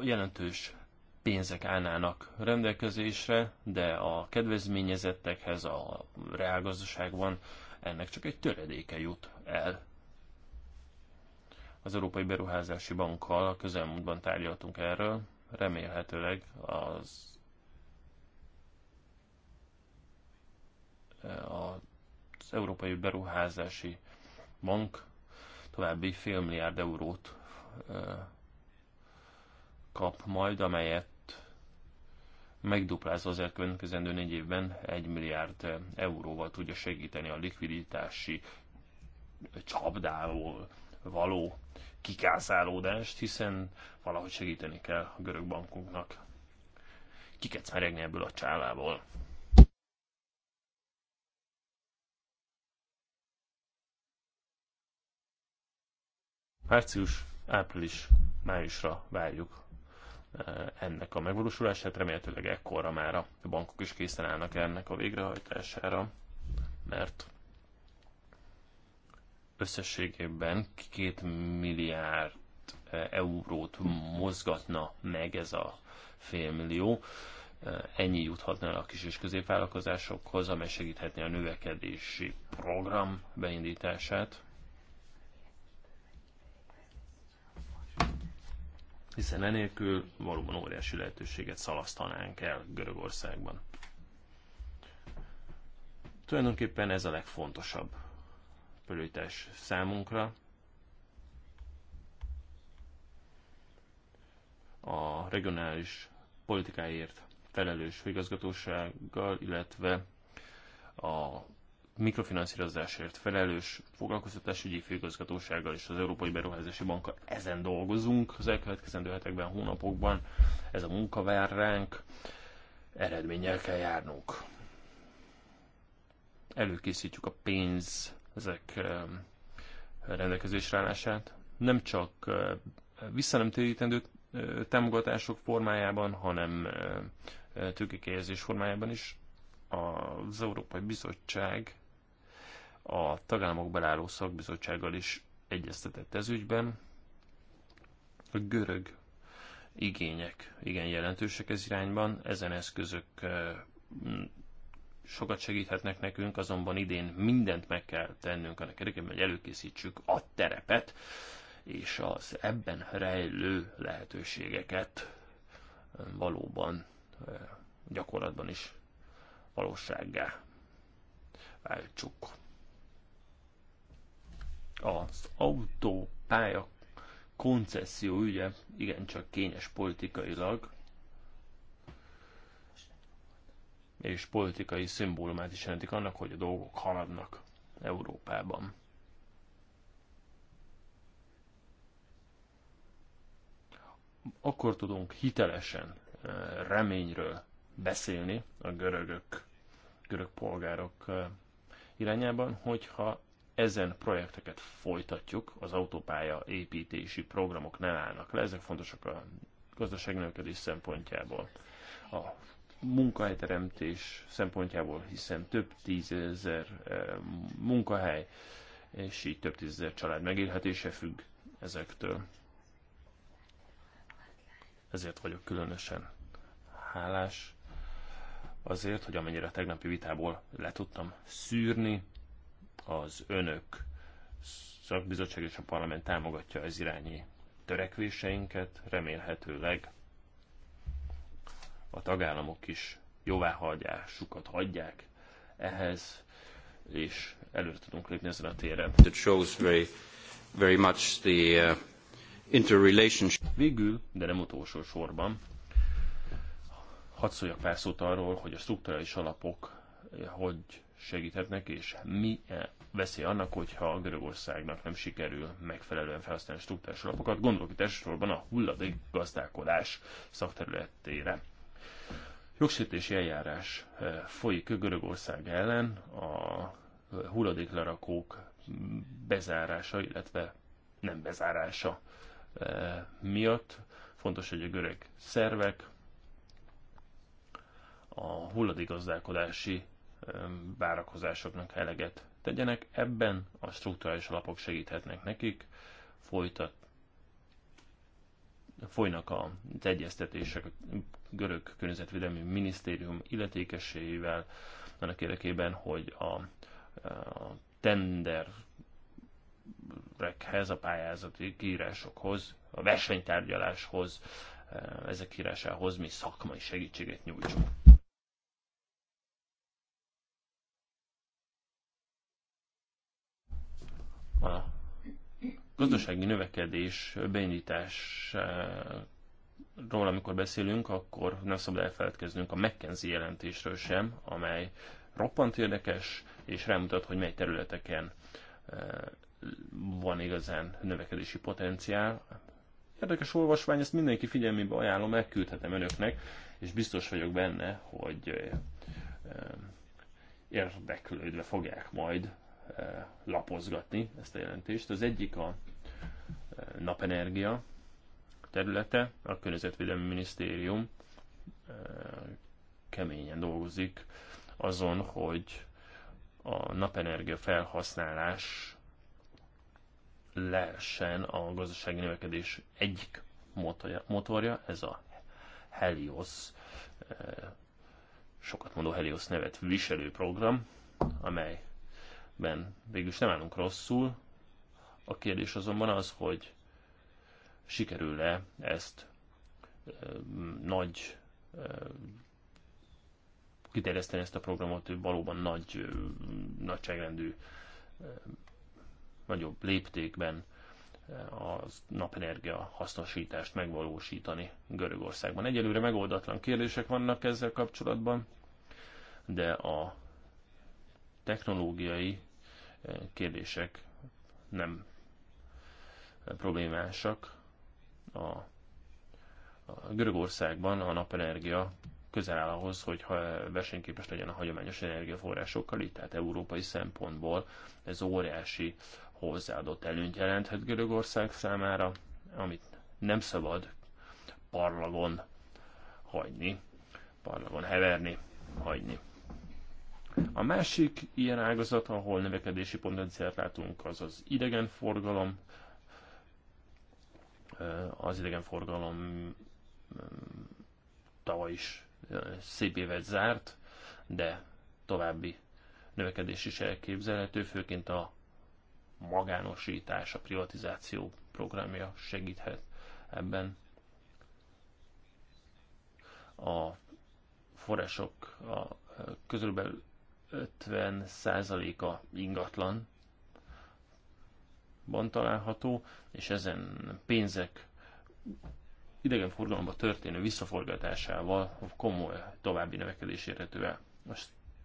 Speaker 3: Jelentős pénzek állnának rendelkezésre, de a kedvezményezettekhez a reálgazdaságban ennek csak egy töredéke jut el. Az Európai Beruházási Bankkal a közelmúltban tárgyaltunk erről, remélhetőleg az az Európai Beruházási Bank további milliárd eurót kap majd, amelyet megduplázva az elkövetkezendő négy évben 1 milliárd euróval tudja segíteni a likviditási csapdáról való kikászálódást, hiszen valahogy segíteni kell a görög bankunknak kikecmeregni ebből a csálából. Március, április, májusra várjuk eh, ennek a megvalósulását, remélhetőleg ekkorra már a bankok is készen állnak ennek a végrehajtására, mert összességében két milliárd eh, eurót mozgatna meg ez a félmillió. Eh, ennyi juthatna el a kis és középvállalkozásokhoz, amely segíthetné a növekedési program beindítását. hiszen enélkül valóban óriási lehetőséget szalasztanánk el Görögországban. Tulajdonképpen ez a legfontosabb prioritás számunkra. A regionális politikáért felelős főigazgatósággal, illetve a mikrofinanszírozásért felelős foglalkoztatásügyi főigazgatósággal és az Európai Beruházási Bankkal ezen dolgozunk az elkövetkezendő hetekben, hónapokban. Ez a munka vár ránk, eredménnyel kell járnunk. Előkészítjük a pénz ezek eh, rendelkezésre állását. Nem csak eh, visszanemtérítendő eh, támogatások formájában, hanem tőkekejezés formájában is az Európai Bizottság a tagállamok belálló szakbizottsággal is egyeztetett ez ügyben. A görög igények igen jelentősek ez irányban, ezen eszközök eh, sokat segíthetnek nekünk, azonban idén mindent meg kell tennünk annak érdekében, hogy előkészítsük a terepet, és az ebben rejlő lehetőségeket eh, valóban eh, gyakorlatban is valósággá váltsuk az autópálya koncesszió ügye igencsak kényes politikailag, és politikai szimbólumát is jelentik annak, hogy a dolgok haladnak Európában. Akkor tudunk hitelesen eh, reményről beszélni a görögök, görög polgárok eh, irányában, hogyha ezen projekteket folytatjuk, az autópálya építési programok nem állnak le, ezek fontosak a gazdaságnövekedés szempontjából. A munkahelyteremtés szempontjából, hiszen több tízezer eh, munkahely, és így több tízezer család megélhetése függ ezektől. Ezért vagyok különösen hálás azért, hogy amennyire a tegnapi vitából le tudtam szűrni, az önök szakbizottság és a parlament támogatja az irányi törekvéseinket, remélhetőleg a tagállamok is jóváhagyásukat hagyják ehhez, és előre tudunk lépni ezen a téren. It shows very, very much the uh, interrelationship. Végül, de nem utolsó sorban, hadd szóljak pár szót arról, hogy a strukturális alapok eh, hogy segíthetnek, és mi eh, veszély annak, hogyha a Görögországnak nem sikerül megfelelően felhasználni struktúrás alapokat. Gondolok itt elsősorban a hulladék gazdálkodás szakterületére. Jogsértési eljárás eh, folyik Görögország ellen a eh, hulladéklerakók bezárása, illetve nem bezárása miatt. Fontos, hogy a görög szervek a hulladékgazdálkodási várakozásoknak eleget tegyenek. Ebben a struktúrális alapok segíthetnek nekik, folytat, folynak az egyeztetések a görög környezetvédelmi minisztérium illetékeseivel, annak érdekében, hogy a, a tenderekhez, a pályázati írásokhoz, a versenytárgyaláshoz, ezek írásához mi szakmai segítséget nyújtsunk. a gazdasági növekedés beindításról, amikor beszélünk, akkor nem szabad elfeledkeznünk a McKenzie jelentésről sem, amely roppant érdekes, és rámutat, hogy mely területeken e, van igazán növekedési potenciál. Érdekes olvasmány, ezt mindenki figyelmébe ajánlom, megküldhetem önöknek, és biztos vagyok benne, hogy e, e, érdeklődve fogják majd Eh, lapozgatni ezt a jelentést. Az egyik a eh, napenergia területe, a Környezetvédelmi Minisztérium eh, keményen dolgozik azon, hogy a napenergia felhasználás lehessen a gazdasági növekedés egyik motorja, motorja ez a Helios, sokat mondó Helios nevet viselő program, amely ben végülis nem állunk rosszul. A kérdés azonban az, hogy sikerül-e ezt ö, nagy ö, kiterjeszteni ezt a programot valóban nagy ö, nagyságrendű ö, nagyobb léptékben a napenergia hasznosítást megvalósítani Görögországban. Egyelőre megoldatlan kérdések vannak ezzel kapcsolatban, de a technológiai kérdések nem problémásak. A, a Görögországban a napenergia közel áll ahhoz, hogy versenyképes legyen a hagyományos energiaforrásokkal, így tehát európai szempontból ez óriási hozzáadott előnyt jelenthet Görögország számára, amit nem szabad parlagon hagyni, parlagon heverni, hagyni. A másik ilyen ágazat, ahol növekedési potenciált látunk, az az idegenforgalom. Az idegenforgalom tavaly is szép évet zárt, de további növekedés is elképzelhető, főként a magánosítás, a privatizáció programja segíthet ebben. A források a, közülbelül 50%-a ingatlan van található, és ezen pénzek idegenforgalomba történő visszaforgatásával komoly további növekedés érhető el. A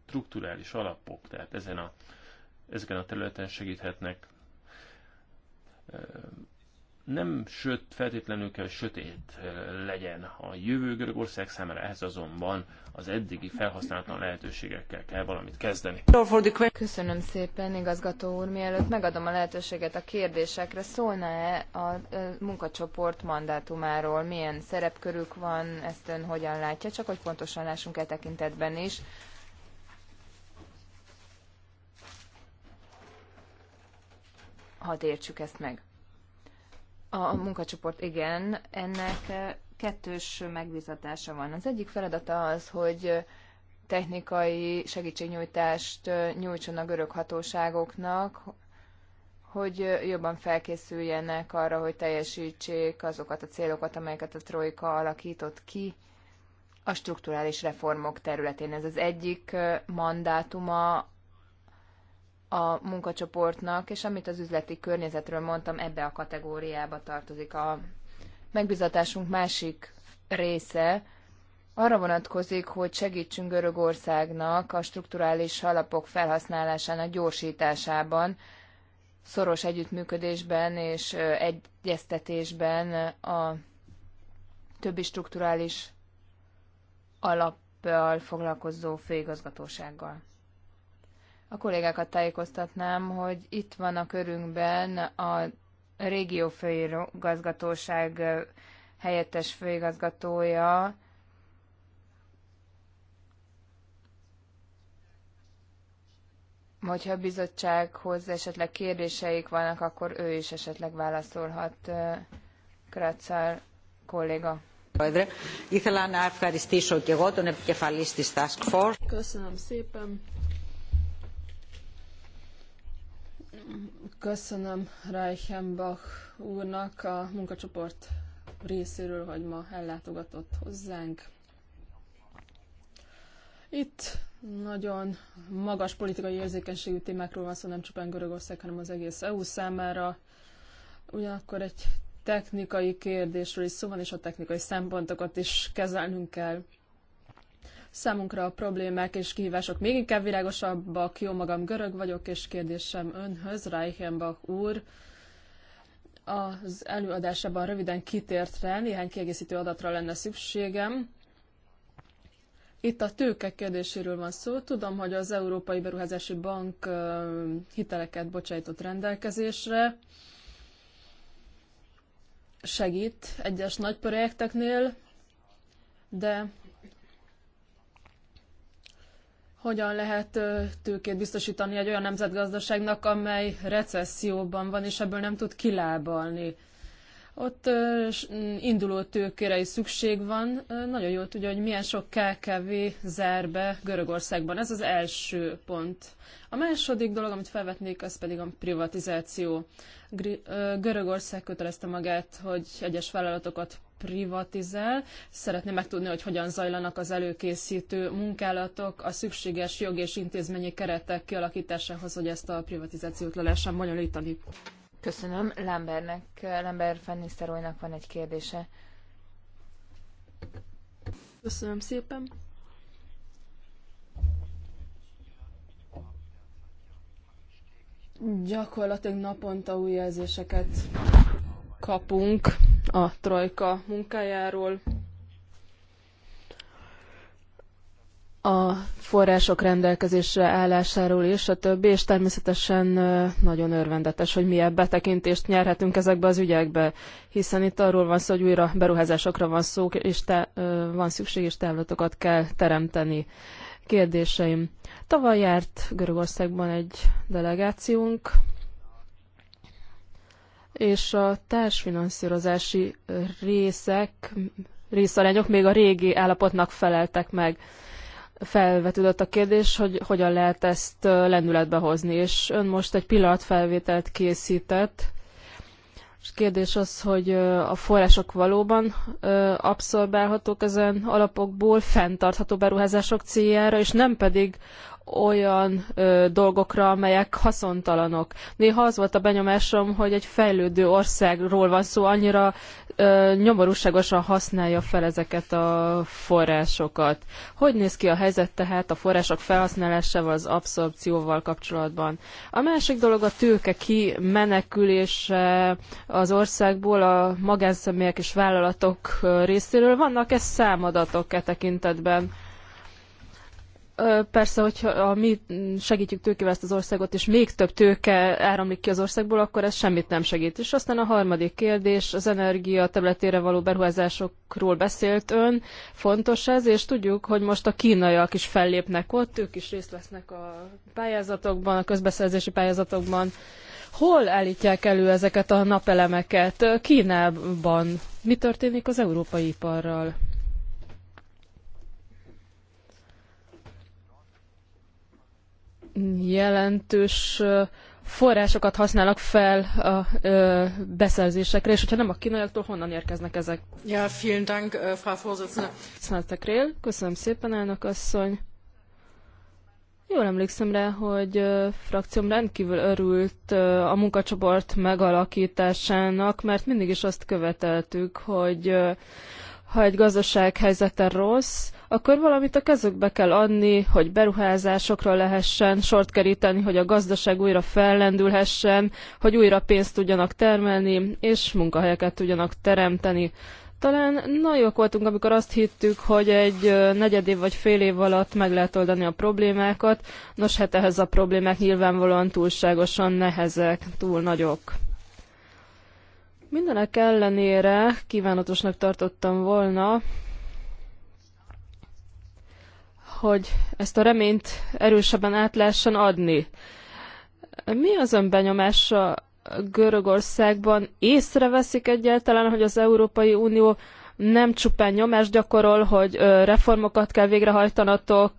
Speaker 3: strukturális alapok, tehát ezen a, ezeken a területen segíthetnek nem söt, feltétlenül kell sötét eh, legyen a jövő Görögország számára, ehhez azonban az eddigi felhasználatlan lehetőségekkel kell valamit kezdeni.
Speaker 2: Köszönöm szépen, igazgató úr. Mielőtt megadom a lehetőséget a kérdésekre, szólna-e a eh, munkacsoport mandátumáról? Milyen szerepkörük van, ezt ön hogyan látja? Csak hogy pontosan lássunk e tekintetben is. Hadd értsük ezt meg. A munkacsoport igen, ennek e, kettős megbízatása van. Az egyik feladata az, hogy technikai segítségnyújtást e, nyújtson a görög hatóságoknak, hogy e, jobban felkészüljenek arra, hogy teljesítsék azokat a célokat, amelyeket a Trojka alakított ki a strukturális reformok területén. Ez az egyik mandátuma a munkacsoportnak, és amit az üzleti környezetről mondtam, ebbe a kategóriába tartozik. A megbizatásunk másik része arra vonatkozik, hogy segítsünk Görögországnak a strukturális alapok felhasználásának gyorsításában, szoros együttműködésben és egyeztetésben a többi strukturális alappal foglalkozó főigazgatósággal. A kollégákat tájékoztatnám, hogy itt van a körünkben a régió főigazgatóság helyettes főigazgatója, hogyha a bizottsághoz esetleg kérdéseik vannak, akkor ő is esetleg válaszolhat. Kratzár kolléga.
Speaker 5: Köszönöm szépen. Köszönöm Reichenbach úrnak a munkacsoport részéről, hogy ma ellátogatott hozzánk. Itt nagyon magas politikai érzékenységű témákról van szó, nem csupán Görögország, hanem az egész EU számára. Ugyanakkor egy technikai kérdésről is szó van, és a technikai szempontokat is kezelnünk kell. Számunkra a problémák és kihívások még inkább világosabbak. Jó magam görög vagyok, és kérdésem önhöz, Reichenbach úr. Az előadásában röviden kitért rá, néhány kiegészítő adatra lenne szükségem. Itt a tőke kérdéséről van szó. Tudom, hogy az Európai Beruházási Bank hiteleket bocsájtott rendelkezésre. Segít egyes nagy projekteknél, de hogyan lehet tőkét biztosítani egy olyan nemzetgazdaságnak, amely recesszióban van, és ebből nem tud kilábalni. Ott induló tőkére is szükség van. Nagyon jól tudja, hogy milyen sok KKV zár be Görögországban. Ez az első pont. A második dolog, amit felvetnék, az pedig a privatizáció. Görögország kötelezte magát, hogy egyes vállalatokat privatizál. Szeretné megtudni, hogy hogyan zajlanak az előkészítő munkálatok a szükséges jog és intézményi keretek kialakításához, hogy ezt a privatizációt le lehessen bonyolítani. Köszönöm. Lambernek, Lambert Fannisteroynak van egy kérdése. Köszönöm szépen. Gyakorlatilag naponta új jelzéseket kapunk a trojka munkájáról. a források rendelkezésre állásáról és a többi, és természetesen nagyon örvendetes, hogy milyen betekintést nyerhetünk ezekbe az ügyekbe, hiszen itt arról van szó, hogy újra beruházásokra van szó, és te, van szükség, és távlatokat kell teremteni. Kérdéseim. Tavaly járt Görögországban egy delegációnk, és a társfinanszírozási részek, részarányok még a régi állapotnak feleltek meg. Felvetődött a kérdés, hogy hogyan lehet ezt lendületbe hozni, és ön most egy pillanatfelvételt készített, és kérdés az, hogy a források valóban abszorbálhatók ezen alapokból fenntartható beruházások céljára, és nem pedig olyan ö, dolgokra, amelyek haszontalanok. Néha az volt a benyomásom, hogy egy fejlődő országról van szó, annyira ö, nyomorúságosan használja fel ezeket a forrásokat. Hogy néz ki a helyzet tehát a források felhasználásával, az abszorpcióval kapcsolatban? A másik dolog a tőke kimenekülése az országból a magánszemélyek és vállalatok részéről. Vannak-e számadatok e tekintetben? persze, hogyha mi segítjük tőkével ezt az országot, és még több tőke áramlik ki az országból, akkor ez semmit nem segít. És aztán a harmadik kérdés, az energia területére való beruházásokról beszélt ön, fontos ez, és tudjuk, hogy most a kínaiak is fellépnek ott, ők is részt vesznek a pályázatokban, a közbeszerzési pályázatokban. Hol állítják elő ezeket a napelemeket? Kínában. Mi történik az európai iparral? jelentős forrásokat használnak fel a ö, beszerzésekre, és hogyha nem a kínaiaktól, honnan érkeznek ezek? Ja, vielen Dank, äh, Frau Vorsitzende. köszönöm szépen, elnök asszony. Jól emlékszem rá, hogy frakcióm rendkívül örült a munkacsoport megalakításának, mert mindig is azt követeltük, hogy ha egy gazdaság rossz, akkor valamit a kezükbe kell adni, hogy beruházásokra lehessen sort keríteni, hogy a gazdaság újra fellendülhessen, hogy újra pénzt tudjanak termelni, és munkahelyeket tudjanak teremteni. Talán nagyok voltunk, amikor azt hittük, hogy egy negyed év vagy fél év alatt meg lehet oldani a problémákat. Nos, hát ehhez a problémák nyilvánvalóan túlságosan nehezek, túl nagyok. Mindenek ellenére kívánatosnak tartottam volna, hogy ezt a reményt erősebben át lehessen adni. Mi az ön benyomása Görögországban? Észreveszik egyáltalán, hogy az Európai Unió nem csupán nyomást gyakorol, hogy reformokat kell végrehajtanatok,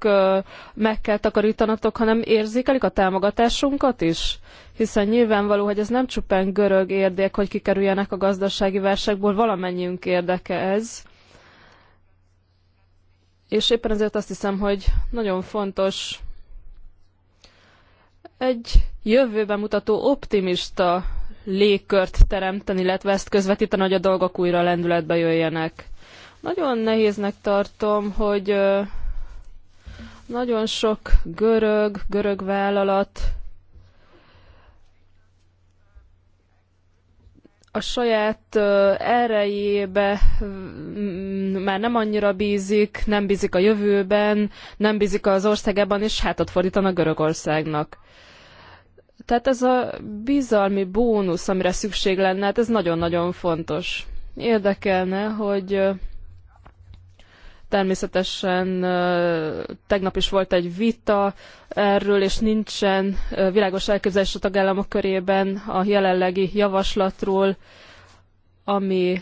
Speaker 5: meg kell takarítanatok, hanem érzékelik a támogatásunkat is? Hiszen nyilvánvaló, hogy ez nem csupán görög érdek, hogy kikerüljenek a gazdasági válságból, valamennyiünk érdeke ez. És éppen ezért azt hiszem, hogy nagyon fontos egy jövőben mutató optimista légkört teremteni, illetve ezt közvetíteni, hogy a dolgok újra lendületbe jöjjenek. Nagyon nehéznek tartom, hogy nagyon sok görög, görög vállalat a saját erejébe már nem annyira bízik, nem bízik a jövőben, nem bízik az országában, és hátat fordítanak Görögországnak. Tehát ez a bizalmi bónusz, amire szükség lenne, hát ez nagyon-nagyon fontos. Érdekelne, hogy Természetesen tegnap is volt egy vita erről, és nincsen világos elképzelés a tagállamok körében a jelenlegi javaslatról, ami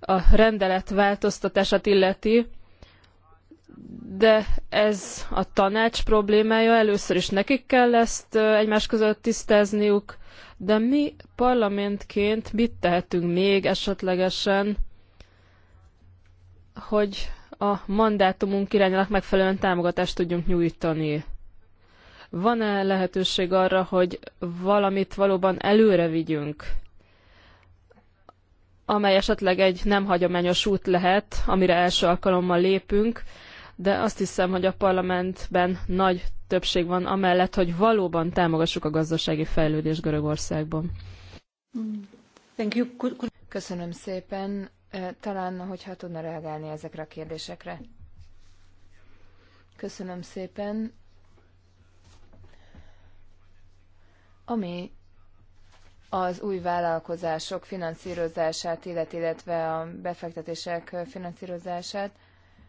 Speaker 5: a rendelet változtatását illeti, de ez a tanács problémája, először is nekik kell ezt egymás között tisztázniuk, de mi parlamentként mit tehetünk még esetlegesen, hogy a mandátumunk irányának megfelelően támogatást tudjunk nyújtani. Van-e lehetőség arra, hogy valamit valóban előre vigyünk, amely esetleg egy nem hagyományos út lehet, amire első alkalommal lépünk, de azt hiszem, hogy a parlamentben nagy többség van amellett, hogy valóban támogassuk a gazdasági fejlődést Görögországban.
Speaker 1: Mm.
Speaker 2: Köszönöm szépen. Talán, hogyha tudna reagálni ezekre a kérdésekre. Köszönöm szépen. Ami az új vállalkozások finanszírozását, illetve a befektetések finanszírozását,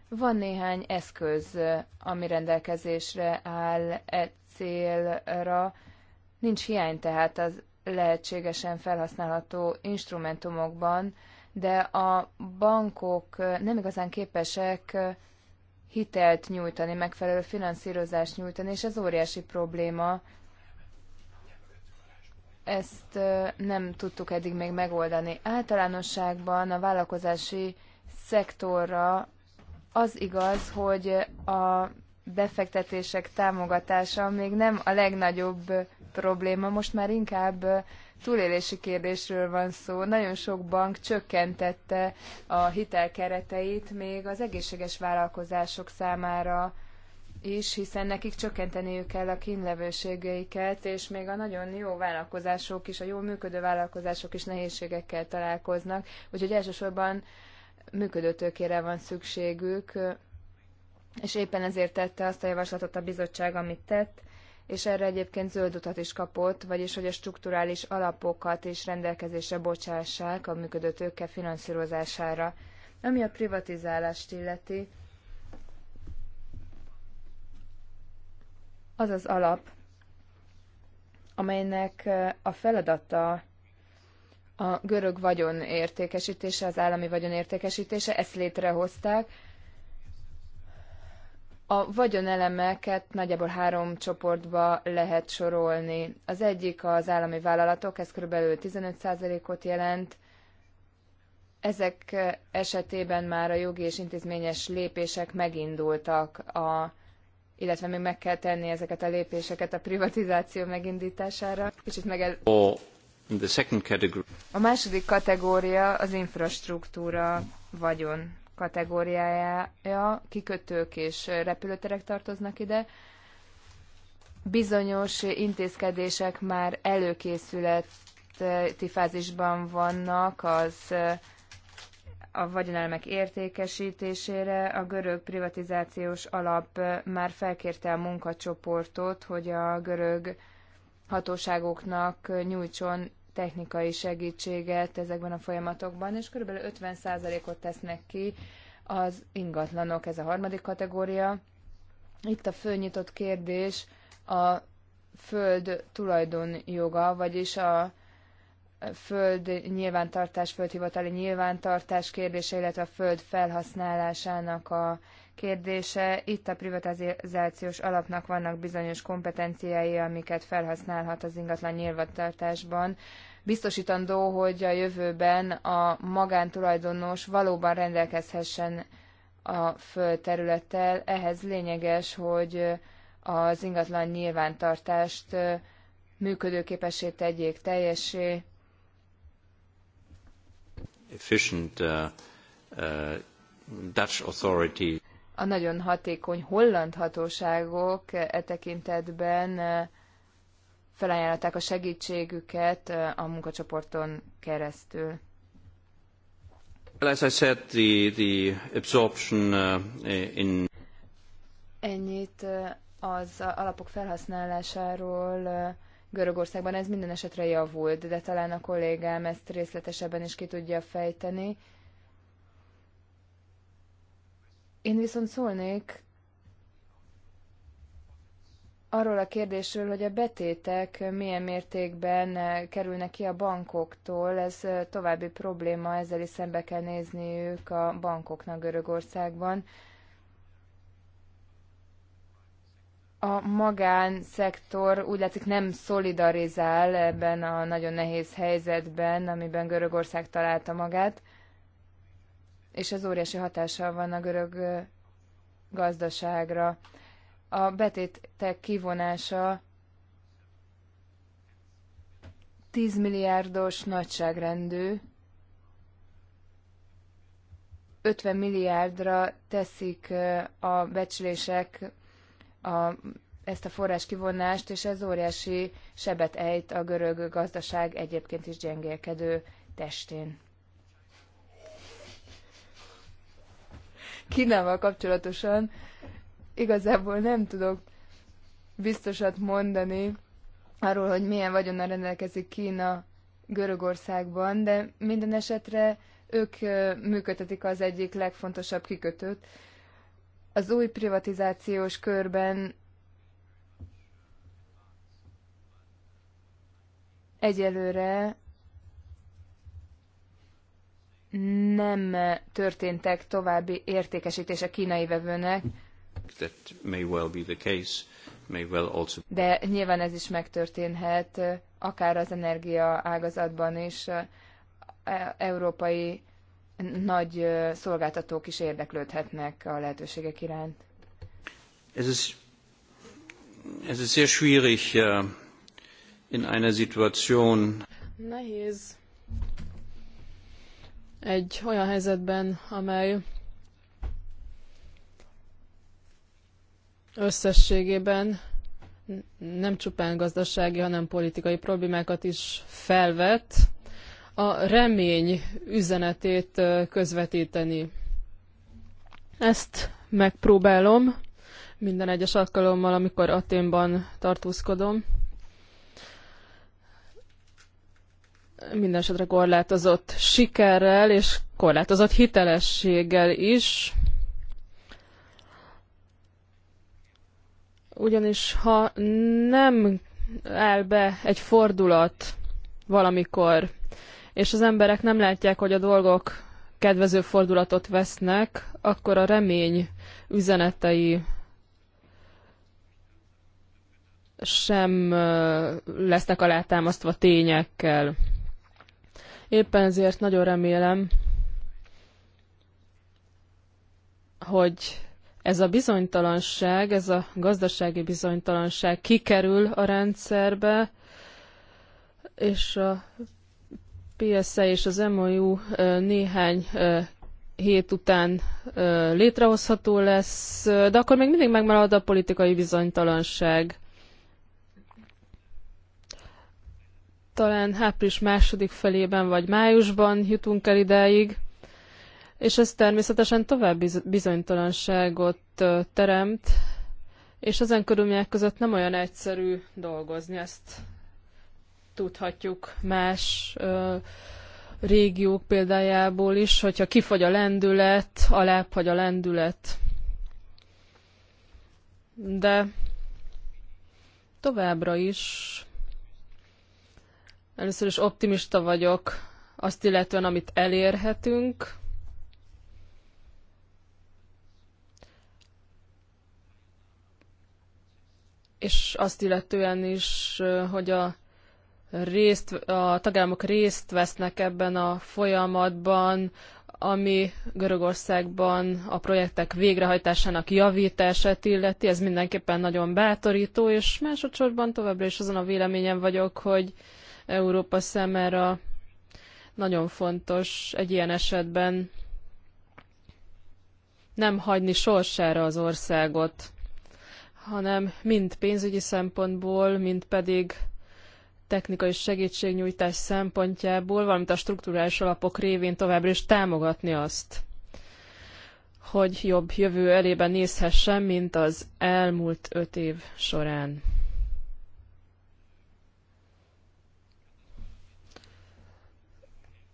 Speaker 2: van néhány eszköz, ami rendelkezésre áll e célra. Nincs hiány tehát az lehetségesen felhasználható instrumentumokban, de a bankok nem igazán képesek hitelt nyújtani, megfelelő finanszírozást nyújtani, és ez óriási probléma. Ezt nem tudtuk eddig még megoldani. Általánosságban a vállalkozási szektorra az igaz, hogy a befektetések támogatása még nem a legnagyobb probléma, most már inkább túlélési kérdésről van szó. Nagyon sok bank csökkentette a hitelkereteit még az egészséges vállalkozások számára is, hiszen nekik csökkenteniük kell a kínlevőségeiket, és még a nagyon jó vállalkozások is, a jól működő vállalkozások is nehézségekkel találkoznak, úgyhogy elsősorban működőtőkére van szükségük, és éppen ezért tette azt a javaslatot a bizottság, amit tett, és erre egyébként zöld utat is kapott, vagyis hogy a strukturális alapokat és rendelkezésre bocsássák a működő tőke finanszírozására. Ami a privatizálást illeti, az az alap, amelynek a feladata a görög vagyon értékesítése, az állami vagyon értékesítése, ezt létrehozták, a vagyonelemeket nagyjából három csoportba lehet sorolni. Az egyik az állami vállalatok, ez kb. 15%-ot jelent. Ezek esetében már a jogi és intézményes lépések megindultak, a, illetve még meg kell tenni ezeket a lépéseket a privatizáció megindítására. Kicsit meg el... A második kategória az infrastruktúra vagyon kategóriája, kikötők és repülőterek tartoznak ide. Bizonyos intézkedések már előkészületi fázisban vannak az a vagyonelmek értékesítésére. A görög privatizációs alap már felkérte a munkacsoportot, hogy a görög hatóságoknak nyújtson technikai segítséget ezekben a folyamatokban, és kb. 50%-ot tesznek ki az ingatlanok, ez a harmadik kategória. Itt a fölnyitott kérdés a föld tulajdonjoga, vagyis a föld nyilvántartás, földhivatali nyilvántartás kérdése, illetve a föld felhasználásának a kérdése. Itt a privatizációs alapnak vannak bizonyos kompetenciái, amiket felhasználhat az ingatlan nyilvántartásban. Biztosítandó, hogy a jövőben a magántulajdonos valóban rendelkezhessen a föld területtel. Ehhez lényeges, hogy az ingatlan nyilvántartást működőképessé tegyék teljesé
Speaker 6: efficient uh, uh, Dutch authority.
Speaker 2: A nagyon hatékony holland hatóságok uh, e tekintetben uh, felajánlották a segítségüket uh, a munkacsoporton keresztül.
Speaker 6: Well, as I said, the, the absorption uh, in...
Speaker 2: Ennyit az alapok felhasználásáról Görögországban ez minden esetre javult, de talán a kollégám ezt részletesebben is ki tudja fejteni. Én viszont szólnék arról a kérdésről, hogy a betétek milyen mértékben kerülnek ki a bankoktól, ez további probléma, ezzel is szembe kell nézniük a bankoknak Görögországban. a magánszektor úgy látszik nem szolidarizál ebben a nagyon nehéz helyzetben, amiben Görögország találta magát, és az óriási hatással van a görög gazdaságra. A betétek kivonása 10 milliárdos nagyságrendű, 50 milliárdra teszik a becslések a, ezt a forrás kivonást, és ez óriási sebet ejt a görög gazdaság egyébként is gyengélkedő testén. Kínával kapcsolatosan igazából nem tudok biztosat mondani arról, hogy milyen vagyonnal rendelkezik Kína Görögországban, de minden esetre ők működtetik az egyik legfontosabb kikötőt, az új privatizációs körben egyelőre nem történtek további a kínai vevőnek.
Speaker 6: That may well be the case, may well also...
Speaker 2: De nyilván ez is megtörténhet, akár az energia ágazatban is, e- európai nagy szolgáltatók is érdeklődhetnek a lehetőségek iránt.
Speaker 6: Ez ist, ez ist sehr schwierig äh, in einer Situation.
Speaker 5: Nehéz egy olyan helyzetben, amely összességében nem csupán gazdasági, hanem politikai problémákat is felvet, a remény üzenetét közvetíteni. Ezt megpróbálom minden egyes alkalommal, amikor Aténban tartózkodom. Mindenesetre korlátozott sikerrel és korlátozott hitelességgel is. Ugyanis ha nem áll be egy fordulat valamikor, és az emberek nem látják, hogy a dolgok kedvező fordulatot vesznek, akkor a remény üzenetei sem lesznek alátámasztva tényekkel. Éppen ezért nagyon remélem, hogy ez a bizonytalanság, ez a gazdasági bizonytalanság kikerül a rendszerbe, és a PSA és az MOU néhány hét után létrehozható lesz, de akkor még mindig megmarad a politikai bizonytalanság. Talán április második felében vagy májusban jutunk el ideig, és ez természetesen tovább bizonytalanságot teremt, és ezen körülmények között nem olyan egyszerű dolgozni, ezt tudhatjuk más ö, régiók példájából is, hogyha kifogy a lendület, alább hagy a lendület. De továbbra is először is optimista vagyok azt illetően, amit elérhetünk. És azt illetően is, hogy a részt, a tagállamok részt vesznek ebben a folyamatban, ami Görögországban a projektek végrehajtásának javítását illeti, ez mindenképpen nagyon bátorító, és másodszorban továbbra is azon a véleményen vagyok, hogy Európa számára nagyon fontos egy ilyen esetben nem hagyni sorsára az országot, hanem mind pénzügyi szempontból, mind pedig technikai segítségnyújtás szempontjából, valamint a strukturális alapok révén továbbra is támogatni azt, hogy jobb jövő elében nézhessen, mint az elmúlt öt év során.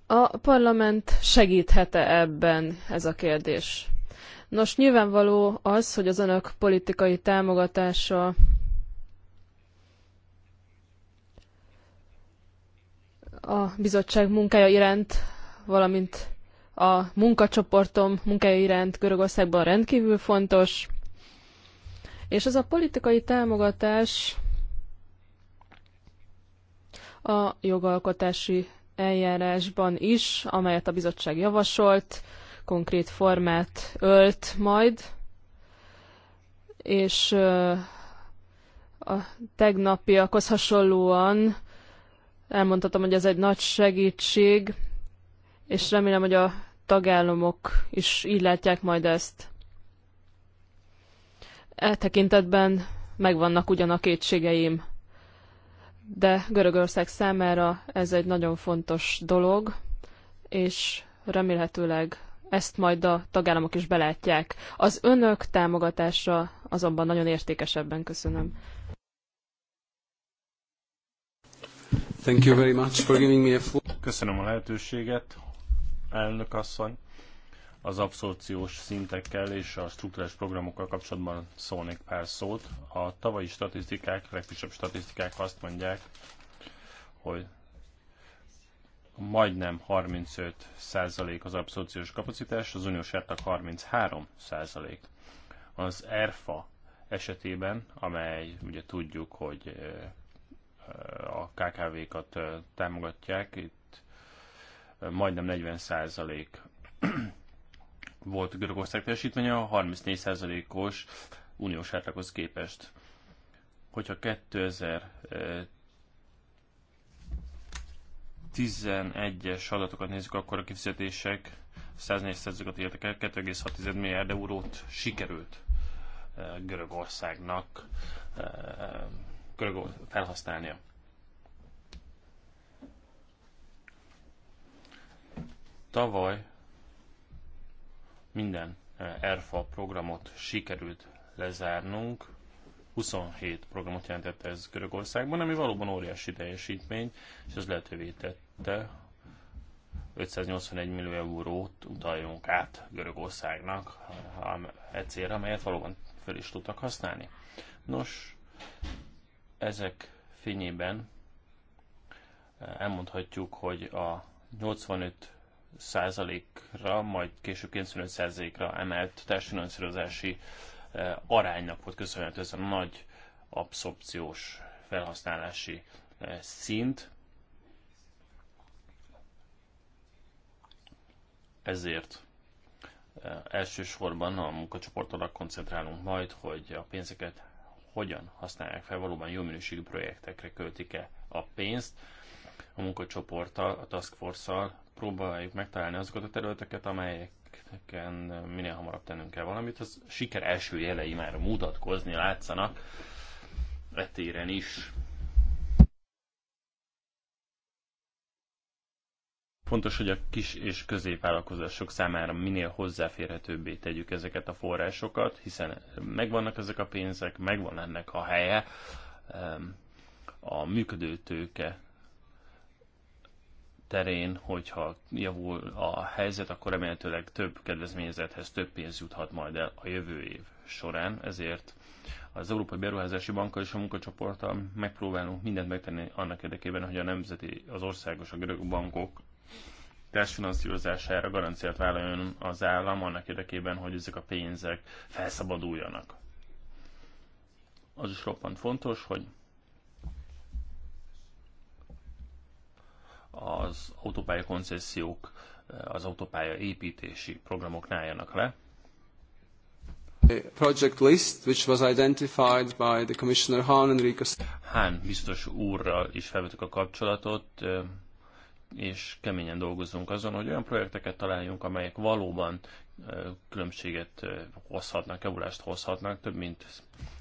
Speaker 5: A parlament segíthet-e ebben ez a kérdés? Nos, nyilvánvaló az, hogy az önök politikai támogatása a bizottság munkája iránt, valamint a munkacsoportom munkája iránt Görögországban rendkívül fontos. És ez a politikai támogatás a jogalkotási eljárásban is, amelyet a bizottság javasolt, konkrét formát ölt majd, és a tegnapiakhoz hasonlóan Elmondhatom, hogy ez egy nagy segítség, és remélem, hogy a tagállamok is így látják majd ezt. E tekintetben megvannak ugyan a kétségeim, de Görögország számára ez egy nagyon fontos dolog, és remélhetőleg ezt majd a tagállamok is belátják. Az önök támogatása azonban nagyon értékesebben köszönöm.
Speaker 3: Thank you very much for giving me a Köszönöm a lehetőséget, elnök asszony. Az abszorciós szintekkel és a struktúrás programokkal kapcsolatban szólnék pár szót. A tavalyi statisztikák, legfrissebb statisztikák azt mondják, hogy majdnem 35% az abszorciós kapacitás, az uniós átlag 33%. Az ERFA esetében, amely ugye tudjuk, hogy a KKV-kat támogatják. Itt majdnem 40 százalék volt Görögország teljesítménye, a 34 os uniós átlaghoz képest. Hogyha 2011-es adatokat nézzük, akkor a kifizetések 104 ot értek el, 2,6 milliárd eurót sikerült Görögországnak körülbelül felhasználnia. Tavaly minden ERFA eh, programot sikerült lezárnunk. 27 programot jelentette ez Görögországban, ami valóban óriási teljesítmény, és ez lehetővé tette, 581 millió eurót utaljunk át Görögországnak egy célra, amelyet valóban fel is tudtak használni. Nos, ezek fényében eh, elmondhatjuk, hogy a 85 százalékra, majd később 95 százalékra emelt társadalmi eh, aránynak volt köszönhető ez a nagy abszorpciós felhasználási eh, szint. Ezért elsősorban a munkacsoportodra koncentrálunk majd, hogy a pénzeket hogyan használják fel, valóban jó minőségű projektekre költik-e a pénzt. A munkacsoporttal, a task force-szal próbáljuk megtalálni azokat a területeket, amelyeken minél hamarabb tennünk kell valamit. Az siker első jelei már mutatkozni látszanak, letéren is Fontos, hogy a kis és középvállalkozások számára minél hozzáférhetőbbé tegyük ezeket a forrásokat, hiszen megvannak ezek a pénzek, megvan ennek a helye, a működő tőke terén, hogyha javul a helyzet, akkor remélhetőleg több kedvezményezethez több pénz juthat majd el a jövő év során, ezért az Európai Beruházási Bankkal és a munkacsoporttal megpróbálunk mindent megtenni annak érdekében, hogy a nemzeti, az országos, a görög bankok finanszírozására garanciát vállaljon az állam annak érdekében, hogy ezek a pénzek felszabaduljanak. Az is roppant fontos, hogy az autópálya koncesziók az autópálya építési programok álljanak le.
Speaker 6: Project list, which was identified by the Commissioner
Speaker 3: Hahn Enrico. Hahn biztos úrral is felvettük a kapcsolatot, és keményen dolgozunk azon, hogy olyan projekteket találjunk, amelyek valóban különbséget hozhatnak, javulást hozhatnak, több mint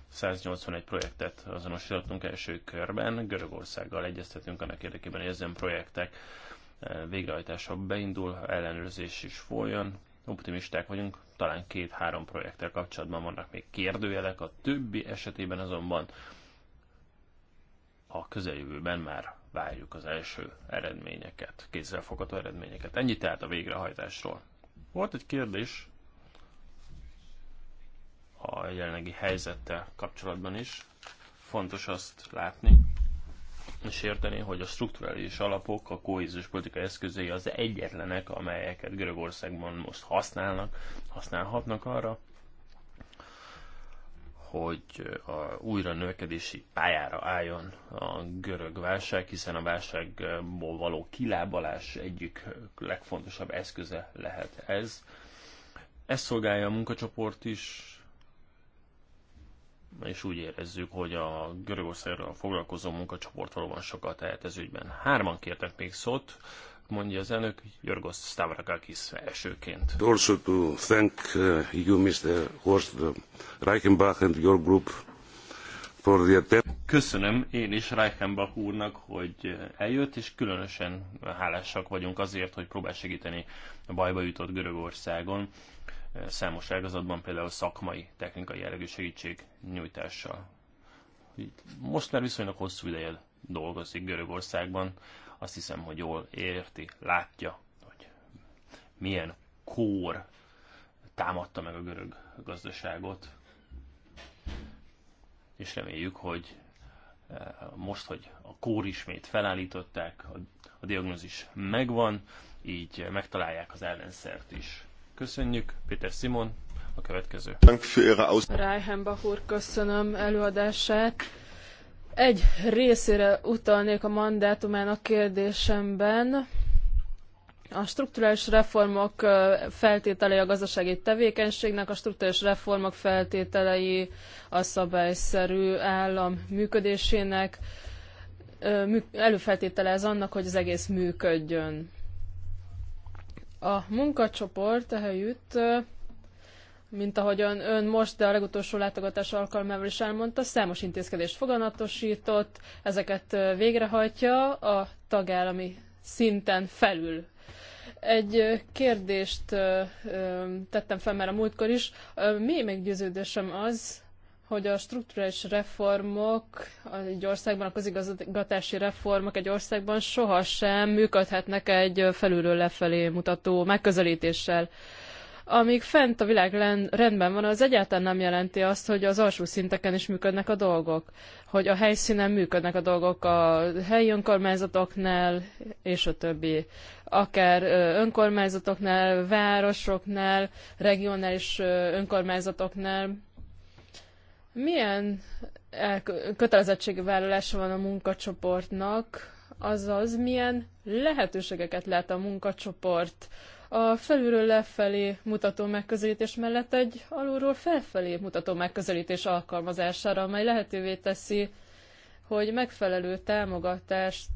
Speaker 3: 181 projektet azonosítottunk első körben, Görögországgal egyeztetünk annak érdekében, hogy ezen projektek végrehajtása beindul, ellenőrzés is folyjon, optimisták vagyunk, talán két-három projekttel kapcsolatban vannak még kérdőjelek, a többi esetében azonban a közeljövőben már várjuk az első eredményeket, kézzelfogható eredményeket. Ennyi tehát a végrehajtásról. Volt egy kérdés a jelenlegi helyzettel kapcsolatban is. Fontos azt látni és érteni, hogy a strukturális alapok, a kohéziós politika eszközei az egyetlenek, amelyeket Görögországban most használnak, használhatnak arra, hogy a újra növekedési pályára álljon a görög válság, hiszen a válságból való kilábalás egyik legfontosabb eszköze lehet ez. Ezt szolgálja a munkacsoport is, és úgy érezzük, hogy a Görögországról foglalkozó munkacsoport valóban sokat tehet ez ügyben. Hárman kértek még szót, mondja az elnök, Jorgos Stavrakakis elsőként.
Speaker 4: Also to thank uh, you, Mr. Horst Reichenbach and your group for the
Speaker 3: Köszönöm én is Reichenbach úrnak, hogy uh, eljött, és különösen hálásak vagyunk azért, hogy próbál segíteni a bajba jutott Görögországon uh, számos ágazatban, például szakmai, technikai jellegű segítség nyújtással. Most már viszonylag hosszú ideje dolgozik Görögországban, azt hiszem, hogy jól érti, látja, hogy milyen kór támadta meg a görög gazdaságot, és reméljük, hogy eh, most, hogy a kór ismét felállították, a diagnózis megvan, így megtalálják az ellenszert is. Köszönjük, Péter Simon, a következő.
Speaker 5: Reichenbach úr, köszönöm előadását egy részére utalnék a mandátumának kérdésemben. A strukturális reformok feltételei a gazdasági tevékenységnek, a strukturális reformok feltételei a szabályszerű állam működésének, előfeltétele ez annak, hogy az egész működjön. A munkacsoport ehelyütt mint ahogyan ön most, de a legutolsó látogatás alkalmával is elmondta, számos intézkedést foganatosított, ezeket végrehajtja a tagállami szinten felül. Egy kérdést tettem fel már a múltkor is. Mi meggyőződésem az, hogy a strukturális reformok egy országban, a közigazgatási reformok egy országban sohasem működhetnek egy felülről lefelé mutató megközelítéssel amíg fent a világ rendben van, az egyáltalán nem jelenti azt, hogy az alsó szinteken is működnek a dolgok, hogy a helyszínen működnek a dolgok a helyi önkormányzatoknál, és a többi. Akár önkormányzatoknál, városoknál, regionális önkormányzatoknál. Milyen kötelezettségvállalása van a munkacsoportnak, azaz milyen lehetőségeket lát a munkacsoport a felülről lefelé mutató megközelítés mellett egy alulról felfelé mutató megközelítés alkalmazására, amely lehetővé teszi, hogy megfelelő támogatást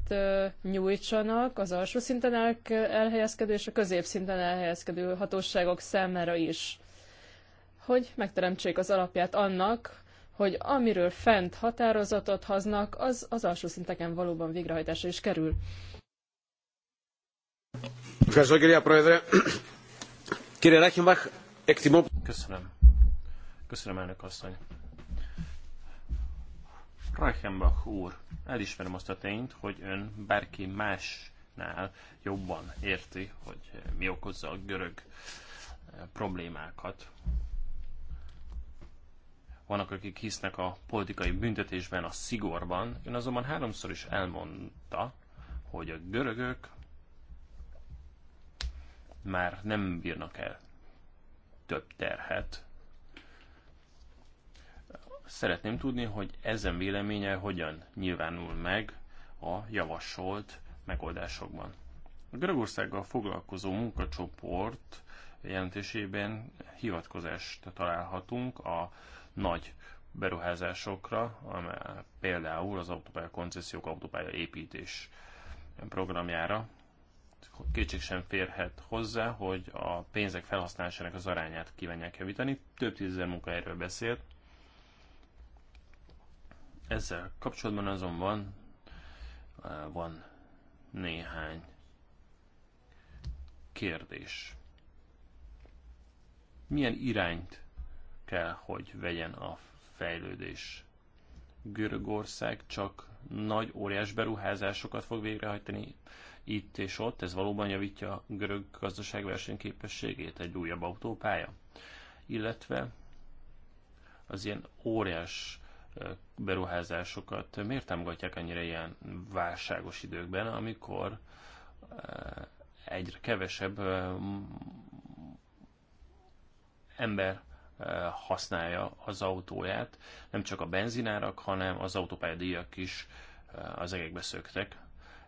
Speaker 5: nyújtsanak az alsó szinten elhelyezkedő és a középszinten elhelyezkedő hatóságok számára is, hogy megteremtsék az alapját annak, hogy amiről fent határozatot haznak, az az alsó szinteken valóban végrehajtásra is kerül.
Speaker 3: Köszönöm. Köszönöm elnök asszony. Reichenbach úr, elismerem azt a tényt, hogy ön bárki másnál jobban érti, hogy mi okozza a görög eh, problémákat. Vannak, akik hisznek a politikai büntetésben, a szigorban. Ön azonban háromszor is elmondta, hogy a görögök már nem bírnak el több terhet. Szeretném tudni, hogy ezen véleménye hogyan nyilvánul meg a javasolt megoldásokban. A Görögországgal foglalkozó munkacsoport jelentésében hivatkozást találhatunk a nagy beruházásokra, amely például az autópálya koncesziók, autópálya építés programjára, kétség sem férhet hozzá, hogy a pénzek felhasználásának az arányát kívánják javítani. Több tízezer munkahelyről beszélt. Ezzel kapcsolatban azonban eh, van néhány kérdés. Milyen irányt kell, hogy vegyen a fejlődés? Görögország csak nagy, óriás beruházásokat fog végrehajtani, itt és ott, ez valóban javítja a görög gazdaság versenyképességét, egy újabb autópálya. Illetve az ilyen óriás beruházásokat miért támogatják annyira ilyen válságos időkben, amikor egyre kevesebb ember használja az autóját, nem csak a benzinárak, hanem az autópályadíjak is az egekbe szöktek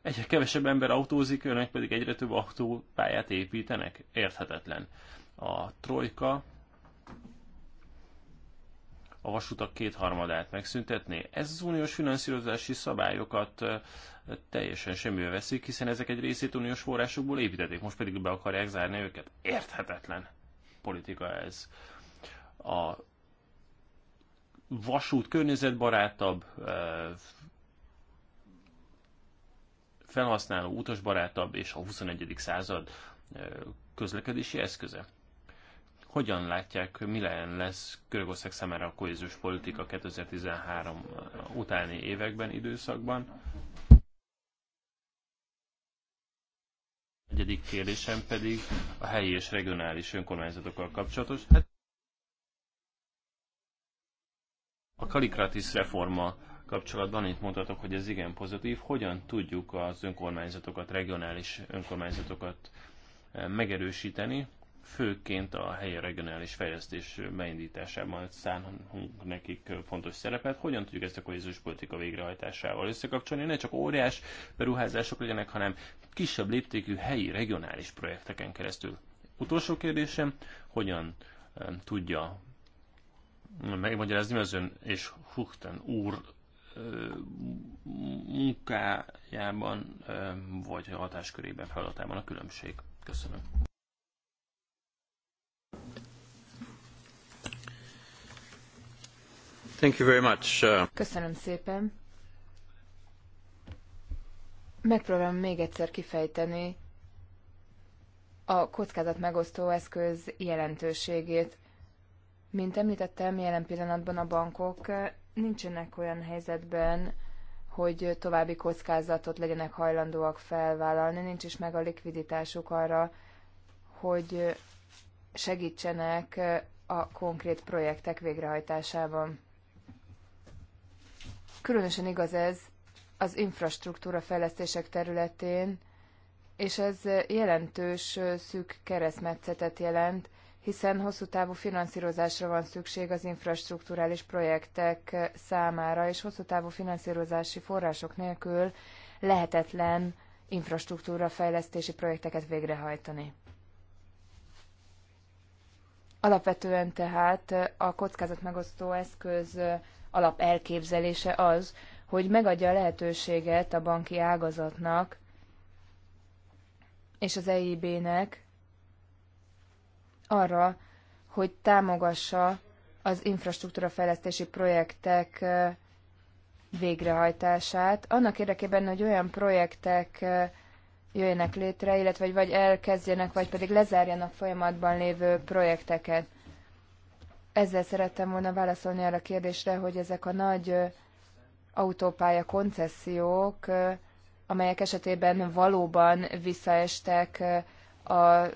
Speaker 3: egyre kevesebb ember autózik, önök pedig egyre több autópályát építenek. Érthetetlen. A trojka a vasutak kétharmadát megszüntetné. Ez az uniós finanszírozási szabályokat teljesen semmibe veszik, hiszen ezek egy részét uniós forrásokból építették, most pedig be akarják zárni őket. Érthetetlen politika ez. A vasút környezetbarátabb, felhasználó, utasbarátabb és a 21. század közlekedési eszköze. Hogyan látják, mi lesz Görögország számára a kohéziós politika 2013 utáni években, időszakban? Egyedik kérdésem pedig a helyi és regionális önkormányzatokkal kapcsolatos. Hát a Kalikratis reforma kapcsolatban itt mondhatok, hogy ez igen pozitív. Hogyan tudjuk az önkormányzatokat, regionális önkormányzatokat eh, megerősíteni, főként a helyi regionális fejlesztés beindításában szánunk nekik fontos szerepet. Hogyan tudjuk ezt a kohéziós politika végrehajtásával összekapcsolni? Ne csak óriás beruházások legyenek, hanem kisebb léptékű helyi regionális projekteken keresztül. Utolsó kérdésem, hogyan eh, tudja megmagyarázni az ön és Huchten úr munkájában vagy hatáskörében, feladatában a különbség. Köszönöm. Thank you very much. Uh,
Speaker 2: Köszönöm szépen. Megpróbálom még egyszer kifejteni a kockázat megosztó eszköz jelentőségét. Mint említettem, jelen pillanatban a bankok nincsenek olyan helyzetben, hogy további kockázatot legyenek hajlandóak felvállalni, nincs is meg a likviditásuk arra, hogy segítsenek a konkrét projektek végrehajtásában. Különösen igaz ez az infrastruktúra fejlesztések területén, és ez jelentős szűk keresztmetszetet jelent, hiszen hosszú távú finanszírozásra van szükség az infrastruktúrális projektek számára, és hosszú távú finanszírozási források nélkül lehetetlen infrastruktúra fejlesztési projekteket végrehajtani. Alapvetően tehát a kockázatmegosztó eszköz alap elképzelése az, hogy megadja a lehetőséget a banki ágazatnak és az EIB-nek arra, hogy támogassa az infrastruktúrafejlesztési projektek végrehajtását, annak érdekében, hogy olyan projektek jöjjenek létre, illetve hogy vagy elkezdjenek, vagy pedig lezárjanak folyamatban lévő projekteket. Ezzel szerettem volna válaszolni arra a kérdésre, hogy ezek a nagy autópálya koncesziók, amelyek esetében valóban visszaestek a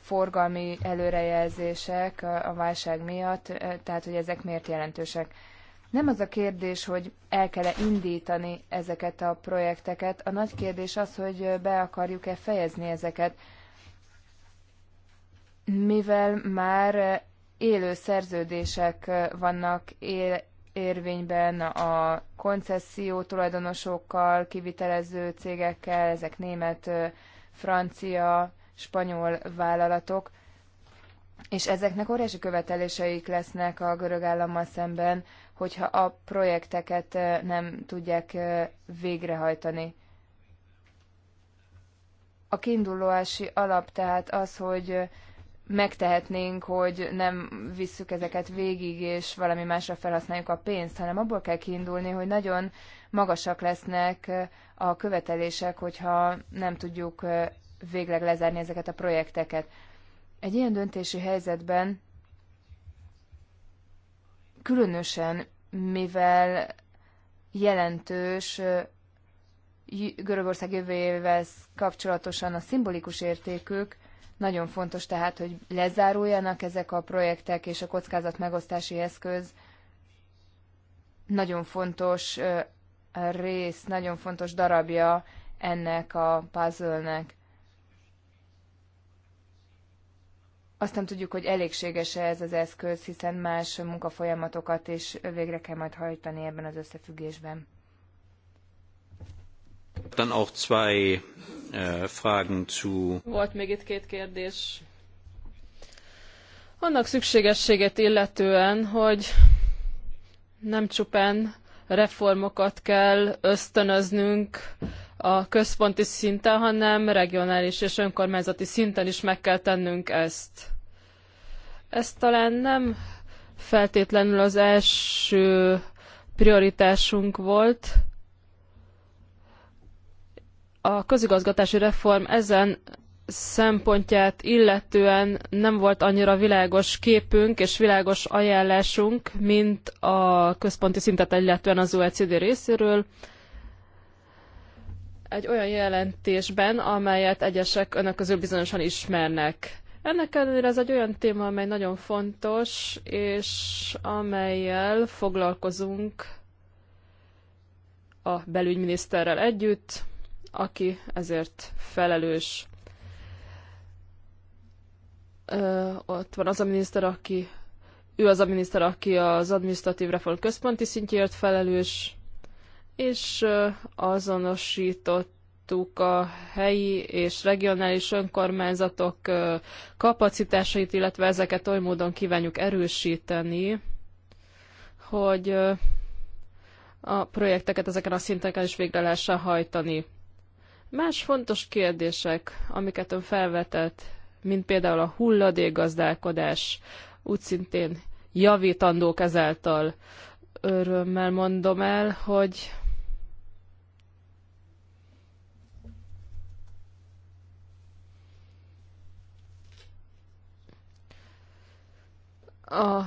Speaker 2: forgalmi előrejelzések a válság miatt, tehát hogy ezek miért jelentősek. Nem az a kérdés, hogy el kell -e indítani ezeket a projekteket, a nagy kérdés az, hogy be akarjuk-e fejezni ezeket, mivel már élő szerződések vannak él, érvényben a koncesszió tulajdonosokkal, kivitelező cégekkel, ezek német, francia spanyol vállalatok, és ezeknek óriási követeléseik lesznek a görög állammal szemben, hogyha a projekteket nem tudják végrehajtani. A kiindulóási alap tehát az, hogy megtehetnénk, hogy nem visszük ezeket végig, és valami másra felhasználjuk a pénzt, hanem abból kell kiindulni, hogy nagyon magasak lesznek a követelések, hogyha nem tudjuk végleg lezárni ezeket a projekteket. Egy ilyen döntési helyzetben különösen, mivel jelentős Görögország jövőjével kapcsolatosan a szimbolikus értékük, nagyon fontos tehát, hogy lezáruljanak ezek a projektek és a kockázat megosztási eszköz nagyon fontos rész, nagyon fontos darabja ennek a puzzle-nek. Azt nem tudjuk, hogy elégséges-e ez az eszköz, hiszen más munkafolyamatokat is végre kell majd hajtani ebben az összefüggésben.
Speaker 6: Dann auch zwei äh, Fragen
Speaker 5: zu. Volt még itt két kérdés. Annak szükségességet illetően, hogy nem csupán reformokat kell ösztönöznünk, a központi szinten, hanem regionális és önkormányzati szinten is meg kell tennünk ezt. Ez talán nem feltétlenül az első prioritásunk volt. A közigazgatási reform ezen szempontját illetően nem volt annyira világos képünk és világos ajánlásunk, mint a központi szintet illetően az OECD részéről egy olyan jelentésben, amelyet egyesek önök közül bizonyosan ismernek. Ennek ellenére ez egy olyan téma, amely nagyon fontos, és amelyel foglalkozunk a belügyminiszterrel együtt, aki ezért felelős. Ö, ott van az a miniszter, aki ő az a miniszter, aki az administratív reform központi szintjéért felelős, és azonosítottuk a helyi és regionális önkormányzatok kapacitásait, illetve ezeket oly módon kívánjuk erősíteni, hogy a projekteket ezeken a szinteken is végre lehessen hajtani. Más fontos kérdések, amiket ön felvetett, mint például a hulladékgazdálkodás, úgy szintén javítandók ezáltal. Örömmel mondom el, hogy a,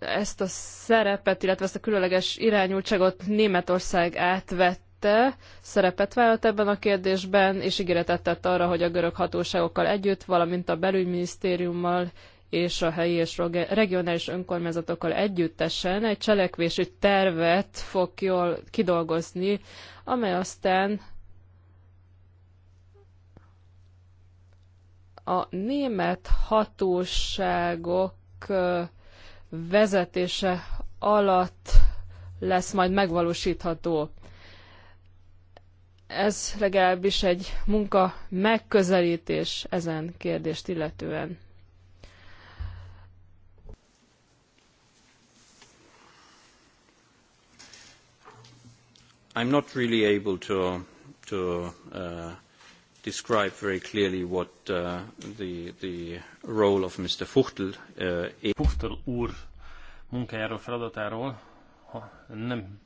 Speaker 5: ezt a szerepet, illetve ezt a különleges irányultságot Németország átvette, szerepet vállalt ebben a kérdésben, és ígéretet tett arra, hogy a görög hatóságokkal együtt, valamint a belügyminisztériummal és a helyi és regionális önkormányzatokkal együttesen egy cselekvési tervet fog jól kidolgozni, amely aztán a német hatóságok vezetése alatt lesz majd megvalósítható. Ez legalábbis egy munka megközelítés ezen kérdést illetően.
Speaker 6: I'm not really able to, to uh, describe very clearly what uh, the, the role of Mr.
Speaker 3: Fuchtel uh, is. Fuchtel úr munkájáról, feladatáról ha, nem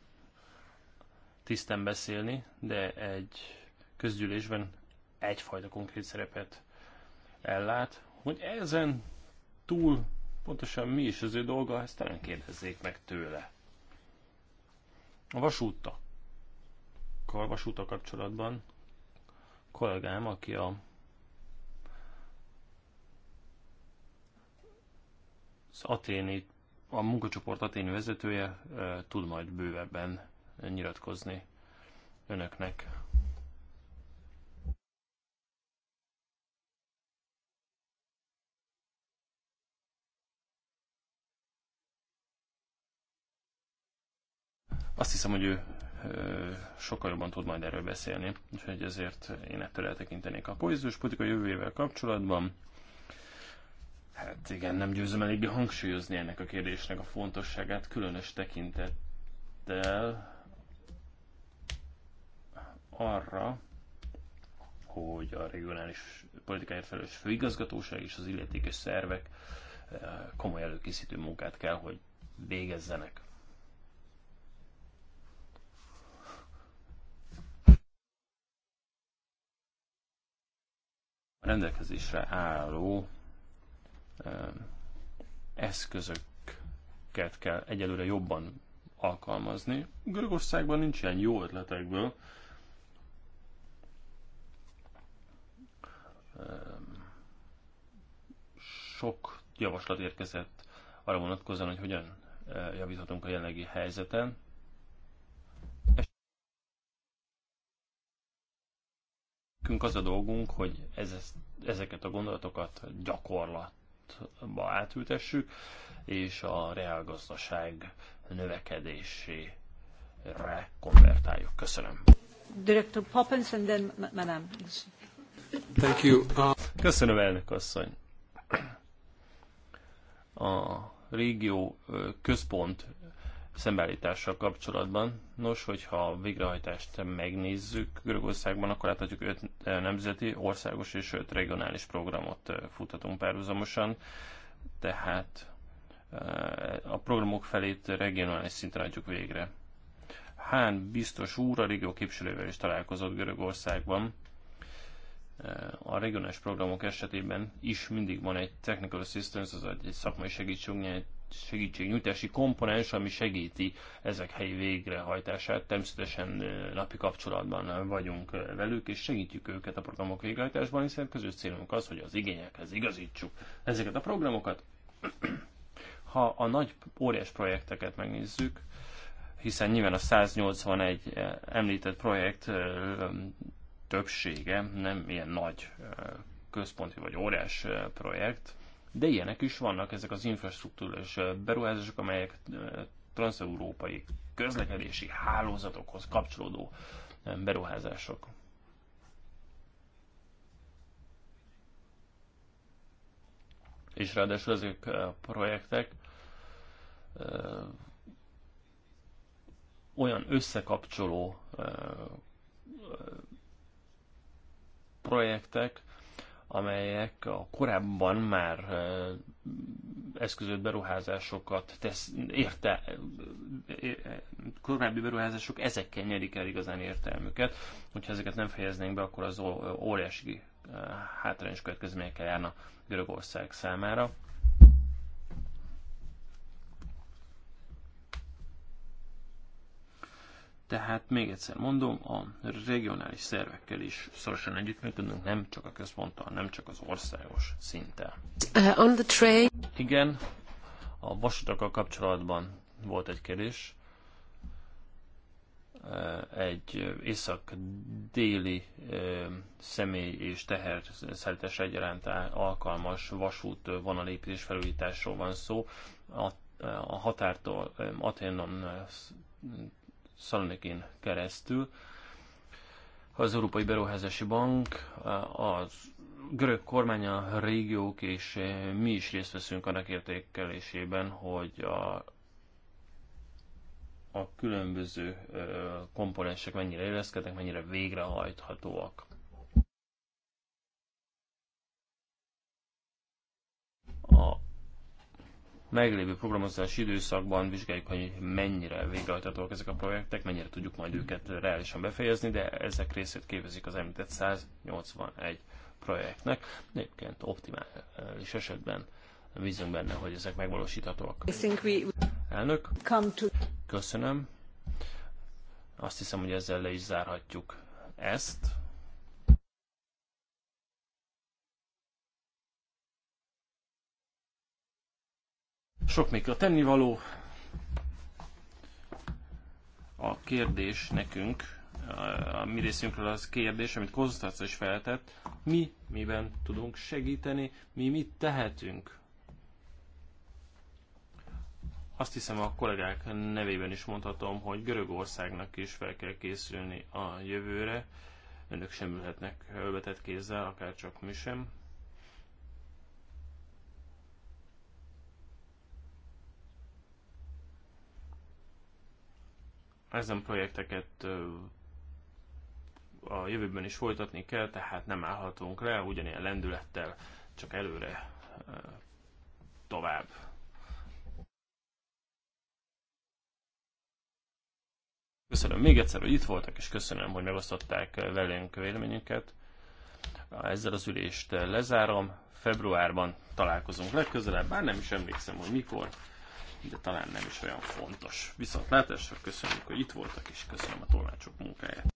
Speaker 3: tisztem beszélni, de egy közgyűlésben egyfajta konkrét szerepet ellát, hogy ezen túl pontosan mi is az ő dolga, ezt talán kérdezzék meg tőle. A vasúttakkal, vasúta kapcsolatban kollégám, aki a az aténi, a munkacsoport aténi vezetője tud majd bővebben nyilatkozni önöknek. Azt hiszem, hogy ő sokkal jobban tud majd erről beszélni, úgyhogy ezért én ettől eltekintenék. A kohéziós politika jövőjével kapcsolatban Hát igen, nem győzöm eléggé hangsúlyozni ennek a kérdésnek a fontosságát, különös tekintettel arra, hogy a regionális politikáért felelős főigazgatóság és az illetékes szervek komoly előkészítő munkát kell, hogy végezzenek. rendelkezésre álló eszközöket kell egyelőre jobban alkalmazni. Görögországban nincs ilyen jó ötletekből. Sok javaslat érkezett arra vonatkozóan, hogy hogyan javíthatunk a jelenlegi helyzeten. nekünk az a dolgunk, hogy ez, ezeket a gondolatokat gyakorlatba átültessük, és a reálgazdaság növekedésére konvertáljuk. Köszönöm.
Speaker 1: Director Poppins, and then Madame.
Speaker 3: Thank you. Uh... Köszönöm, elnök asszony. A régió központ szembeállítással kapcsolatban. Nos, hogyha a végrehajtást megnézzük Görögországban, akkor láthatjuk öt nemzeti, országos és öt regionális programot futatunk párhuzamosan, tehát a programok felét regionális szinten adjuk végre. Hán biztos úr a régió képviselővel is találkozott Görögországban. A regionális programok esetében is mindig van egy technical assistance, az egy szakmai segítségnyújtás, segítségnyújtási komponens, ami segíti ezek helyi végrehajtását. Természetesen napi kapcsolatban vagyunk velük, és segítjük őket a programok végrehajtásban, hiszen közös célunk az, hogy az igényekhez igazítsuk ezeket a programokat. Ha a nagy óriás projekteket megnézzük, hiszen nyilván a 181 említett projekt többsége nem ilyen nagy központi vagy óriás projekt, de ilyenek is vannak ezek az infrastruktúrás beruházások, amelyek transeurópai közlekedési hálózatokhoz kapcsolódó beruházások. És ráadásul ezek a projektek olyan összekapcsoló projektek, amelyek a korábban már eszközött beruházásokat tesz, érte, korábbi beruházások ezekkel nyerik el igazán értelmüket. Hogyha ezeket nem fejeznénk be, akkor az óriási hátrányos következményekkel járna Görögország számára. Tehát még egyszer mondom, a regionális szervekkel is szorosan együttműködünk, nem csak a központtal, nem csak az országos szinttel.
Speaker 1: Uh, on the train.
Speaker 3: Igen, a vasutakkal kapcsolatban volt egy kérdés. Uh, egy észak-déli uh, személy és teher szállítás egyaránt alkalmas vasút uh, vonalépítés felújításról van szó. A, a határtól um, Athénon Szalonikin keresztül. Az Európai Beruházási Bank, az görög kormány, a régiók és eh, mi is részt veszünk annak értékelésében, hogy a, a különböző eh, komponensek mennyire éleszkednek, mennyire végrehajthatóak. A meglévő programozási időszakban vizsgáljuk, hogy mennyire végrehajthatóak ezek a projektek, mennyire tudjuk majd őket reálisan befejezni, de ezek részét képezik az említett 181 projektnek. Egyébként optimális esetben bízunk benne, hogy ezek megvalósíthatóak. Elnök, köszönöm. Azt hiszem, hogy ezzel le is zárhatjuk ezt. Sok még a tennivaló. A kérdés nekünk, a mi részünkről az kérdés, amit Kozosztáca is feltett, mi miben tudunk segíteni, mi mit tehetünk. Azt hiszem a kollégák nevében is mondhatom, hogy Görögországnak is fel kell készülni a jövőre. Önök sem ülhetnek ölbetett kézzel, akár csak mi sem. Ezen projekteket a jövőben is folytatni kell, tehát nem állhatunk le ugyanilyen lendülettel, csak előre tovább. Köszönöm még egyszer, hogy itt voltak, és köszönöm, hogy megosztották velünk véleményünket. Ezzel az ülést lezárom. Februárban találkozunk legközelebb, bár nem is emlékszem, hogy mikor de talán nem is olyan fontos. Viszont látásra
Speaker 1: köszönjük, hogy itt voltak, és köszönöm a tolmácsok munkáját.